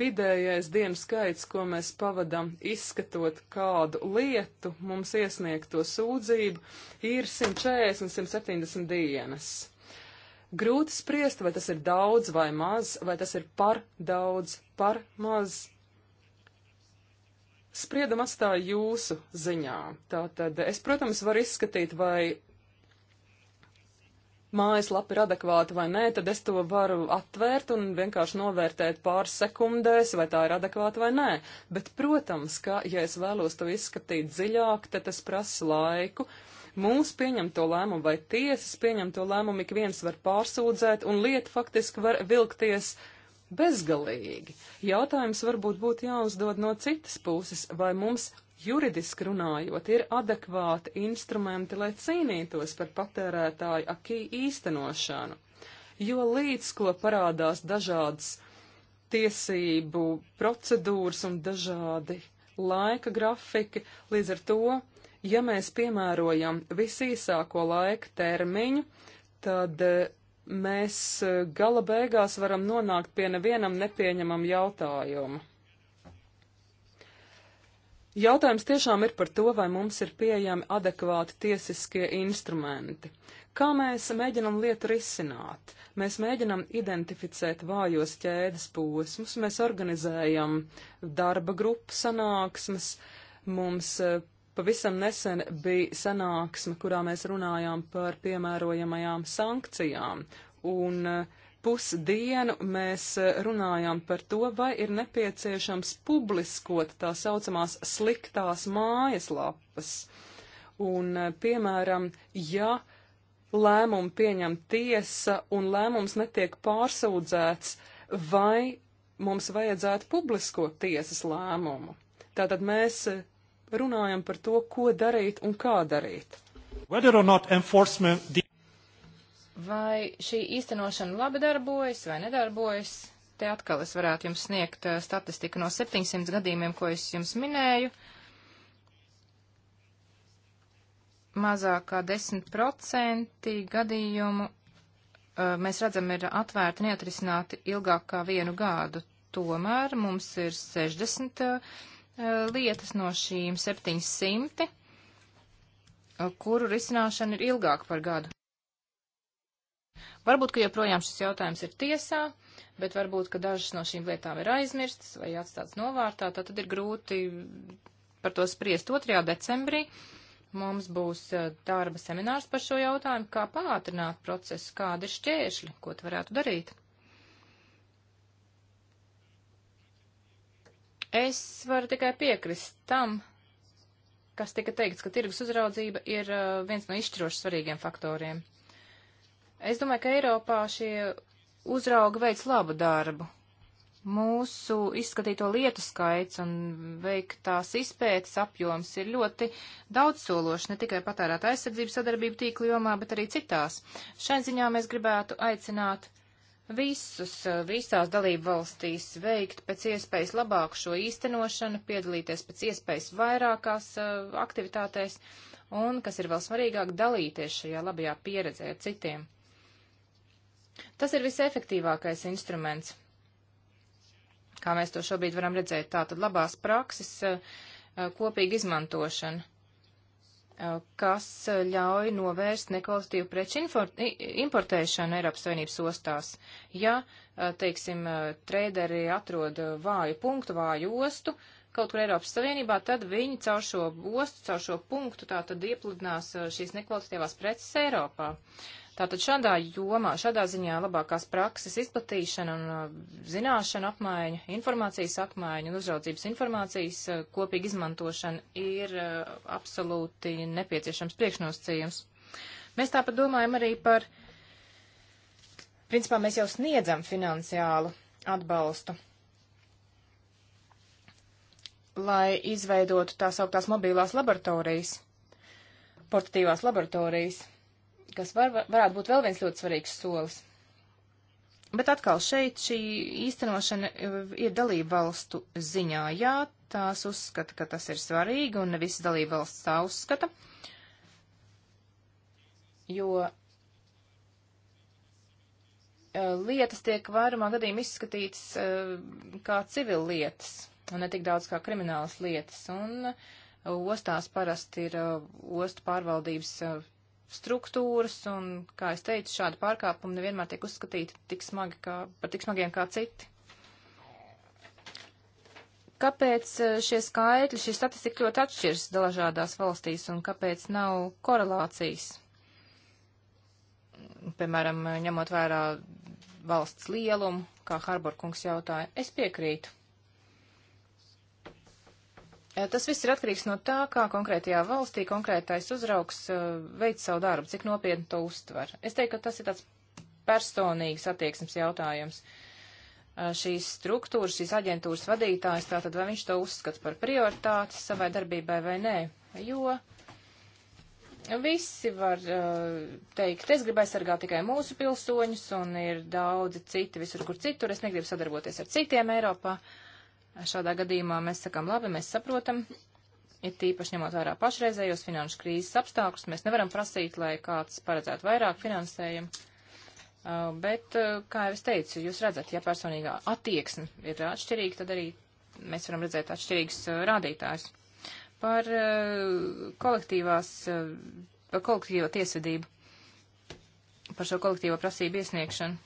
vidējais dienu skaits, ko mēs pavadam izskatot kādu lietu, mums iesniegto sūdzību, ir 140 un 170 dienas. Grūti spriest, vai tas ir daudz vai maz, vai tas ir par daudz, par maz. Spriedumu atstāju jūsu ziņā. Tātad es, protams, varu izskatīt, vai mājaslapa ir adekvāta vai nē, tad es to varu atvērt un vienkārši novērtēt pāris sekundēs, vai tā ir adekvāta vai nē. Bet, protams, ka, ja es vēlos to izskatīt dziļāk, tad tas prasa laiku. Mūsu pieņemto lēmumu vai tiesas pieņemto lēmumu ik viens var pārsūdzēt, un lieta faktiski var vilkties bezgalīgi. Jautājums varbūt būtu jāuzdod no citas puses, vai mums juridiski runājot, ir adekvāti instrumenti, lai cīnītos par patērētāju akī īstenošanu. Jo līdz ko parādās dažādas tiesību procedūras un dažādi laika grafiki, līdz ar to, ja mēs piemērojam visīsāko laika termiņu, tad e, mēs e, gala beigās varam nonākt pie nevienam nepieņemam jautājumu. Jautājums tiešām ir par to, vai mums ir pieejami adekvāti tiesiskie instrumenti. Kā mēs mēģinam lietu risināt? Mēs mēģinam identificēt vājos ķēdes posmus, mēs organizējam darba grupu sanāksmes, mums eh, Pavisam nesen bija sanāksme, kurā mēs runājām par piemērojamajām sankcijām, un uh, pusdienu mēs e, runājām par to, vai ir nepieciešams publiskot tā saucamās sliktās mājaslapas. Un, e, piemēram, ja lēmumu pieņem tiesa un lēmums netiek pārsūdzēts, vai mums vajadzētu publiskot tiesas lēmumu. Tātad mēs e, runājam par to, ko darīt un kā darīt. Whether or not enforcement Vai šī īstenošana labi darbojas vai nedarbojas? Te atkal es varētu jums sniegt uh, statistiku no 700 gadījumiem, ko es jums minēju. Mazākā 10% gadījumu uh, mēs redzam ir atvērti neatrisināti ilgāk kā vienu gadu. Tomēr mums ir 60 uh, lietas no šīm 700, uh, kuru risināšana ir ilgāka par gadu. Varbūt, ka joprojām šis jautājums ir tiesā, bet varbūt, ka dažas no šīm lietām ir aizmirstas vai atstātas novārtā, tā tad ir grūti par to spriest. 2. decembrī mums būs eh, darba seminārs par šo jautājumu, kā pātrināt procesu, kādi ir šķēršļi, ko tu varētu darīt. Es varu tikai piekrist tam, kas tika teikts, ka tirgus uzraudzība ir eh, viens no izšķiroši svarīgiem faktoriem. Es domāju, ka Eiropā šie uzrauga veids labu darbu. Mūsu izskatīto lietu skaits un veiktās izpētes apjoms ir ļoti daudzsološs, ne tikai patērēt aizsardzības sadarbību tīkla jomā, bet arī citās. Šai ziņā mēs gribētu aicināt visus, visās dalību valstīs veikt pēc iespējas labāku šo īstenošanu, piedalīties pēc iespējas vairākās eh, aktivitātēs un, kas ir vēl svarīgāk, dalīties šajā labajā pieredzē ar citiem. Tas ir visefektīvākais instruments, kā mēs to šobrīd varam redzēt. Tātad labās prakses eh, eh, kopīga izmantošana eh, kas ļauj novērst nekvalitatīvu preču importēšanu Eiropas Savienības ostās. Ja, teiksim, treideri atrod vāju punktu, vāju ostu kaut kur Eiropas Savienībā, tad viņi caur šo ostu, caur šo punktu tā tad iepludinās šīs nekvalitatīvās preces Eiropā. Uh, Tātad šādā jomā, šādā ziņā labākās prakses izplatīšana un uh, zināšana apmaiņa, informācijas apmaiņa un uzraudzības informācijas uh, kopīgi izmantošana ir uh, absolūti nepieciešams priekšnosacījums. Mēs tāpat domājam arī par, principā mēs jau sniedzam finansiālu atbalstu lai izveidotu tā sauktās mobilās laboratorijas, portatīvās laboratorijas kas var, varētu būt vēl viens ļoti svarīgs solis. Bet atkal šeit šī īstenošana eh, ir dalība valstu ziņā. Jā, tās uzskata, ka tas ir svarīgi, un ne visas dalība valsts tā uzskata, jo eh, lietas tiek vairumā gadījumā izskatītas eh, kā civil lietas, un ne tik daudz kā kriminālas lietas, un ostās parasti ir ostu pārvaldības struktūras, un, kā es teicu, šādi pārkāpumi nevienmēr tiek uzskatīti tik smagi kā, par tik smagiem kā citi. Kāpēc e, šie skaitļi, šī statistika ļoti atšķiras dažādās valstīs, un kāpēc nav korelācijas? Piemēram, e, ņemot vērā valsts lielumu, kā Harborkungs jautāja, es piekrītu Eh, tas viss ir atkarīgs no tā, kā konkrētajā valstī konkrētais uzraugs eh, veic savu darbu, cik nopietni to uztver. Es teiktu, ka tas ir tāds personīgs attieksmes jautājums. Eh, šīs struktūras, šīs aģentūras vadītājs, tātad vai viņš to uzskata par prioritāti savai darbībai vai nē, jo visi var teikt, es gribu aizsargāt tikai mūsu pilsoņus un ir daudzi citi visur, kur citur, es negribu sadarboties ar citiem Eiropā. Uh, Šādā gadījumā mēs sakam, labi, mēs saprotam, ir tīpaši ņemot vērā pašreizējos finanšu krīzes apstākļus, mēs nevaram prasīt, lai kāds paredzētu vairāk finansējumu. Uh, bet, uh, kā jau es teicu, jūs redzat, ja personīgā attieksme ir atšķirīga, tad arī mēs varam redzēt atšķirīgus uh, rādītājus. Par kolektīvās, par kolektīvo tiesvedību, par šo kolektīvo prasību iesniegšanu.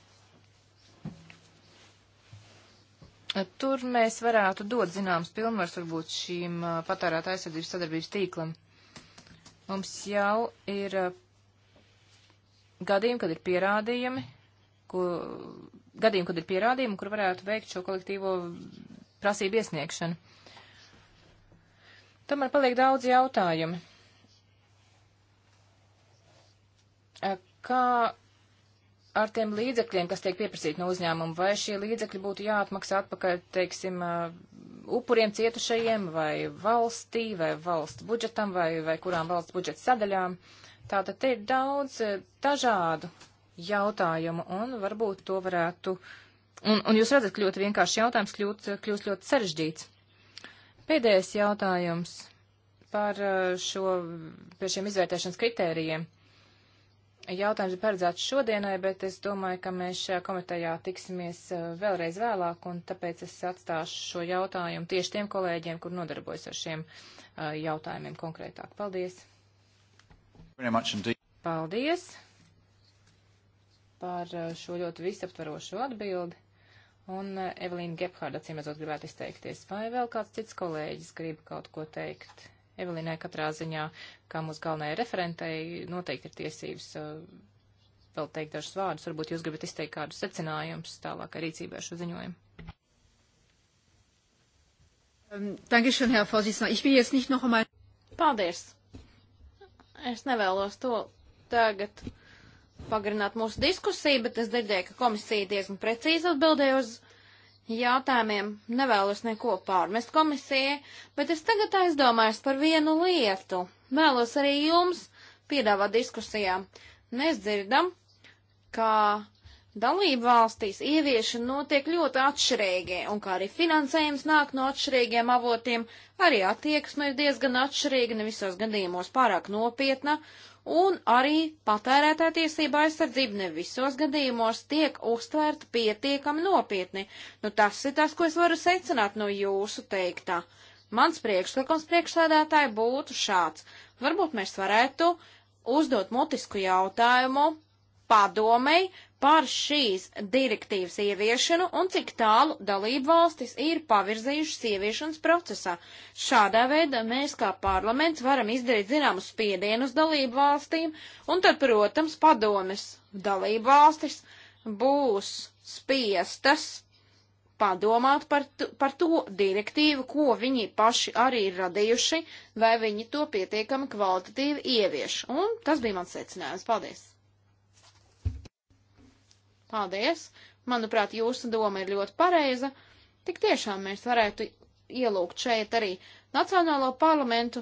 Tur mēs varētu dot zināms pilnvars varbūt šīm patērētā aizsardzības sadarbības tīklam. Mums jau ir gadījumi, kad ir pierādījumi, ko, gadījumi, kad ir pierādījumi, kur varētu veikt šo kolektīvo prasību iesniegšanu. Tomēr paliek daudz jautājumu. Kā ar tiem līdzekļiem, kas tiek pieprasīti no uzņēmuma, vai šie līdzekļi būtu jāatmaksā atpakaļ, teiksim, uh, upuriem cietušajiem, vai valstī, vai valsts budžetam, vai, vai kurām valsts budžeta sadaļām. Tātad te ir daudz uh, dažādu jautājumu, un varbūt to varētu, un, un jūs redzat, ļoti vienkārši jautājums kļūt, uh, kļūst ļoti sarežģīts. Pēdējais jautājums par šo, pie šiem izvērtēšanas kritērijiem jautājums ir paredzēts šodienai, bet es domāju, ka mēs šajā komitejā tiksimies eh, vēlreiz vēlāk, un tāpēc es atstāšu šo jautājumu tieši tiem kolēģiem, kur nodarbojas ar šiem eh, jautājumiem konkrētāk. Paldies! Paldies par eh, šo ļoti visaptvarošo atbildi. Un Evelīna Gepharda, cīmēzot, gribētu izteikties. Vai vēl kāds cits kolēģis grib kaut ko teikt? Evelīnai katrā ziņā, kā mūsu galvenajai referentei, noteikti ir tiesības eh, vēl teikt dažus vārdus. Varbūt jūs gribat izteikt kādus secinājumus tālākai rīcībai ar šo ziņojumu. Ähm, dankeschön, Herr Vorsitzender. Ich will jetzt nicht noch einmal. Paldies! Es nevēlos to tagad pagarināt mūsu diskusiju, bet es dzirdēju, ka komisija diezgan precīzi atbildēja uz jautājumiem nevēlos neko pārmest komisijai, bet es tagad aizdomājos par vienu lietu. Vēlos arī jums piedāvāt diskusijām. Mēs dzirdam, ka dalību valstīs ieviešana notiek ļoti atšķirīgi, un kā arī finansējums nāk no atšķirīgiem avotiem, arī attieksme ir diezgan atšķirīga, ne visos gadījumos pārāk nopietna, un arī patērētāja tiesība aizsardzība ne visos gadījumos tiek uztvērta pietiekami nopietni. Nu, tas ir tas, ko es varu secināt no jūsu teiktā. Mans priekšlikums priekšsēdētāji būtu šāds. Varbūt mēs varētu uzdot mutisku jautājumu padomei par šīs direktīvas ieviešanu un cik tālu dalību valstis ir pavirzījušas ieviešanas procesā. Šādā veidā mēs kā parlaments varam izdarīt zināmu spiedienu uz dalību valstīm, un tad, protams, padomes dalību valstis būs spiestas padomāt par, par to direktīvu, ko viņi paši arī ir radījuši, vai viņi to pietiekami kvalitatīvi ievieš. Un tas bija mans secinājums. Paldies! Paldies! Manuprāt, jūsu doma ir ļoti pareiza. Tik tiešām mēs varētu ielūgt šeit arī Nacionālo parlamentu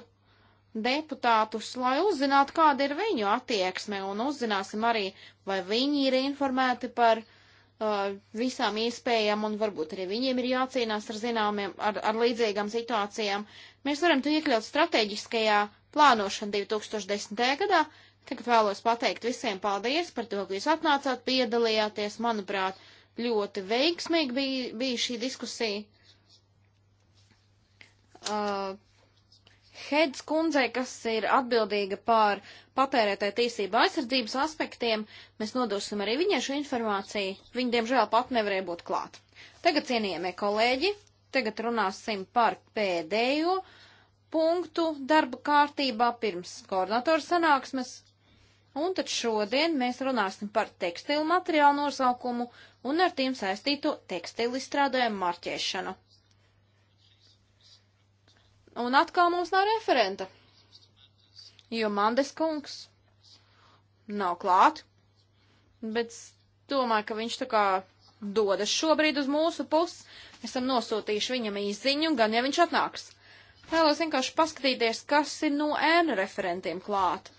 deputātus, lai uzzinātu, kāda ir viņu attieksme, un uzzināsim arī, vai viņi ir informēti par uh, visām iespējām, un varbūt arī viņiem ir jācīnās ar zināmiem, ar, ar līdzīgām situācijām. Mēs varam to iekļaut strateģiskajā plānošana 2010. gadā, Tagad vēlos pateikt visiem paldies par to, ka jūs atnācāt, piedalījāties. Manuprāt, ļoti veiksmīgi bija, bija šī diskusija. Uh, Heads kundzei, kas ir atbildīga par patērētāju tiesību aizsardzības aspektiem, mēs nodosim arī viņai šo informāciju. Viņa, diemžēl, pat nevarēja būt klāt. Tagad, cienījamie kolēģi, tagad runāsim par pēdējo punktu darba kārtībā pirms koordinatoru sanāksmes. Un tad šodien mēs runāsim par tekstilu materiālu nosaukumu un ar tiem saistīto tekstilu izstrādājumu marķēšanu. Un atkal mums nav referenta, jo Mandes kungs nav klāt, bet domāju, ka viņš tā kā dodas šobrīd uz mūsu pusi. Esam nosūtījuši viņam īziņu, gan ja viņš atnāks. Vēlos vienkārši paskatīties, kas ir no ēnu referentiem klāt.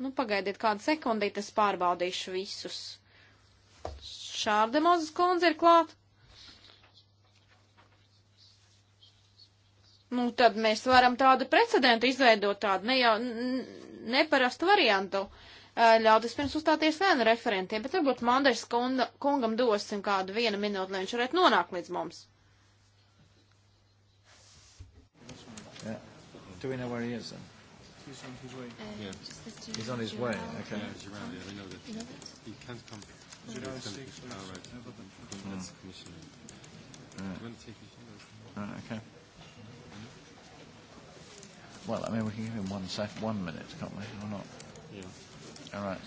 Nu, pagaidiet kādu sekundīti, es pārbaudīšu visus. Šārda Mozes kundze ir klāt. Nu, tad mēs varam tādu precedentu izveidot tādu ne jau neparastu variantu. Ļaut vispirms uzstāties vienu referentiem, bet varbūt Manders kunda, kungam dosim kādu vienu minūti, lai viņš varētu nonākt līdz mums. Yeah. Do we know where he is then? he's on his way. Uh, yeah. He's, he's on his way. Okay. Yeah, he's around. Yeah, we know that. You know that? He can't come. July 6th. Oh, right. Mm. That's commissioning. Right. Do you want to take his Right, okay. Well, I mean, we can give him one sec, one minute, can't we, or not? Yeah. All right.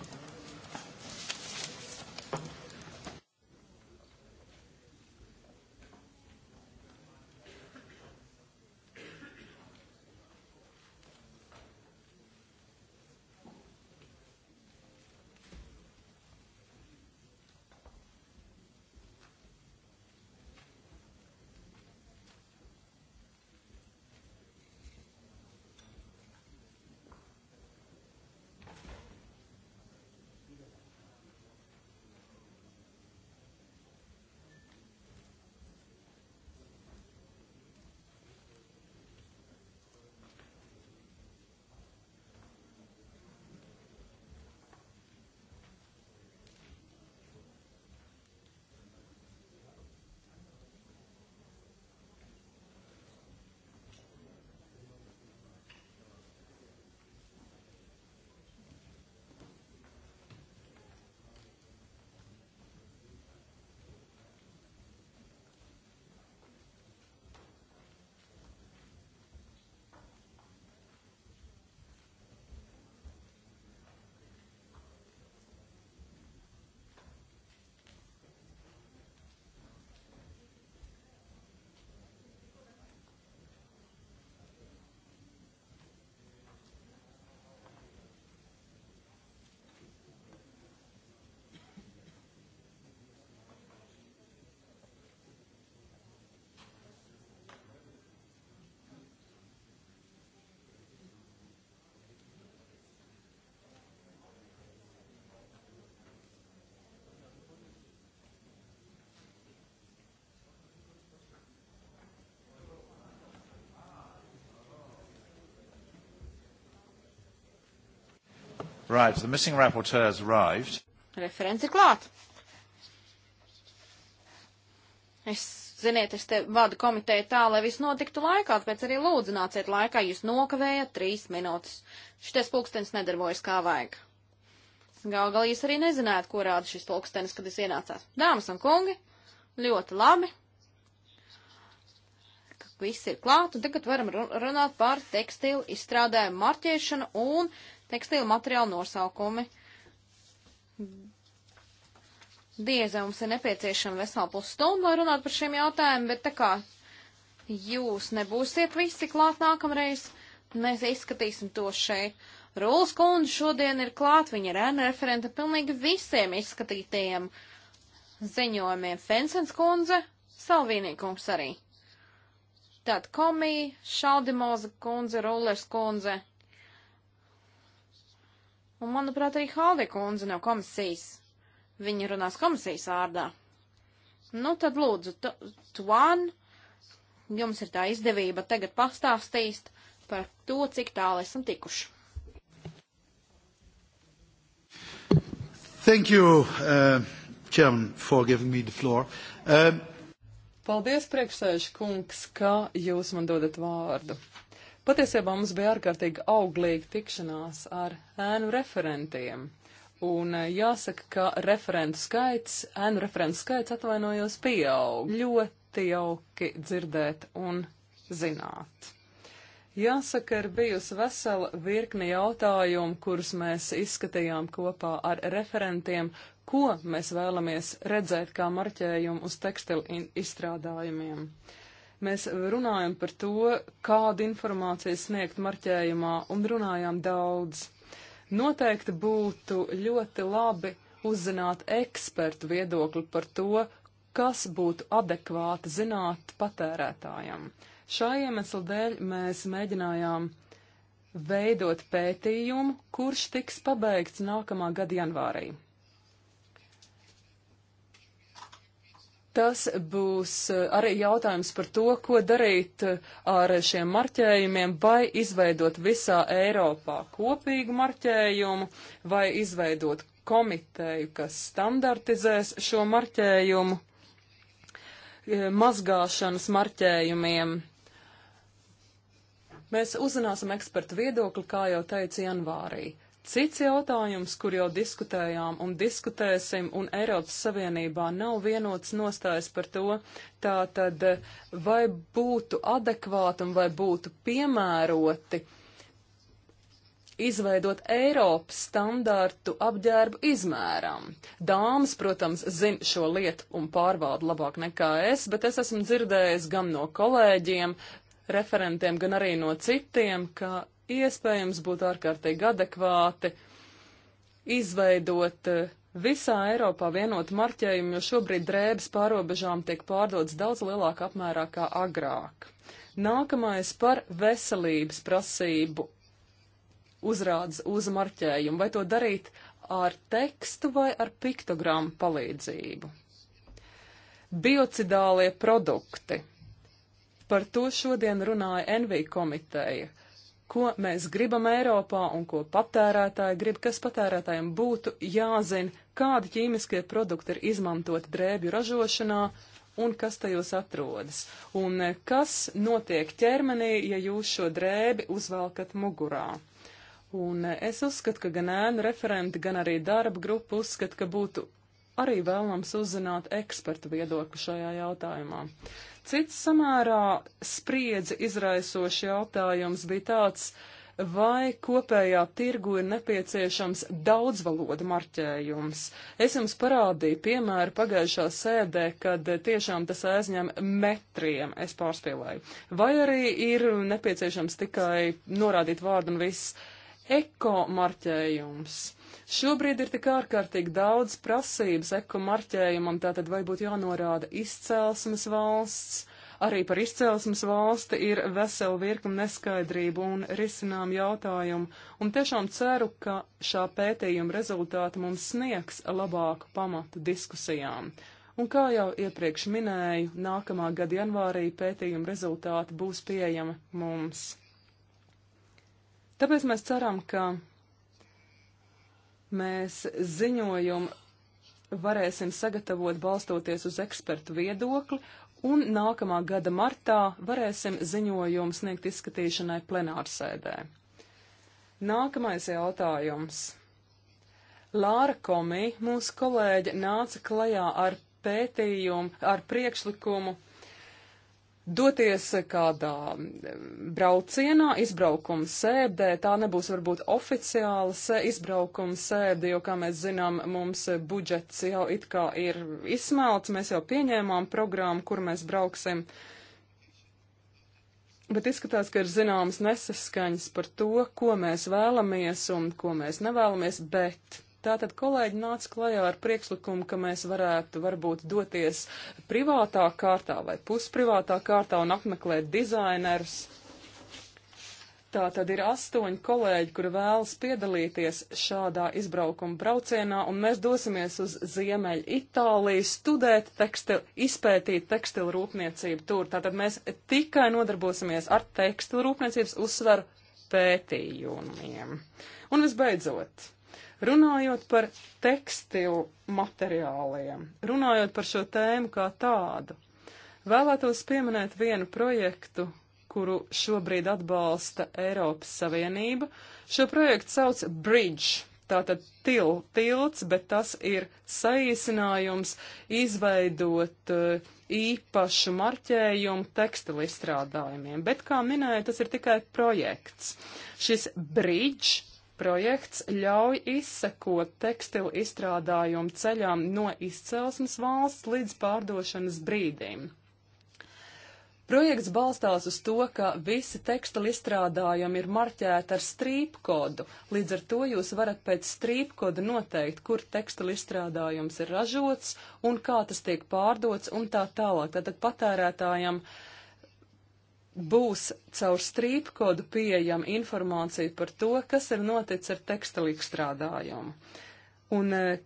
Right, the missing rapporteur has arrived. Referents ir klāt. Es, ziniet, es te vadu komiteju tā, lai viss notiktu laikā, tāpēc arī lūdzu nāciet laikā, jūs nokavējat trīs minūtes. Šitais pulkstenis nedarbojas kā vajag. Gal galā jūs arī nezināt, ko rāda šis pulkstenis, kad es ienācās. Dāmas un kungi, ļoti labi. Viss ir klāt, un tagad varam runāt par tekstilu izstrādājumu marķēšanu un tekstilu materiālu nosaukumi. Dieze, mums ir nepieciešama vesela pusstundu, lai runātu par šiem jautājumiem, bet tā kā jūs nebūsiet visi klāt nākamreiz, mēs izskatīsim to šeit. Rūlas kundze šodien ir klāt, viņa ir ēna referenta pilnīgi visiem izskatītajiem ziņojumiem. Fensens kundze, Salvīnī kungs arī. Tad komī, Šaldimoza kundze, Rūlers kundze. Un, manuprāt, arī Halde kundze no komisijas. Viņa runās komisijas vārdā. Nu, tad lūdzu, Tvan, jums ir tā izdevība tagad pastāstīst par to, cik tālu esam tikuši. Thank you, uh, Chairman, for giving me the floor. Um, Paldies, priekšsēž kungs, ka jūs man dodat vārdu. Patiesībā mums bija ārkārtīgi auglīga tikšanās ar ēnu referentiem. Un eh, jāsaka, ka referentu skaits, ēnu referentu skaits atvainojos pieaug. Ļoti jauki dzirdēt un zināt. Jāsaka, ir bijusi vesela virkni jautājumu, kurus mēs izskatījām kopā ar referentiem, ko mēs vēlamies redzēt kā marķējumu uz tekstilu izstrādājumiem. Mēs runājam par to, kādu informāciju sniegt marķējumā, un runājām daudz. Noteikti būtu ļoti labi uzzināt ekspertu viedokli par to, kas būtu adekvāti zināt patērētājam. Šā iemesla dēļ mēs mēģinājām veidot pētījumu, kurš tiks pabeigts nākamā gada janvārī. Tas būs eh, arī jautājums par to, ko darīt eh, ar šiem marķējumiem, vai izveidot visā Eiropā kopīgu marķējumu, vai izveidot komiteju, kas standartizēs šo marķējumu eh, mazgāšanas marķējumiem. Mēs uzzināsim ekspertu viedokli, kā jau teicu, janvārī. Cits jautājums, kur jau diskutējām un diskutēsim, un Eiropas Savienībā nav vienots nostājs par to, tā tad vai būtu adekvāti un vai būtu piemēroti izveidot Eiropas standārtu apģērbu izmēram. Dāmas, protams, zin šo lietu un pārvalda labāk nekā es, bet es esmu dzirdējis gan no kolēģiem, referentiem, gan arī no citiem, ka iespējams būtu ārkārtīgi adekvāti izveidot eh, visā Eiropā vienotu marķējumu, jo šobrīd drēbes pārobežām tiek pārdotas daudz lielākā apmērā kā agrāk. Nākamais par veselības prasību uzrādes uz marķējumu. Vai to darīt ar tekstu vai ar piktogrammu palīdzību? Biocidālie produkti. Par to šodien runāja NV komiteja ko mēs gribam Eiropā un ko patērētāji grib, kas patērētājiem būtu jāzina, kādi ķīmiskie produkti ir izmantoti drēbju ražošanā un kas tajos atrodas. Un eh, kas notiek ķermenī, ja jūs šo drēbi uzvelkat mugurā. Un eh, es uzskatu, ka gan ēnu referenti, gan arī darba grupa uzskata, ka būtu arī vēlams uzzināt ekspertu viedokli šajā jautājumā. Cits samērā spriedzi izraisošs jautājums bija tāds, vai kopējā tirgu ir nepieciešams daudzvalodu marķējums. Es jums parādīju piemēru pagājušā sēdē, kad tiešām tas aizņem metriem, es pārspīlēju. Vai arī ir nepieciešams tikai norādīt vārdu un viss eko marķējums. Šobrīd ir tik ārkārtīgi daudz prasības ekomarķējumam, tātad vai būtu jānorāda izcelsmes valsts. Arī par izcelsmes valsti ir vesela virkuma neskaidrību un risinām jautājumu, un tiešām ceru, ka šā pētījuma rezultāti mums sniegs labāku pamatu diskusijām. Un kā jau iepriekš minēju, nākamā gada janvārī pētījuma rezultāti būs pieejami mums. Tāpēc mēs ceram, ka Mēs ziņojumu varēsim sagatavot balstoties uz ekspertu viedokli, un nākamā gada martā varēsim ziņojumu sniegt izskatīšanai plenārsēdē. Nākamais jautājums. Lāra Komī, mūsu kolēģe, nāca klajā ar pētījumu, ar priekšlikumu doties kādā mm, braucienā, izbraukuma sēdē, tā nebūs varbūt oficiāla izbraukuma sēde, jo, kā mēs zinām, mums budžets jau it kā ir izsmelts, mēs jau pieņēmām programmu, kur mēs brauksim. Bet izskatās, ka ir zināmas nesaskaņas par to, ko mēs vēlamies un ko mēs nevēlamies, bet Tātad kolēģi nāca klajā ar priekšlikumu, ka mēs varētu varbūt doties privātā kārtā vai pusprivātā kārtā un apmeklēt dizainerus. Tā tad ir astoņi kolēģi, kuri vēlas piedalīties šādā izbraukuma braucienā, un mēs dosimies uz Ziemeļu Itāliju studēt tekstilu, izpētīt tekstilu rūpniecību tur. Tātad mēs tikai nodarbosimies ar tekstilu rūpniecības uzsvaru pētījumiem. Un visbeidzot, Runājot par tekstilu materiāliem, runājot par šo tēmu kā tādu, vēlētos pieminēt vienu projektu, kuru šobrīd atbalsta Eiropas Savienība. Šo projektu sauc Bridge. Tātad til, tilts, bet tas ir saīsinājums izveidot uh, īpašu marķējumu tekstilu izstrādājumiem. Bet, kā minēju, tas ir tikai projekts. Šis bridge projekts ļauj izsekot tekstilu izstrādājumu ceļām no izcelsmes valsts līdz pārdošanas brīdim. Projekts balstās uz to, ka visi tekstilu izstrādājumi ir marķēti ar strīpkodu, līdz ar to jūs varat pēc strīpkoda noteikt, kur tekstilu izstrādājums ir ražots un kā tas tiek pārdots un tā tālāk. Tātad patērētājiem uh, būs caur strīpkodu pieejama informācija par to, kas ir noticis ar tekstilīgu strādājumu. Un e,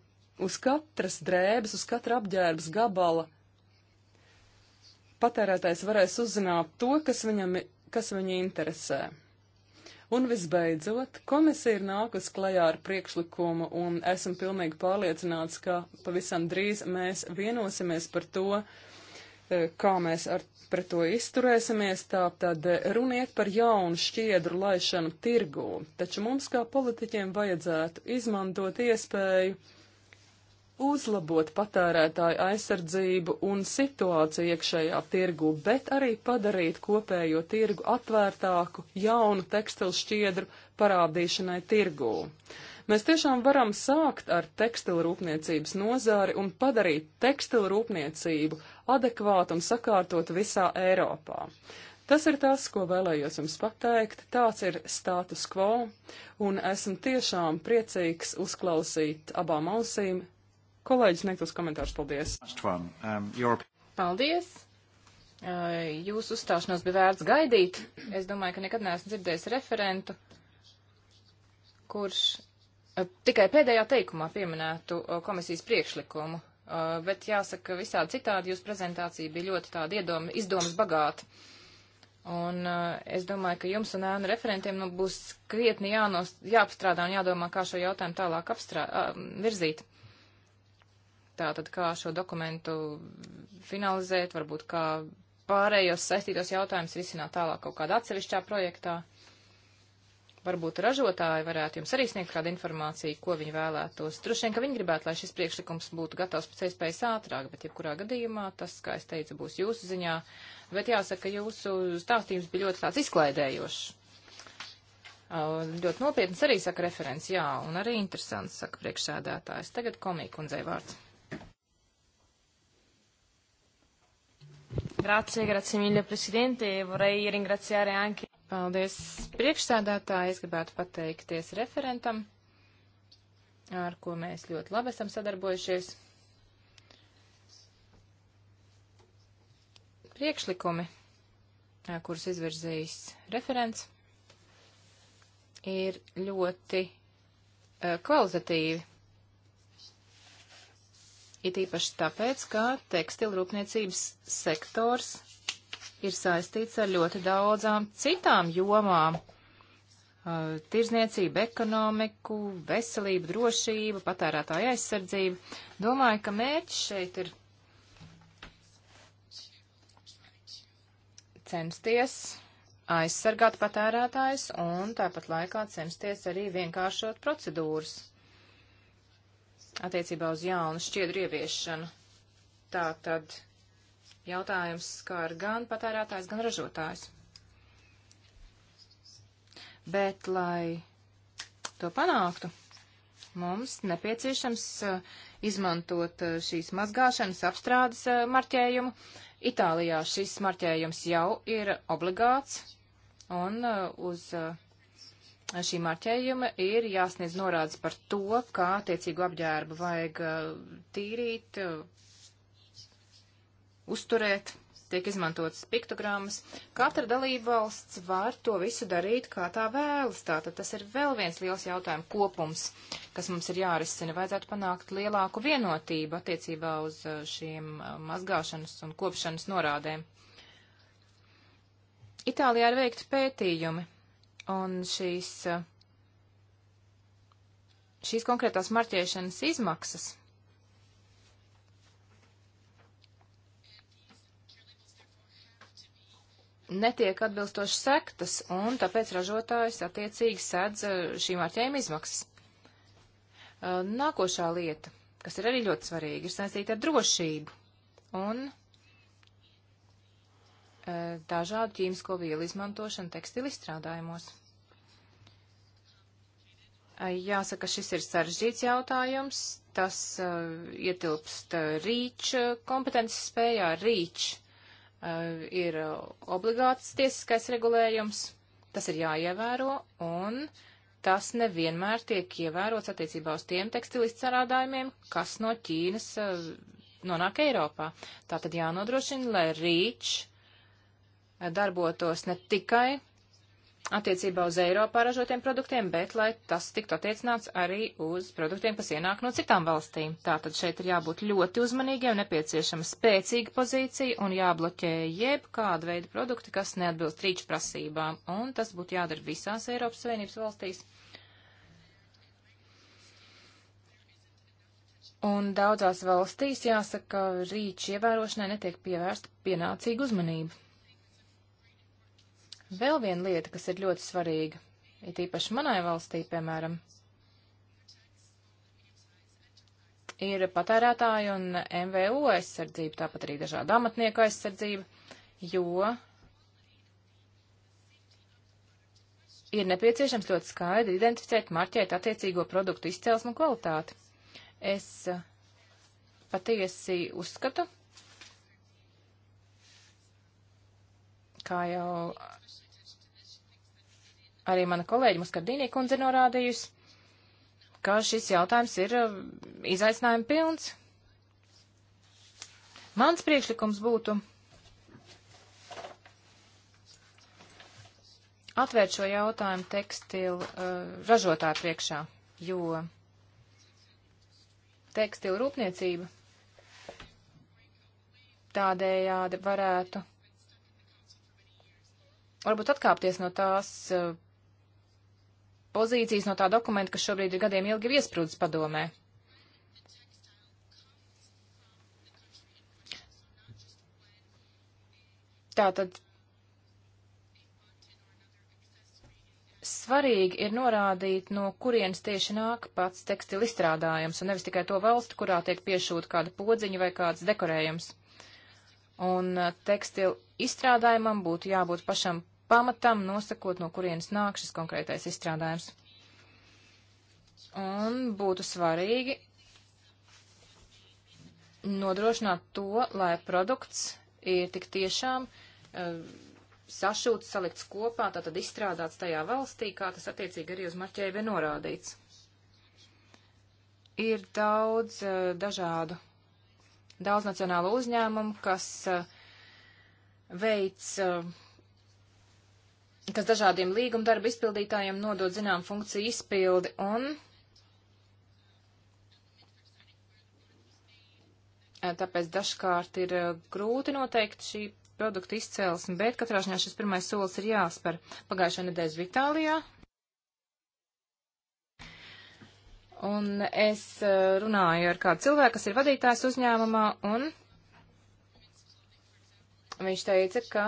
uz katras drēbes, uz katra apģērbas gabala patērētājs varēs uzzināt to, kas, viņam, kas viņu interesē. Un visbeidzot, komisija ir nākus klajā ar priekšlikumu, un esmu pilnīgi pārliecināts, ka pavisam drīz mēs vienosimies par to, uh, Eh, kā mēs ar pret to izturēsimies, tā tad eh, runiet par jaunu šķiedru laišanu tirgū, taču mums kā politiķiem vajadzētu izmantot iespēju uzlabot patērētāju aizsardzību un situāciju iekšējā tirgu, bet arī padarīt kopējo tirgu atvērtāku jaunu tekstilu šķiedru parādīšanai tirgū. Mēs tiešām varam sākt ar tekstilrūpniecības nozāri un padarīt tekstilrūpniecību adekvātu un sakārtot visā Eiropā. Tas ir tas, ko vēlējos jums pateikt. Tāds ir status quo, un esmu tiešām priecīgs uzklausīt abām ausīm. Kolēģis sniegtos komentārus. Paldies! Um, paldies! Jūsu uzstāšanos bija vērts gaidīt. Es domāju, ka nekad neesmu dzirdējis referentu, kurš Eh, tikai pēdējā teikumā pieminētu eh, komisijas priekšlikumu, eh, bet jāsaka visādi citādi, jūsu prezentācija bija ļoti tāda iedoma, izdomas bagāta. Un es domāju, ka jums un ēnu referentiem nu, būs krietni jānos, jāapstrādā un jādomā, kā šo jautājumu tālāk apstrā, virzīt. Tātad, kā šo dokumentu finalizēt, varbūt kā pārējos saistītos jautājumus risināt tālāk kaut kādā atsevišķā projektā. Uh, Varbūt ražotāji varētu jums arī sniegt kādu informāciju, ko viņi vēlētos. Droši vien, ka viņi gribētu, lai šis priekšlikums būtu gatavs pēc iespējas ātrāk, bet jebkurā gadījumā tas, kā es teicu, būs jūsu ziņā. Bet jāsaka, ka jūsu stāstījums bija ļoti tāds izklaidējošs. Ļoti nopietns arī saka referents, jā, un arī interesants, saka priekšsēdētājs. Tagad komīku un dzēvārds. Grazie, grazie mille Presidente, vorrei ringraziare anche. Paldies priekšsēdētāji. Es gribētu pateikties referentam, ar ko mēs ļoti labi esam sadarbojušies. Priekšlikumi, kurus izvirzījis referents, ir ļoti uh, kvalitatīvi. It īpaši tāpēc, ka tekstilrūpniecības sektors ir saistīts ar ļoti daudzām citām jomām uh, - tirzniecību, ekonomiku, veselību, drošību, patērētāju aizsardzību. Domāju, ka mērķis šeit ir censties aizsargāt patērētājs un tāpat laikā censties arī vienkāršot procedūras attiecībā uz jaunu šķiedru ieviešanu. Tā tad Jautājums skar gan patērētājs, gan ražotājs. Bet, lai to panāktu, mums nepieciešams uh, izmantot uh, šīs mazgāšanas apstrādes uh, marķējumu. Itālijā šis marķējums jau ir obligāts, un uz šī marķējuma ir jāsniedz norādes par to, kā attiecīgu apģērbu vajag tīrīt, uzturēt, tiek izmantotas piktogrammas. Katra dalībvalsts var to visu darīt, kā tā vēlas. Tātad tas ir vēl viens liels jautājumu kopums, kas mums ir jārisina. Vajadzētu panākt lielāku vienotību attiecībā uz uh, šiem uh, mazgāšanas un kopšanas norādēm. Itālijā ir veikti pētījumi, un šīs, uh, šīs konkrētās marķēšanas izmaksas netiek atbilstoši sektas, un tāpēc ražotājs attiecīgi sēdz eh, šīm ārķēm izmaksas. Eh, nākošā lieta, kas ir arī ļoti svarīga, ir saistīta ar drošību un eh, dažādu ķīmisko vielu izmantošanu tekstilu izstrādājumos. Jāsaka, šis ir sarežģīts jautājums. Tas uh, ietilpst rīča kompetences spējā. Rīča Eh, ir eh, obligāts tiesiskais regulējums, tas ir jāievēro, un tas nevienmēr tiek ievērots attiecībā uz tiem tekstilistu sarādājumiem, kas no Ķīnas eh, nonāk Eiropā. Tā tad jānodrošina, lai rīč darbotos ne tikai attiecībā uz Eiropā ražotiem produktiem, bet lai tas tiktu attiecināts arī uz produktiem, kas ienāk no citām valstīm. Tātad šeit ir jābūt ļoti uzmanīgiem, nepieciešama spēcīga pozīcija un jābloķē jebkāda veida produkti, kas neatbilst rīču prasībām, un tas būtu jādara visās Eiropas Savienības valstīs. Un daudzās valstīs, jāsaka, rīču ievērošanai netiek pievērsta pienācīga uzmanība. Vēl viena lieta, kas ir ļoti svarīga, it īpaši manai valstī, piemēram, ir patērētāju un MVU aizsardzība, tāpat arī dažāda amatnieku aizsardzība, jo ir nepieciešams ļoti skaidri identificēt, marķēt attiecīgo produktu izcelsmu un kvalitāti. Es eh, patiesi uzskatu, kā jau Arī mana kolēģi Muskardīnī kundze norādījusi, ka šis jautājums ir uh, izaicinājumi pilns. Mans priekšlikums būtu atvērt šo jautājumu tekstilu uh, ražotāju priekšā, jo tekstilu rūpniecība tādējādi varētu varbūt atkāpties no tās uh, pozīcijas no tā dokumenta, kas šobrīd ir gadiem ilgi viesprūdis padomē. Tātad svarīgi ir norādīt, no kurienes tieši nāk pats tekstilizstrādājums, un nevis tikai to valstu, kurā tiek piešūta kāda podziņa vai kāds dekorējums. Un eh, tekstilu izstrādājumam būtu jābūt pašam pamatam, nosakot, no kurienes nāk šis konkrētais izstrādājums. Un būtu svarīgi nodrošināt to, lai produkts ir tik tiešām uh, sašūts, salikts kopā, tātad izstrādāts tajā valstī, kā tas attiecīgi arī uz maķēvi norādīts. Ir daudz uh, dažādu, daudz nacionālu uzņēmumu, kas uh, veic uh, kas dažādiem līguma darba izpildītājiem nodod zinām funkciju izpildi un e, tāpēc dažkārt ir e, grūti noteikt šī produktu izcēlesmi, bet katrā ziņā šis pirmais solis ir jāspēr. Pagājušajā nedēļā biju Itālijā. Un es e, runāju ar kādu cilvēku, kas ir vadītājs uzņēmumā, un viņš teica, ka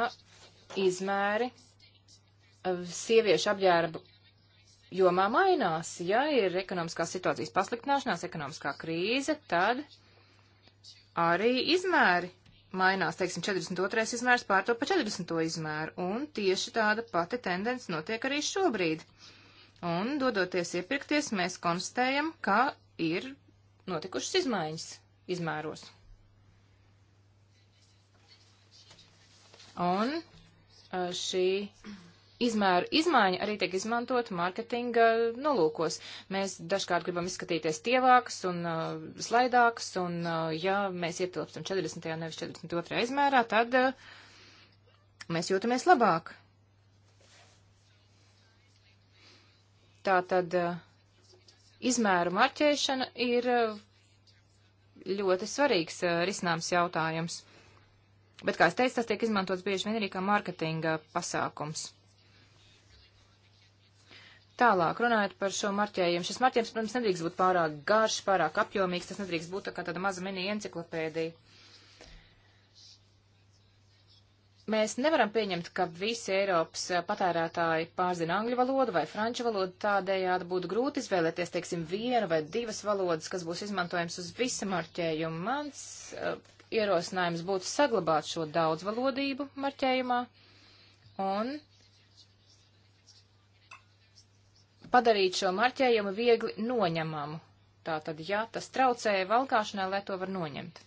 izmēri sieviešu apģērbu jomā mainās. Ja ir ekonomiskās situācijas pasliktināšanās, ekonomiskā krīze, tad arī izmēri mainās, teiksim, 42. izmērs pārto pa 40. izmēru, un tieši tāda pati tendence notiek arī šobrīd. Un, dodoties iepirkties, mēs konstatējam, ka ir notikušas izmaiņas izmēros. Un šī izmēru izmaiņa arī tiek izmantot mārketinga nolūkos. Mēs dažkārt gribam izskatīties tievāks un uh, slaidāks, un uh, ja mēs ietilpstam 40. nevis 42. izmērā, tad uh, mēs jūtamies labāk. Tā tad uh, izmēru marķēšana ir uh, ļoti svarīgs uh, risināms jautājums. Bet, kā es teicu, tas tiek izmantots bieži vien arī kā mārketinga pasākums. Tālāk runājot par šo marķējumu. Šis marķējums, protams, nedrīkst būt pārāk garš, pārāk apjomīgs, tas nedrīkst būt tā kā tāda maza mini enciklopēdija. Mēs nevaram pieņemt, ka visi Eiropas patērētāji pārzina angļu valodu vai franču valodu, tādējādi būtu grūti izvēlēties, teiksim, vienu vai divas valodas, kas būs izmantojams uz visu marķējumu. Mans uh, ierosinājums būtu saglabāt šo daudzvalodību marķējumā un padarīt šo marķējumu viegli noņemamu. Tātad, ja tas traucēja valkāšanai, lai to var noņemt.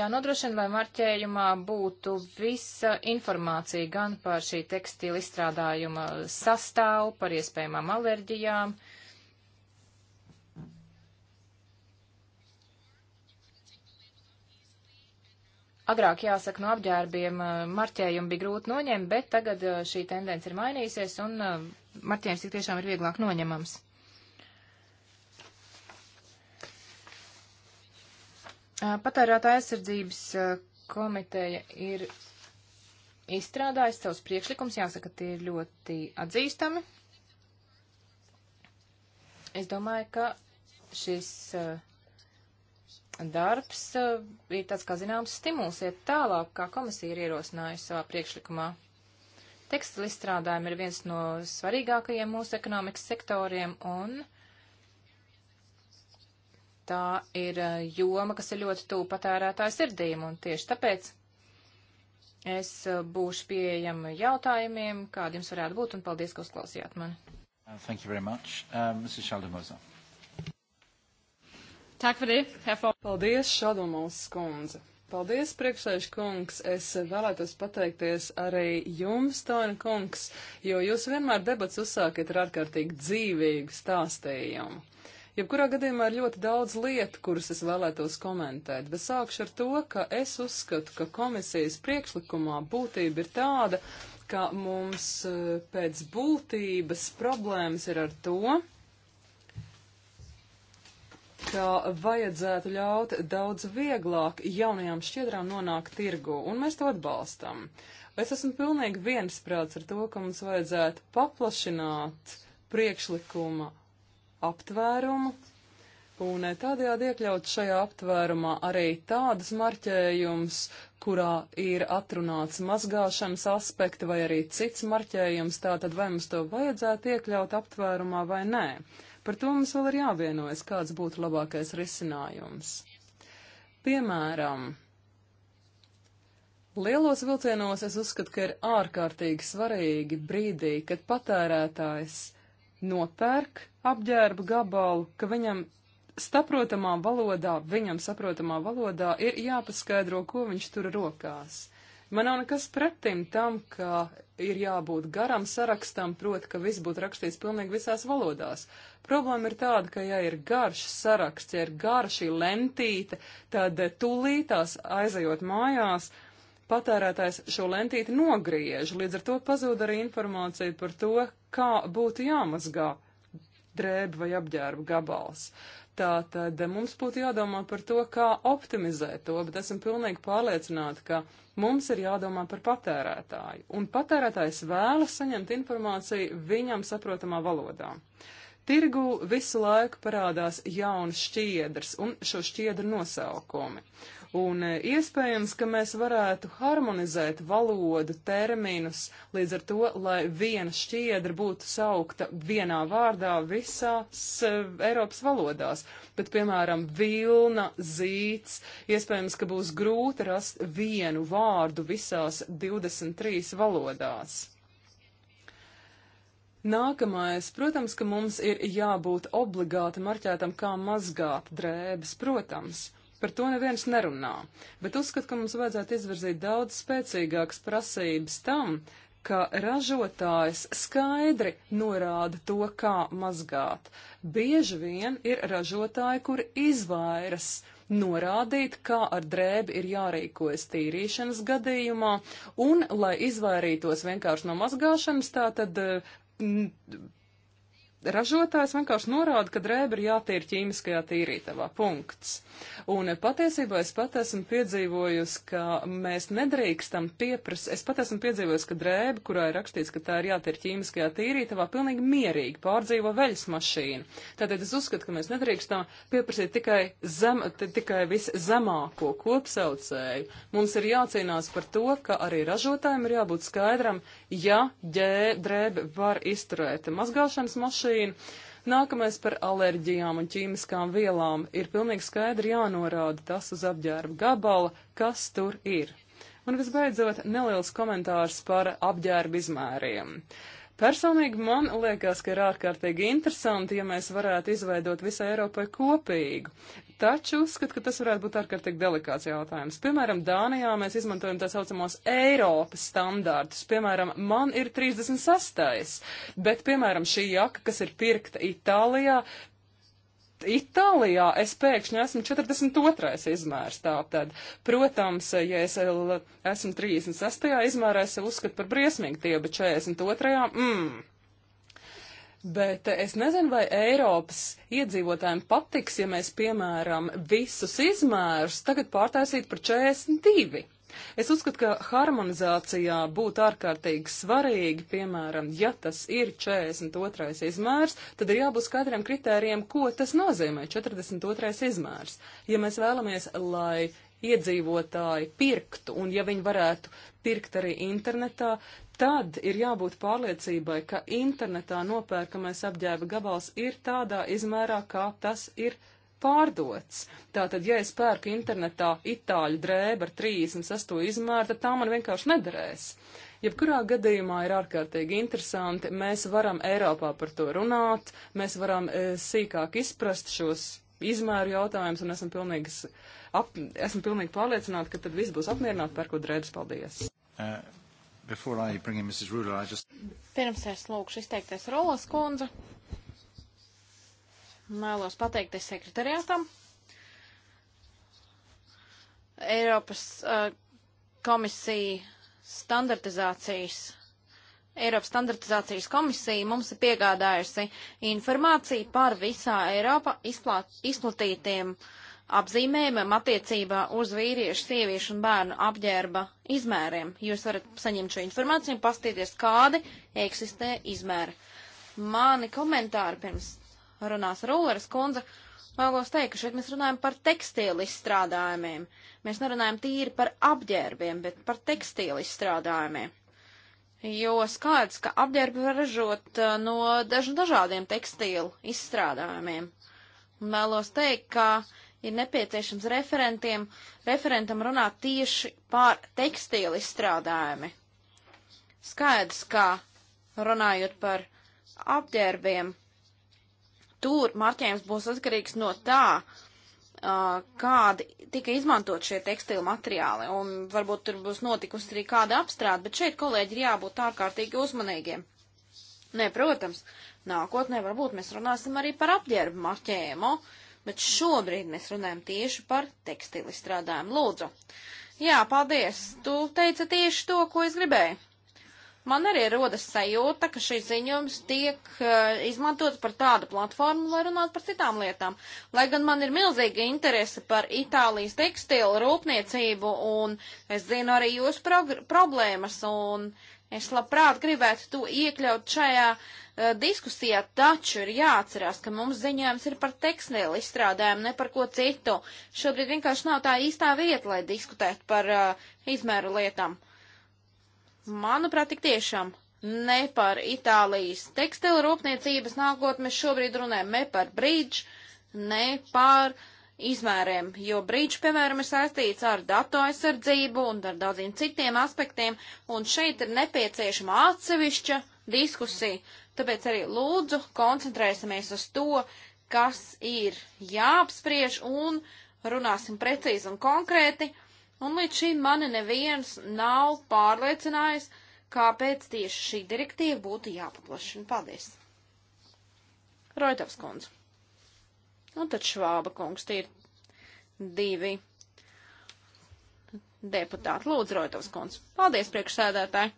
Jānodrošina, lai marķējumā būtu visa informācija gan par šī tekstila izstrādājuma sastāvu, par iespējamām alerģijām, uh, Agrāk, jāsaka, no apģērbiem uh, marķējumu bija grūti noņemt, bet tagad uh, šī tendence ir mainīsies un uh, marķējums tik tiešām ir vieglāk noņemams. Patērētāja aizsardzības komiteja ir izstrādājusi savus priekšlikumus, jāsaka, tie ir ļoti atzīstami. Es domāju, ka šis uh, darbs eh, ir tāds, kā zināms, stimuls iet tālāk, kā komisija ir ierosinājusi savā priekšlikumā. Tekstila izstrādājumi ir viens no svarīgākajiem mūsu ekonomikas sektoriem, un tā ir eh, joma, kas ir ļoti tuvu patērētāju sirdīm, un tieši tāpēc es eh, būšu pieejama jautājumiem, kādi jums varētu būt, un paldies, ka uzklausījāt mani. Thank you very much. Um, Mrs. Schaldemose. Tak for det, herr for. Paldies, Šadomovs skundze. Paldies, priekšsēž kungs. Es vēlētos pateikties arī jums, Tāna kungs, jo jūs vienmēr debats uzsākat ar ārkārtīgi dzīvīgu stāstījumu. Jebkurā gadījumā ir ļoti daudz lietu, kuras es vēlētos komentēt, bet sākšu ar to, ka es uzskatu, ka komisijas priekšlikumā būtība ir tāda, ka mums eh, pēc būtības problēmas ir ar to, ka vajadzētu ļaut daudz vieglāk jaunajām šķiedrām nonākt tirgu, un mēs to atbalstam. Es esmu pilnīgi viensprāts ar to, ka mums vajadzētu paplašināt priekšlikuma aptvērumu, un tādējādi iekļaut šajā aptvērumā arī tādas marķējums, kurā ir atrunāts mazgāšanas aspekti vai arī cits marķējums, tātad vai mums to vajadzētu iekļaut aptvērumā vai nē. Par to mums vēl ir jāvienojas, kāds būtu labākais risinājums. Piemēram, Lielos vilcienos es uzskatu, ka ir ārkārtīgi svarīgi brīdī, kad patērētājs nopērk apģērba gabalu, ka viņam saprotamā valodā, viņam saprotamā valodā ir jāpaskaidro, ko viņš tur rokās. Man nav nekas pretim tam, ka ir jābūt garam sarakstam, proti, ka viss būtu rakstīts pilnīgi visās valodās. Problēma ir tāda, ka ja ir garš saraksts, ja ir gara šī lentīte, tad tūlītās aizejot mājās, patērētājs šo lentīti nogriež, līdz ar to pazūd arī informācija par to, kā būtu jāmazgā drēba vai apģērba gabals. Tātad mums būtu jādomā par to, kā optimizēt to, bet esam pilnīgi pārliecināti, ka mums ir jādomā par patērētāju. Un patērētājs vēlas saņemt informāciju viņam saprotamā valodā. Tirgu visu laiku parādās jauns šķiedrs un šo šķiedru nosaukumi. Uh, Un e, iespējams, ka mēs varētu harmonizēt valodu terminus līdz ar to, lai viena šķiedra būtu saukta vienā vārdā visās e, Eiropas valodās. Bet, piemēram, vilna, zīts, iespējams, ka būs grūti rast vienu vārdu visās 23 valodās. Nākamais, protams, ka mums ir jābūt obligāti marķētam, kā mazgāt drēbes, protams. Par to neviens nerunā, bet uzskatu, ka mums vajadzētu izvirzīt daudz spēcīgākas prasības tam, ka ražotājs skaidri norāda to, kā mazgāt. Bieži vien ir ražotāji, kuri izvairas norādīt, kā ar drēbi ir jārīkojas tīrīšanas gadījumā, un, lai izvairītos vienkārši no mazgāšanas, tā tad eh, Ražotājs vienkārši norāda, ka drēbe ir jātīra ķīmiskajā tīrītavā. Punkts. Un patiesībā es pat esmu piedzīvojusi, ka mēs nedrīkstam pieprasīt, es pat esmu piedzīvojusi, ka drēbe, kurā ir rakstīts, ka tā ir jātīra ķīmiskajā tīrītavā, pilnīgi mierīgi pārdzīvo veļas mašīnu. Tātad es uzskatu, ka mēs nedrīkstam pieprasīt tikai, zem, tikai viszemāko kopsaucēju. Mums ir jācīnās par to, ka arī ražotājiem ir jābūt skaidram, ja ģē, drēbe var izturēt mazgāšanas mašīnu, mašīnu. Nākamais par alerģijām un ķīmiskām vielām ir pilnīgi skaidri jānorāda tas uz apģērba gabala, kas tur ir. Un visbeidzot, neliels komentārs par apģērba izmēriem. Personīgi man liekas, ka ir ārkārtīgi interesanti, ja mēs varētu izveidot visai Eiropai kopīgu taču uzskatu, ka tas varētu būt ārkārtīgi delikāts jautājums. Piemēram, Dānijā mēs izmantojam tā saucamos Eiropas standārtus. Piemēram, man ir 36. Bet, piemēram, šī jaka, kas ir pirkta Itālijā, Itālijā es pēkšņi esmu 42. izmērs tātad. Protams, ja es esmu 36. izmērā, es uzskatu par briesmīgi tie, bet 42. mmm Bet es nezinu, vai Eiropas iedzīvotājiem patiks, ja mēs, piemēram, visus izmērus tagad pārtaisītu par 42. Es uzskatu, ka harmonizācijā būtu ārkārtīgi svarīgi, piemēram, ja tas ir 42. izmērs, tad ir jābūt skaidriem kritērijiem, ko tas nozīmē 42. izmērs. Ja mēs vēlamies, lai iedzīvotāji pirktu, un ja viņi varētu pirkt arī internetā, tad ir jābūt pārliecībai, ka internetā nopērkamais apģērba gabals ir tādā izmērā, kā tas ir pārdots. Tātad, ja es pērku internetā itāļu drēbu ar 38 izmēru, tad tā man vienkārši nederēs. Jebkurā gadījumā ir ārkārtīgi interesanti, mēs varam Eiropā par to runāt, mēs varam e, sīkāk izprast šos izmēru jautājumus, un esmu pilnīgi, ap, esmu pilnīgi pārliecināta, ka tad viss būs apmierināti, pērkot drēbes. Paldies! Uh. Before I bring in Mrs. Ruler, I just... Pirms es lūkšu izteikties Rolas kundze, mēlos pateikties sekretariātam. Eiropas uh, komisija standartizācijas, Eiropas standartizācijas komisija mums ir piegādājusi informāciju par visā Eiropā izplāt, izplatītiem uh, apzīmējumam attiecībā uz vīriešu, sieviešu un bērnu apģērba izmēriem. Jūs varat saņemt šo informāciju un pastīties, kādi eksistē izmēri. Mani komentāri pirms runās Rūleres kundze. Vēlos teikt, ka šeit mēs runājam par tekstīlu izstrādājumiem. Mēs nerunājam tīri par apģērbiem, bet par tekstīlu izstrādājumiem. Jo skaidrs, ka apģērbi var ražot uh, no dažādiem tekstīlu izstrādājumiem. Un vēlos teikt, ka uh, ir nepieciešams referentam runāt tieši pār tekstīlu izstrādājumi. Skaidrs, kā runājot par apģērbiem, tur marķējums būs atkarīgs no tā, kādi tika izmantot šie tekstilu materiāli, un varbūt tur būs notikusi arī kāda apstrāde, bet šeit kolēģi ir jābūt ārkārtīgi uzmanīgiem. Nē, protams, nākotnē varbūt mēs runāsim arī par apģērbu marķējumu. Uh, bet šobrīd mēs runājam tieši par tekstilu strādājumu. Lūdzu! Jā, paldies! Tu teici tieši to, ko es gribēju. Man arī rodas sajūta, ka šis ziņojums tiek uh, izmantots par tādu platformu, lai runātu par citām lietām. Lai gan man ir milzīga interese par Itālijas tekstilu rūpniecību, un es zinu arī jūsu problēmas, un Es labprāt gribētu to iekļaut šajā uh, diskusijā, taču ir jāatcerās, ka mums ziņojums ir par tekstilu izstrādājumu, ne par ko citu. Šobrīd vienkārši nav tā īstā vieta, lai diskutētu par uh, izmēru lietām. Manuprāt, tik tiešām ne par Itālijas tekstilu rūpniecības nākotnes šobrīd runājam, ne par bridž, ne par uh, izmēriem, jo brīdž, piemēram, ir saistīts ar datu aizsardzību un ar daudziem citiem aspektiem, un šeit ir nepieciešama atsevišķa diskusija. Tāpēc arī lūdzu koncentrēsimies uz to, kas ir jāapspriež un runāsim precīzi un konkrēti. Un līdz šim mani neviens nav pārliecinājis, kāpēc tieši šī direktīva būtu jāpaplašina. Paldies! Roitovs kundze. Un tad Švāba kungs, tie ir divi deputāti. Lūdzu, Roitovs kungs. Paldies, priekšsēdētāji!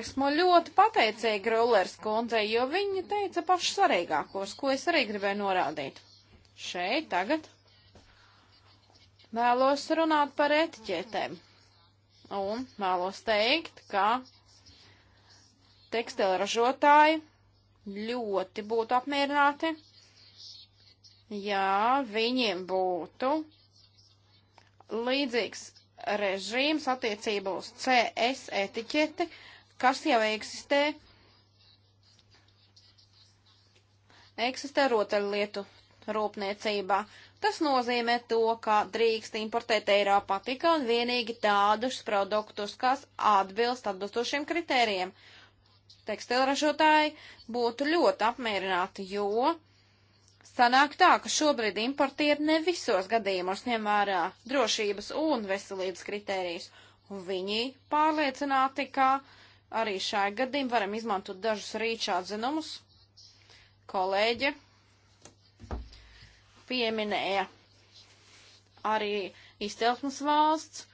Esmu ļoti pateicīga Rullers kundzei, jo viņa teica pašu svarīgākos, ko es arī gribēju norādīt. Šeit tagad vēlos runāt par etiķetēm. Un vēlos teikt, ka tekstila ražotāji ļoti būtu apmierināti, ja viņiem būtu līdzīgs režīms attiecībā uz CS etiķeti, kas jau eksistē, eksistē rotaļlietu rūpniecībā. Tas nozīmē to, ka drīkst importēt Eiropā tikai un vienīgi tādus produktus, kas atbilst atbilstošiem kritērijiem tekstilražotāji būtu ļoti apmierināti, jo sanāk tā, ka šobrīd importieri ne visos gadījumos ņem vērā drošības un veselības kritērijas, un viņi pārliecināti, ka arī šai gadījumā varam izmantot dažus rīčā atzinumus. Kolēģe pieminēja arī izcelsmes valsts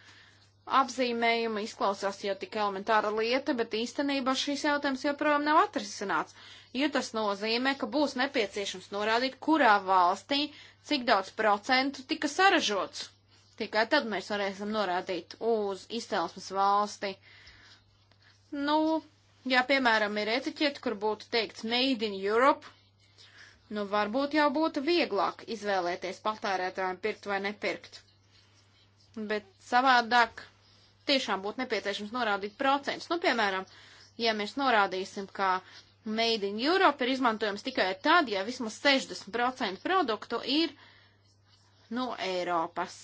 apzīmējuma izklausās jau tik elementāra lieta, bet īstenībā šīs jautājums joprojām nav atrisināts, jo tas nozīmē, ka būs nepieciešams norādīt, kurā valstī cik daudz procentu tika saražots. Tikai tad mēs varēsim norādīt uz izcelsmes valsti. Nu, ja piemēram ir etiķete, kur būtu teikts Made in Europe, nu varbūt jau būtu vieglāk izvēlēties patērētājiem pirkt vai nepirkt. Bet savādāk tiešām būtu nepieciešams norādīt procentus. Nu, piemēram, ja mēs norādīsim, ka Made in Europe ir izmantojams tikai tad, ja vismaz 60% produktu ir no Eiropas.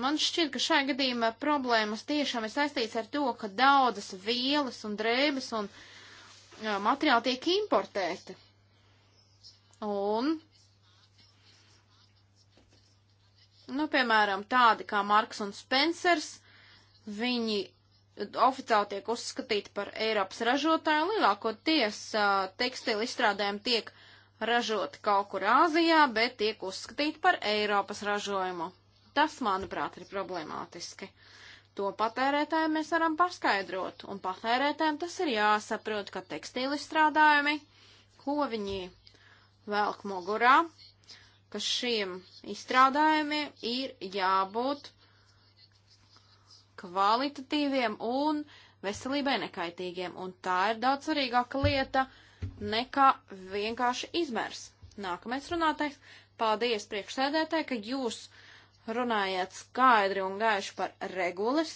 Man šķiet, ka šajā gadījumā problēmas tiešām ir saistīts ar to, ka daudzas vielas un drēbes un jā, materiāli tiek importēti. Un, nu, piemēram, tādi kā Marks un Spencers Viņi oficiāli tiek uzskatīti par Eiropas ražotāju. Lielākoties tekstilu izstrādājumi tiek ražoti kaut kur Āzijā, bet tiek uzskatīti par Eiropas ražojumu. Tas, manuprāt, ir problemātiski. To patērētājiem mēs varam paskaidrot, un patērētājiem tas ir jāsaprot, ka tekstīli strādājumi, ko viņi velk mugurā, ka šiem izstrādājumiem ir jābūt kvalitatīviem un veselībai nekaitīgiem. Un tā ir daudz svarīgāka lieta nekā vienkārši izmērs. Nākamais runātais. Paldies priekšsēdētāji, ka jūs runājāt skaidri un gaiši par regulas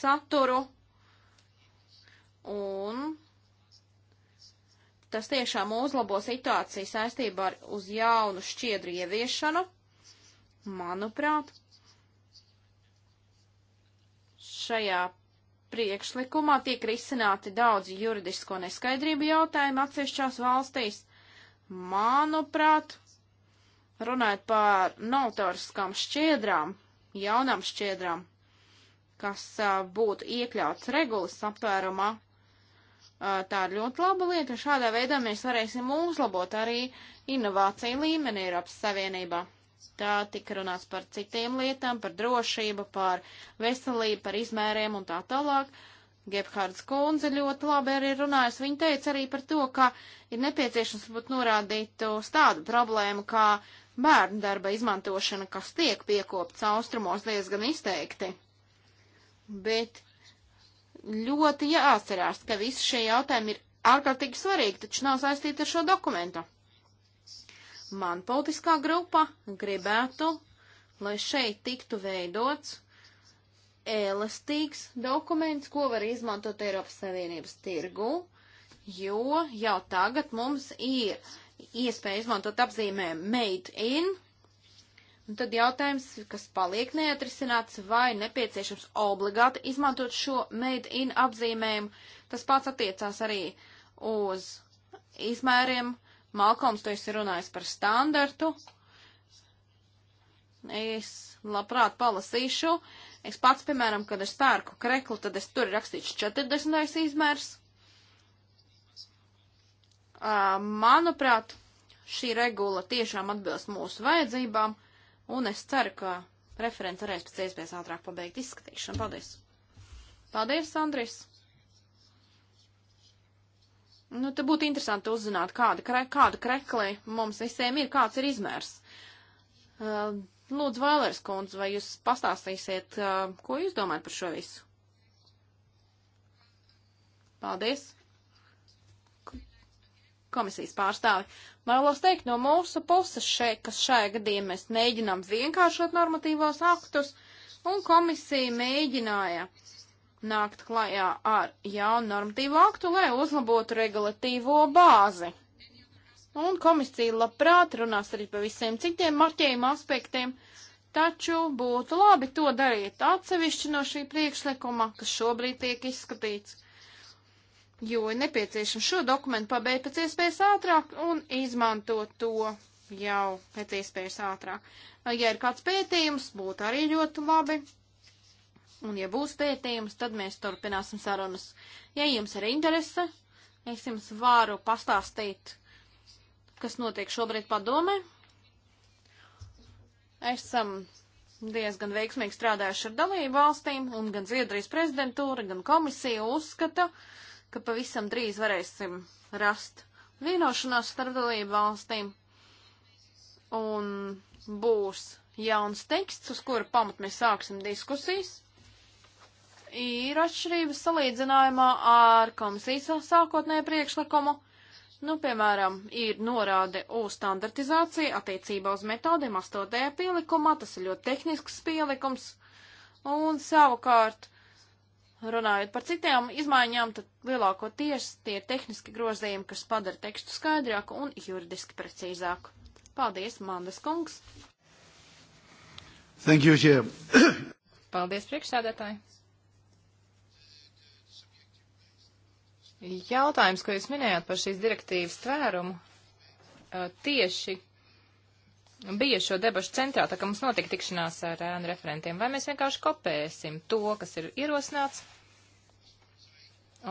saturu. Un tas tiešām uzlabo situāciju saistībā ar uz jaunu šķiedru ieviešanu. Manuprāt, šajā priekšlikumā tiek risināti daudz juridisko neskaidrību jautājumu atsevišķās valstīs. Manuprāt, runājot par novatoriskām šķiedrām, jaunām šķiedrām, kas uh, būtu iekļauts regulas aptvērumā, uh, tā ir ļoti laba lieta. Šādā veidā mēs varēsim uzlabot arī inovāciju līmeni Eiropas Savienībā. Tā tika runāts par citiem lietām, par drošību, par veselību, par izmēriem un tā tālāk. Gebhards Kunze ļoti labi arī runājas. Viņa teica arī par to, ka ir nepieciešams būt norādīt uz tādu problēmu, kā bērnu darba izmantošana, kas tiek piekopts austrumos diezgan izteikti. Bet ļoti jāatcerās, ka visi šie jautājumi ir ārkārtīgi svarīgi, taču nav saistīti ar šo dokumentu man politiskā grupa gribētu, lai šeit tiktu veidots elastīgs dokuments, ko var izmantot Eiropas Savienības tirgu, jo jau tagad mums ir iespēja izmantot apzīmē made in, un tad jautājums, kas paliek neatrisināts, vai nepieciešams obligāti izmantot šo made in apzīmējumu, tas pats attiecās arī uz izmēriem Malkoms, tu esi runājis par standartu. Es labprāt palasīšu. Es pats, piemēram, kad es pērku kreklu, tad es tur rakstīšu 40. izmērs. Manuprāt, šī regula tiešām atbilst mūsu vajadzībām, un es ceru, ka referents varēs pēc iespējas ātrāk pabeigt izskatīšanu. Paldies! Paldies, Andris! Nu, te būtu interesanti uzzināt, kāda, kre, kāda krekli mums visiem ir, kāds ir izmērs. Uh, Lūdzu, Vēlers kundze, vai jūs pastāstīsiet, uh, ko jūs domājat par šo visu? Paldies. Komisijas pārstāvi. Vēlos teikt, no mūsu puses šeit, kas šajā gadījumā mēs mēģinām vienkāršot normatīvos aktus, un komisija mēģināja uh, nākt klajā ar jaunu normatīvu aktu, lai uzlabotu regulatīvo bāzi. Un komisija labprāt runās arī par visiem citiem marķējuma aspektiem, taču būtu labi to darīt atsevišķi no šī priekšlikuma, kas šobrīd tiek izskatīts, jo ir nepieciešams šo dokumentu pabeigt pēc iespējas ātrāk un izmantot to jau pēc iespējas ātrāk. Ja ir kāds pētījums, būtu arī ļoti labi. Un, ja būs pētījums, tad mēs turpināsim sarunas. Ja jums ir interese, es jums varu pastāstīt, kas notiek šobrīd padomē. Esam diezgan veiksmīgi strādājuši ar dalību valstīm, un gan Zviedrijas prezidentūra, gan komisija uzskata, ka pavisam drīz varēsim rast vienošanās starp dalību valstīm, un būs jauns teksts, uz kura pamat mēs sāksim diskusijas ir atšķirības salīdzinājumā ar komisijas sākotnēju priekšlikumu. Nu, piemēram, ir norāde uz standartizāciju attiecībā uz metodēm 8. pielikumā, tas ir ļoti tehnisks pielikums, un savukārt, runājot par citām izmaiņām, tad lielākoties tie ir tehniski grozījumi, kas padara tekstu skaidrāku un juridiski precīzāku. Paldies, Mandas kungs! Thank you, Chair! <coughs> Paldies, priekšsēdētāji! Jautājums, ko jūs minējāt par šīs direktīvas tvērumu, tieši bija šo debašu centrā, tā ka mums notika tikšanās ar ēnu referentiem. Vai mēs vienkārši kopēsim to, kas ir ierosināts?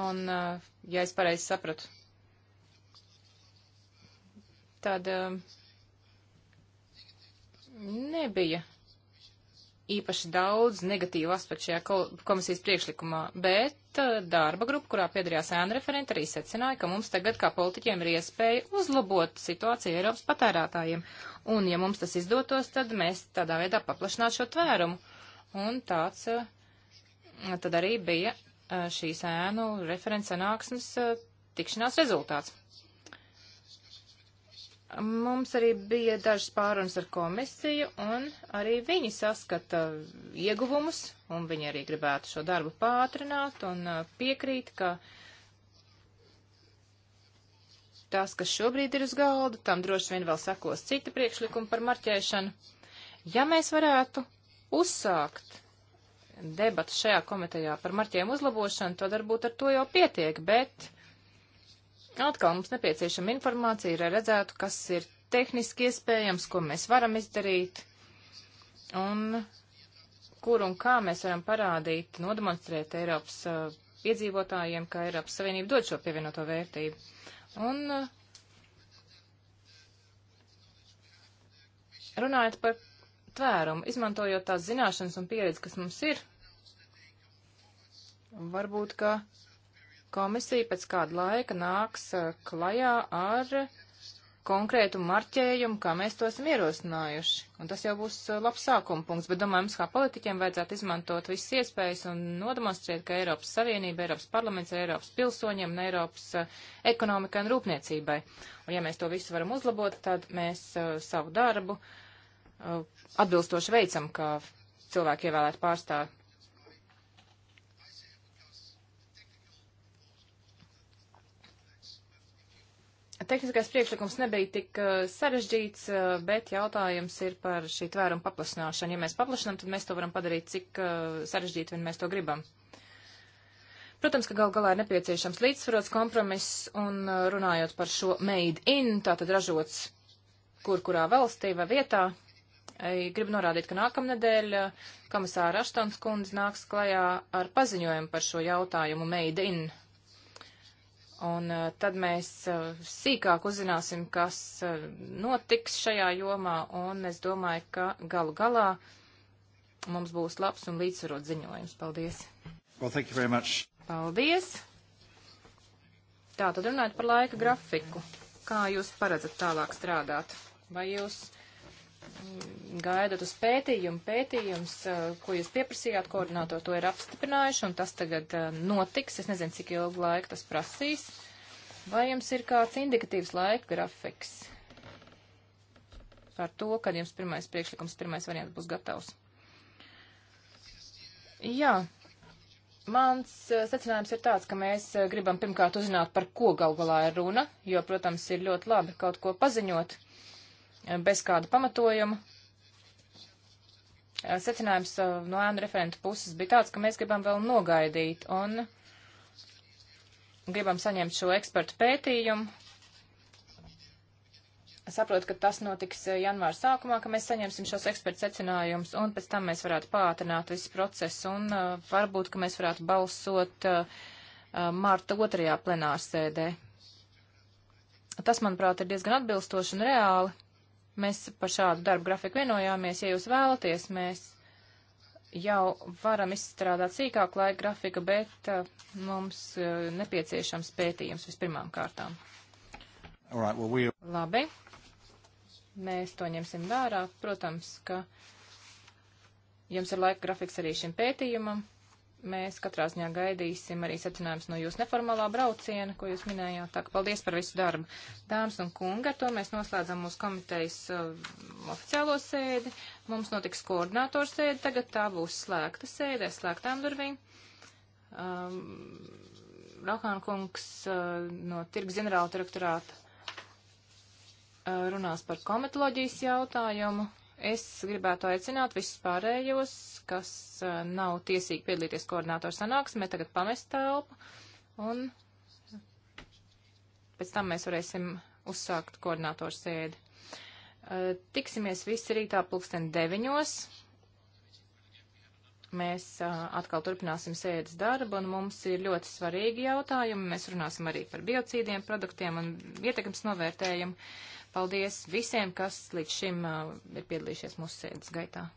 Un, ja es pareizi sapratu, tad nebija īpaši daudz negatīvu aspektu šajā komisijas priekšlikumā, bet uh, darba grupa, kurā piedarījās ēna referenta, arī secināja, ka mums tagad kā politiķiem ir iespēja uzlabot situāciju Eiropas patērētājiem. Un, ja mums tas izdotos, tad mēs tādā veidā paplašinātu šo tvērumu. Un tāds uh, tad arī bija uh, šīs ēnu referents sanāksmes tikšanās rezultāts. Mums arī bija dažas pārunas ar komisiju, un arī viņi saskata ieguvumus, un viņi arī gribētu šo darbu pātrināt un uh, piekrīt, ka tās, kas šobrīd ir uz galda, tam droši vien vēl sekos citi priekšlikumi par marķēšanu. Ja mēs varētu uzsākt debatu šajā komitejā par marķējumu uzlabošanu, tad varbūt ar to jau pietiek, bet Atkal mums nepieciešama informācija, lai redzētu, kas ir tehniski iespējams, ko mēs varam izdarīt un kur un kā mēs varam parādīt, nodemonstrēt Eiropas uh, iedzīvotājiem, ka Eiropas Savienība dod šo pievienoto vērtību. Un uh, runājot par tvērumu, izmantojot tās zināšanas un pieredzi, kas mums ir, varbūt, ka komisija pēc kāda laika nāks eh, klajā ar konkrētu marķējumu, kā mēs to esam ierosinājuši. Un tas jau būs eh, labs sākuma punkts, bet domāju, mums kā politiķiem vajadzētu izmantot visas iespējas un nodemonstrēt, ka Eiropas Savienība, Eiropas parlaments ir Eiropas pilsoņiem un Eiropas eh, ekonomikai un rūpniecībai. Un ja mēs to visu varam uzlabot, tad mēs uh, savu darbu uh, atbilstoši veicam, kā cilvēki ievēlēt pārstāvi. Tehniskais priekšlikums nebija tik eh, sarežģīts, eh, bet jautājums ir par šī tvēruma paplašināšanu. Ja mēs paplašinām, tad mēs to varam padarīt, cik eh, sarežģīti vien mēs to gribam. Protams, ka gal galā ir nepieciešams līdzsvarots kompromiss, un runājot par šo made in, tātad ražots kur kurā valstī vai vietā, gribu norādīt, ka nākamnedēļ komisāra Aštons kundze nāks klajā ar paziņojumu par šo jautājumu made in Un uh, tad mēs uh, sīkāk uzzināsim, kas uh, notiks šajā jomā, un es domāju, ka galu galā mums būs labs un līdzsvarot ziņojums. Paldies! Well, thank you very much. Paldies! Tā, tad runājot par laika grafiku. Kā jūs paredzat tālāk strādāt? Vai jūs gaidot uz pētījumu. Pētījums, ko jūs pieprasījāt, koordinātori to ir apstiprinājuši, un tas tagad notiks. Es nezinu, cik ilgu laiku tas prasīs. Vai jums ir kāds indikatīvs laika grafiks par to, kad jums pirmais priekšlikums, pirmais variants būs gatavs? Jā, Mans secinājums ir tāds, ka mēs gribam pirmkārt uzzināt, par ko galu galā ir runa, jo, protams, ir ļoti labi kaut ko paziņot, Eh, bez kāda pamatojuma. Eh, secinājums eh, no ēnu referentu puses bija tāds, ka mēs gribam vēl nogaidīt un gribam saņemt šo ekspertu pētījumu. Saprotu, ka tas notiks janvāra sākumā, ka mēs saņemsim šos ekspertu secinājumus, un pēc tam mēs varētu pātrināt visu procesu, un uh, varbūt, ka mēs varētu balsot uh, mārta otrajā plenārsēdē. Tas, manuprāt, ir diezgan atbilstoši un reāli. Mēs par šādu darbu grafiku vienojāmies, ja jūs vēlaties, mēs jau varam izstrādāt sīkāku laika grafiku, bet uh, mums uh, nepieciešams pētījums vispirmām kārtām. Right, well, we... Labi, mēs to ņemsim vērā. Protams, ka jums ir laika grafiks arī šim pētījumam mēs katrā ziņā gaidīsim arī secinājumus no jūsu neformālā brauciena, ko jūs minējāt. Tā kā paldies par visu darbu. Dāmas un kungi, ar to mēs noslēdzam mūsu komitejas uh, oficiālo sēdi. Mums notiks koordinātoru sēdi, tagad tā būs slēgta sēde, slēgtām durvīm. Um, Rahāna kungs uh, no Tirgus ģenerāla direktorāta uh, runās par komitoloģijas jautājumu. Es gribētu aicināt visus pārējos, kas uh, nav tiesīgi piedalīties koordinātoru sanāksmē, tagad pamest telpu un pēc tam mēs varēsim uzsākt koordinātoru sēdi. Uh, tiksimies visi rītā pulksten deviņos. Mēs uh, atkal turpināsim sēdes darbu, un mums ir ļoti svarīgi jautājumi. Mēs runāsim arī par biocīdiem, produktiem un ietekmes novērtējumu. Paldies visiem, kas līdz šim uh, ir piedalījušies mūsu sēdes gaitā.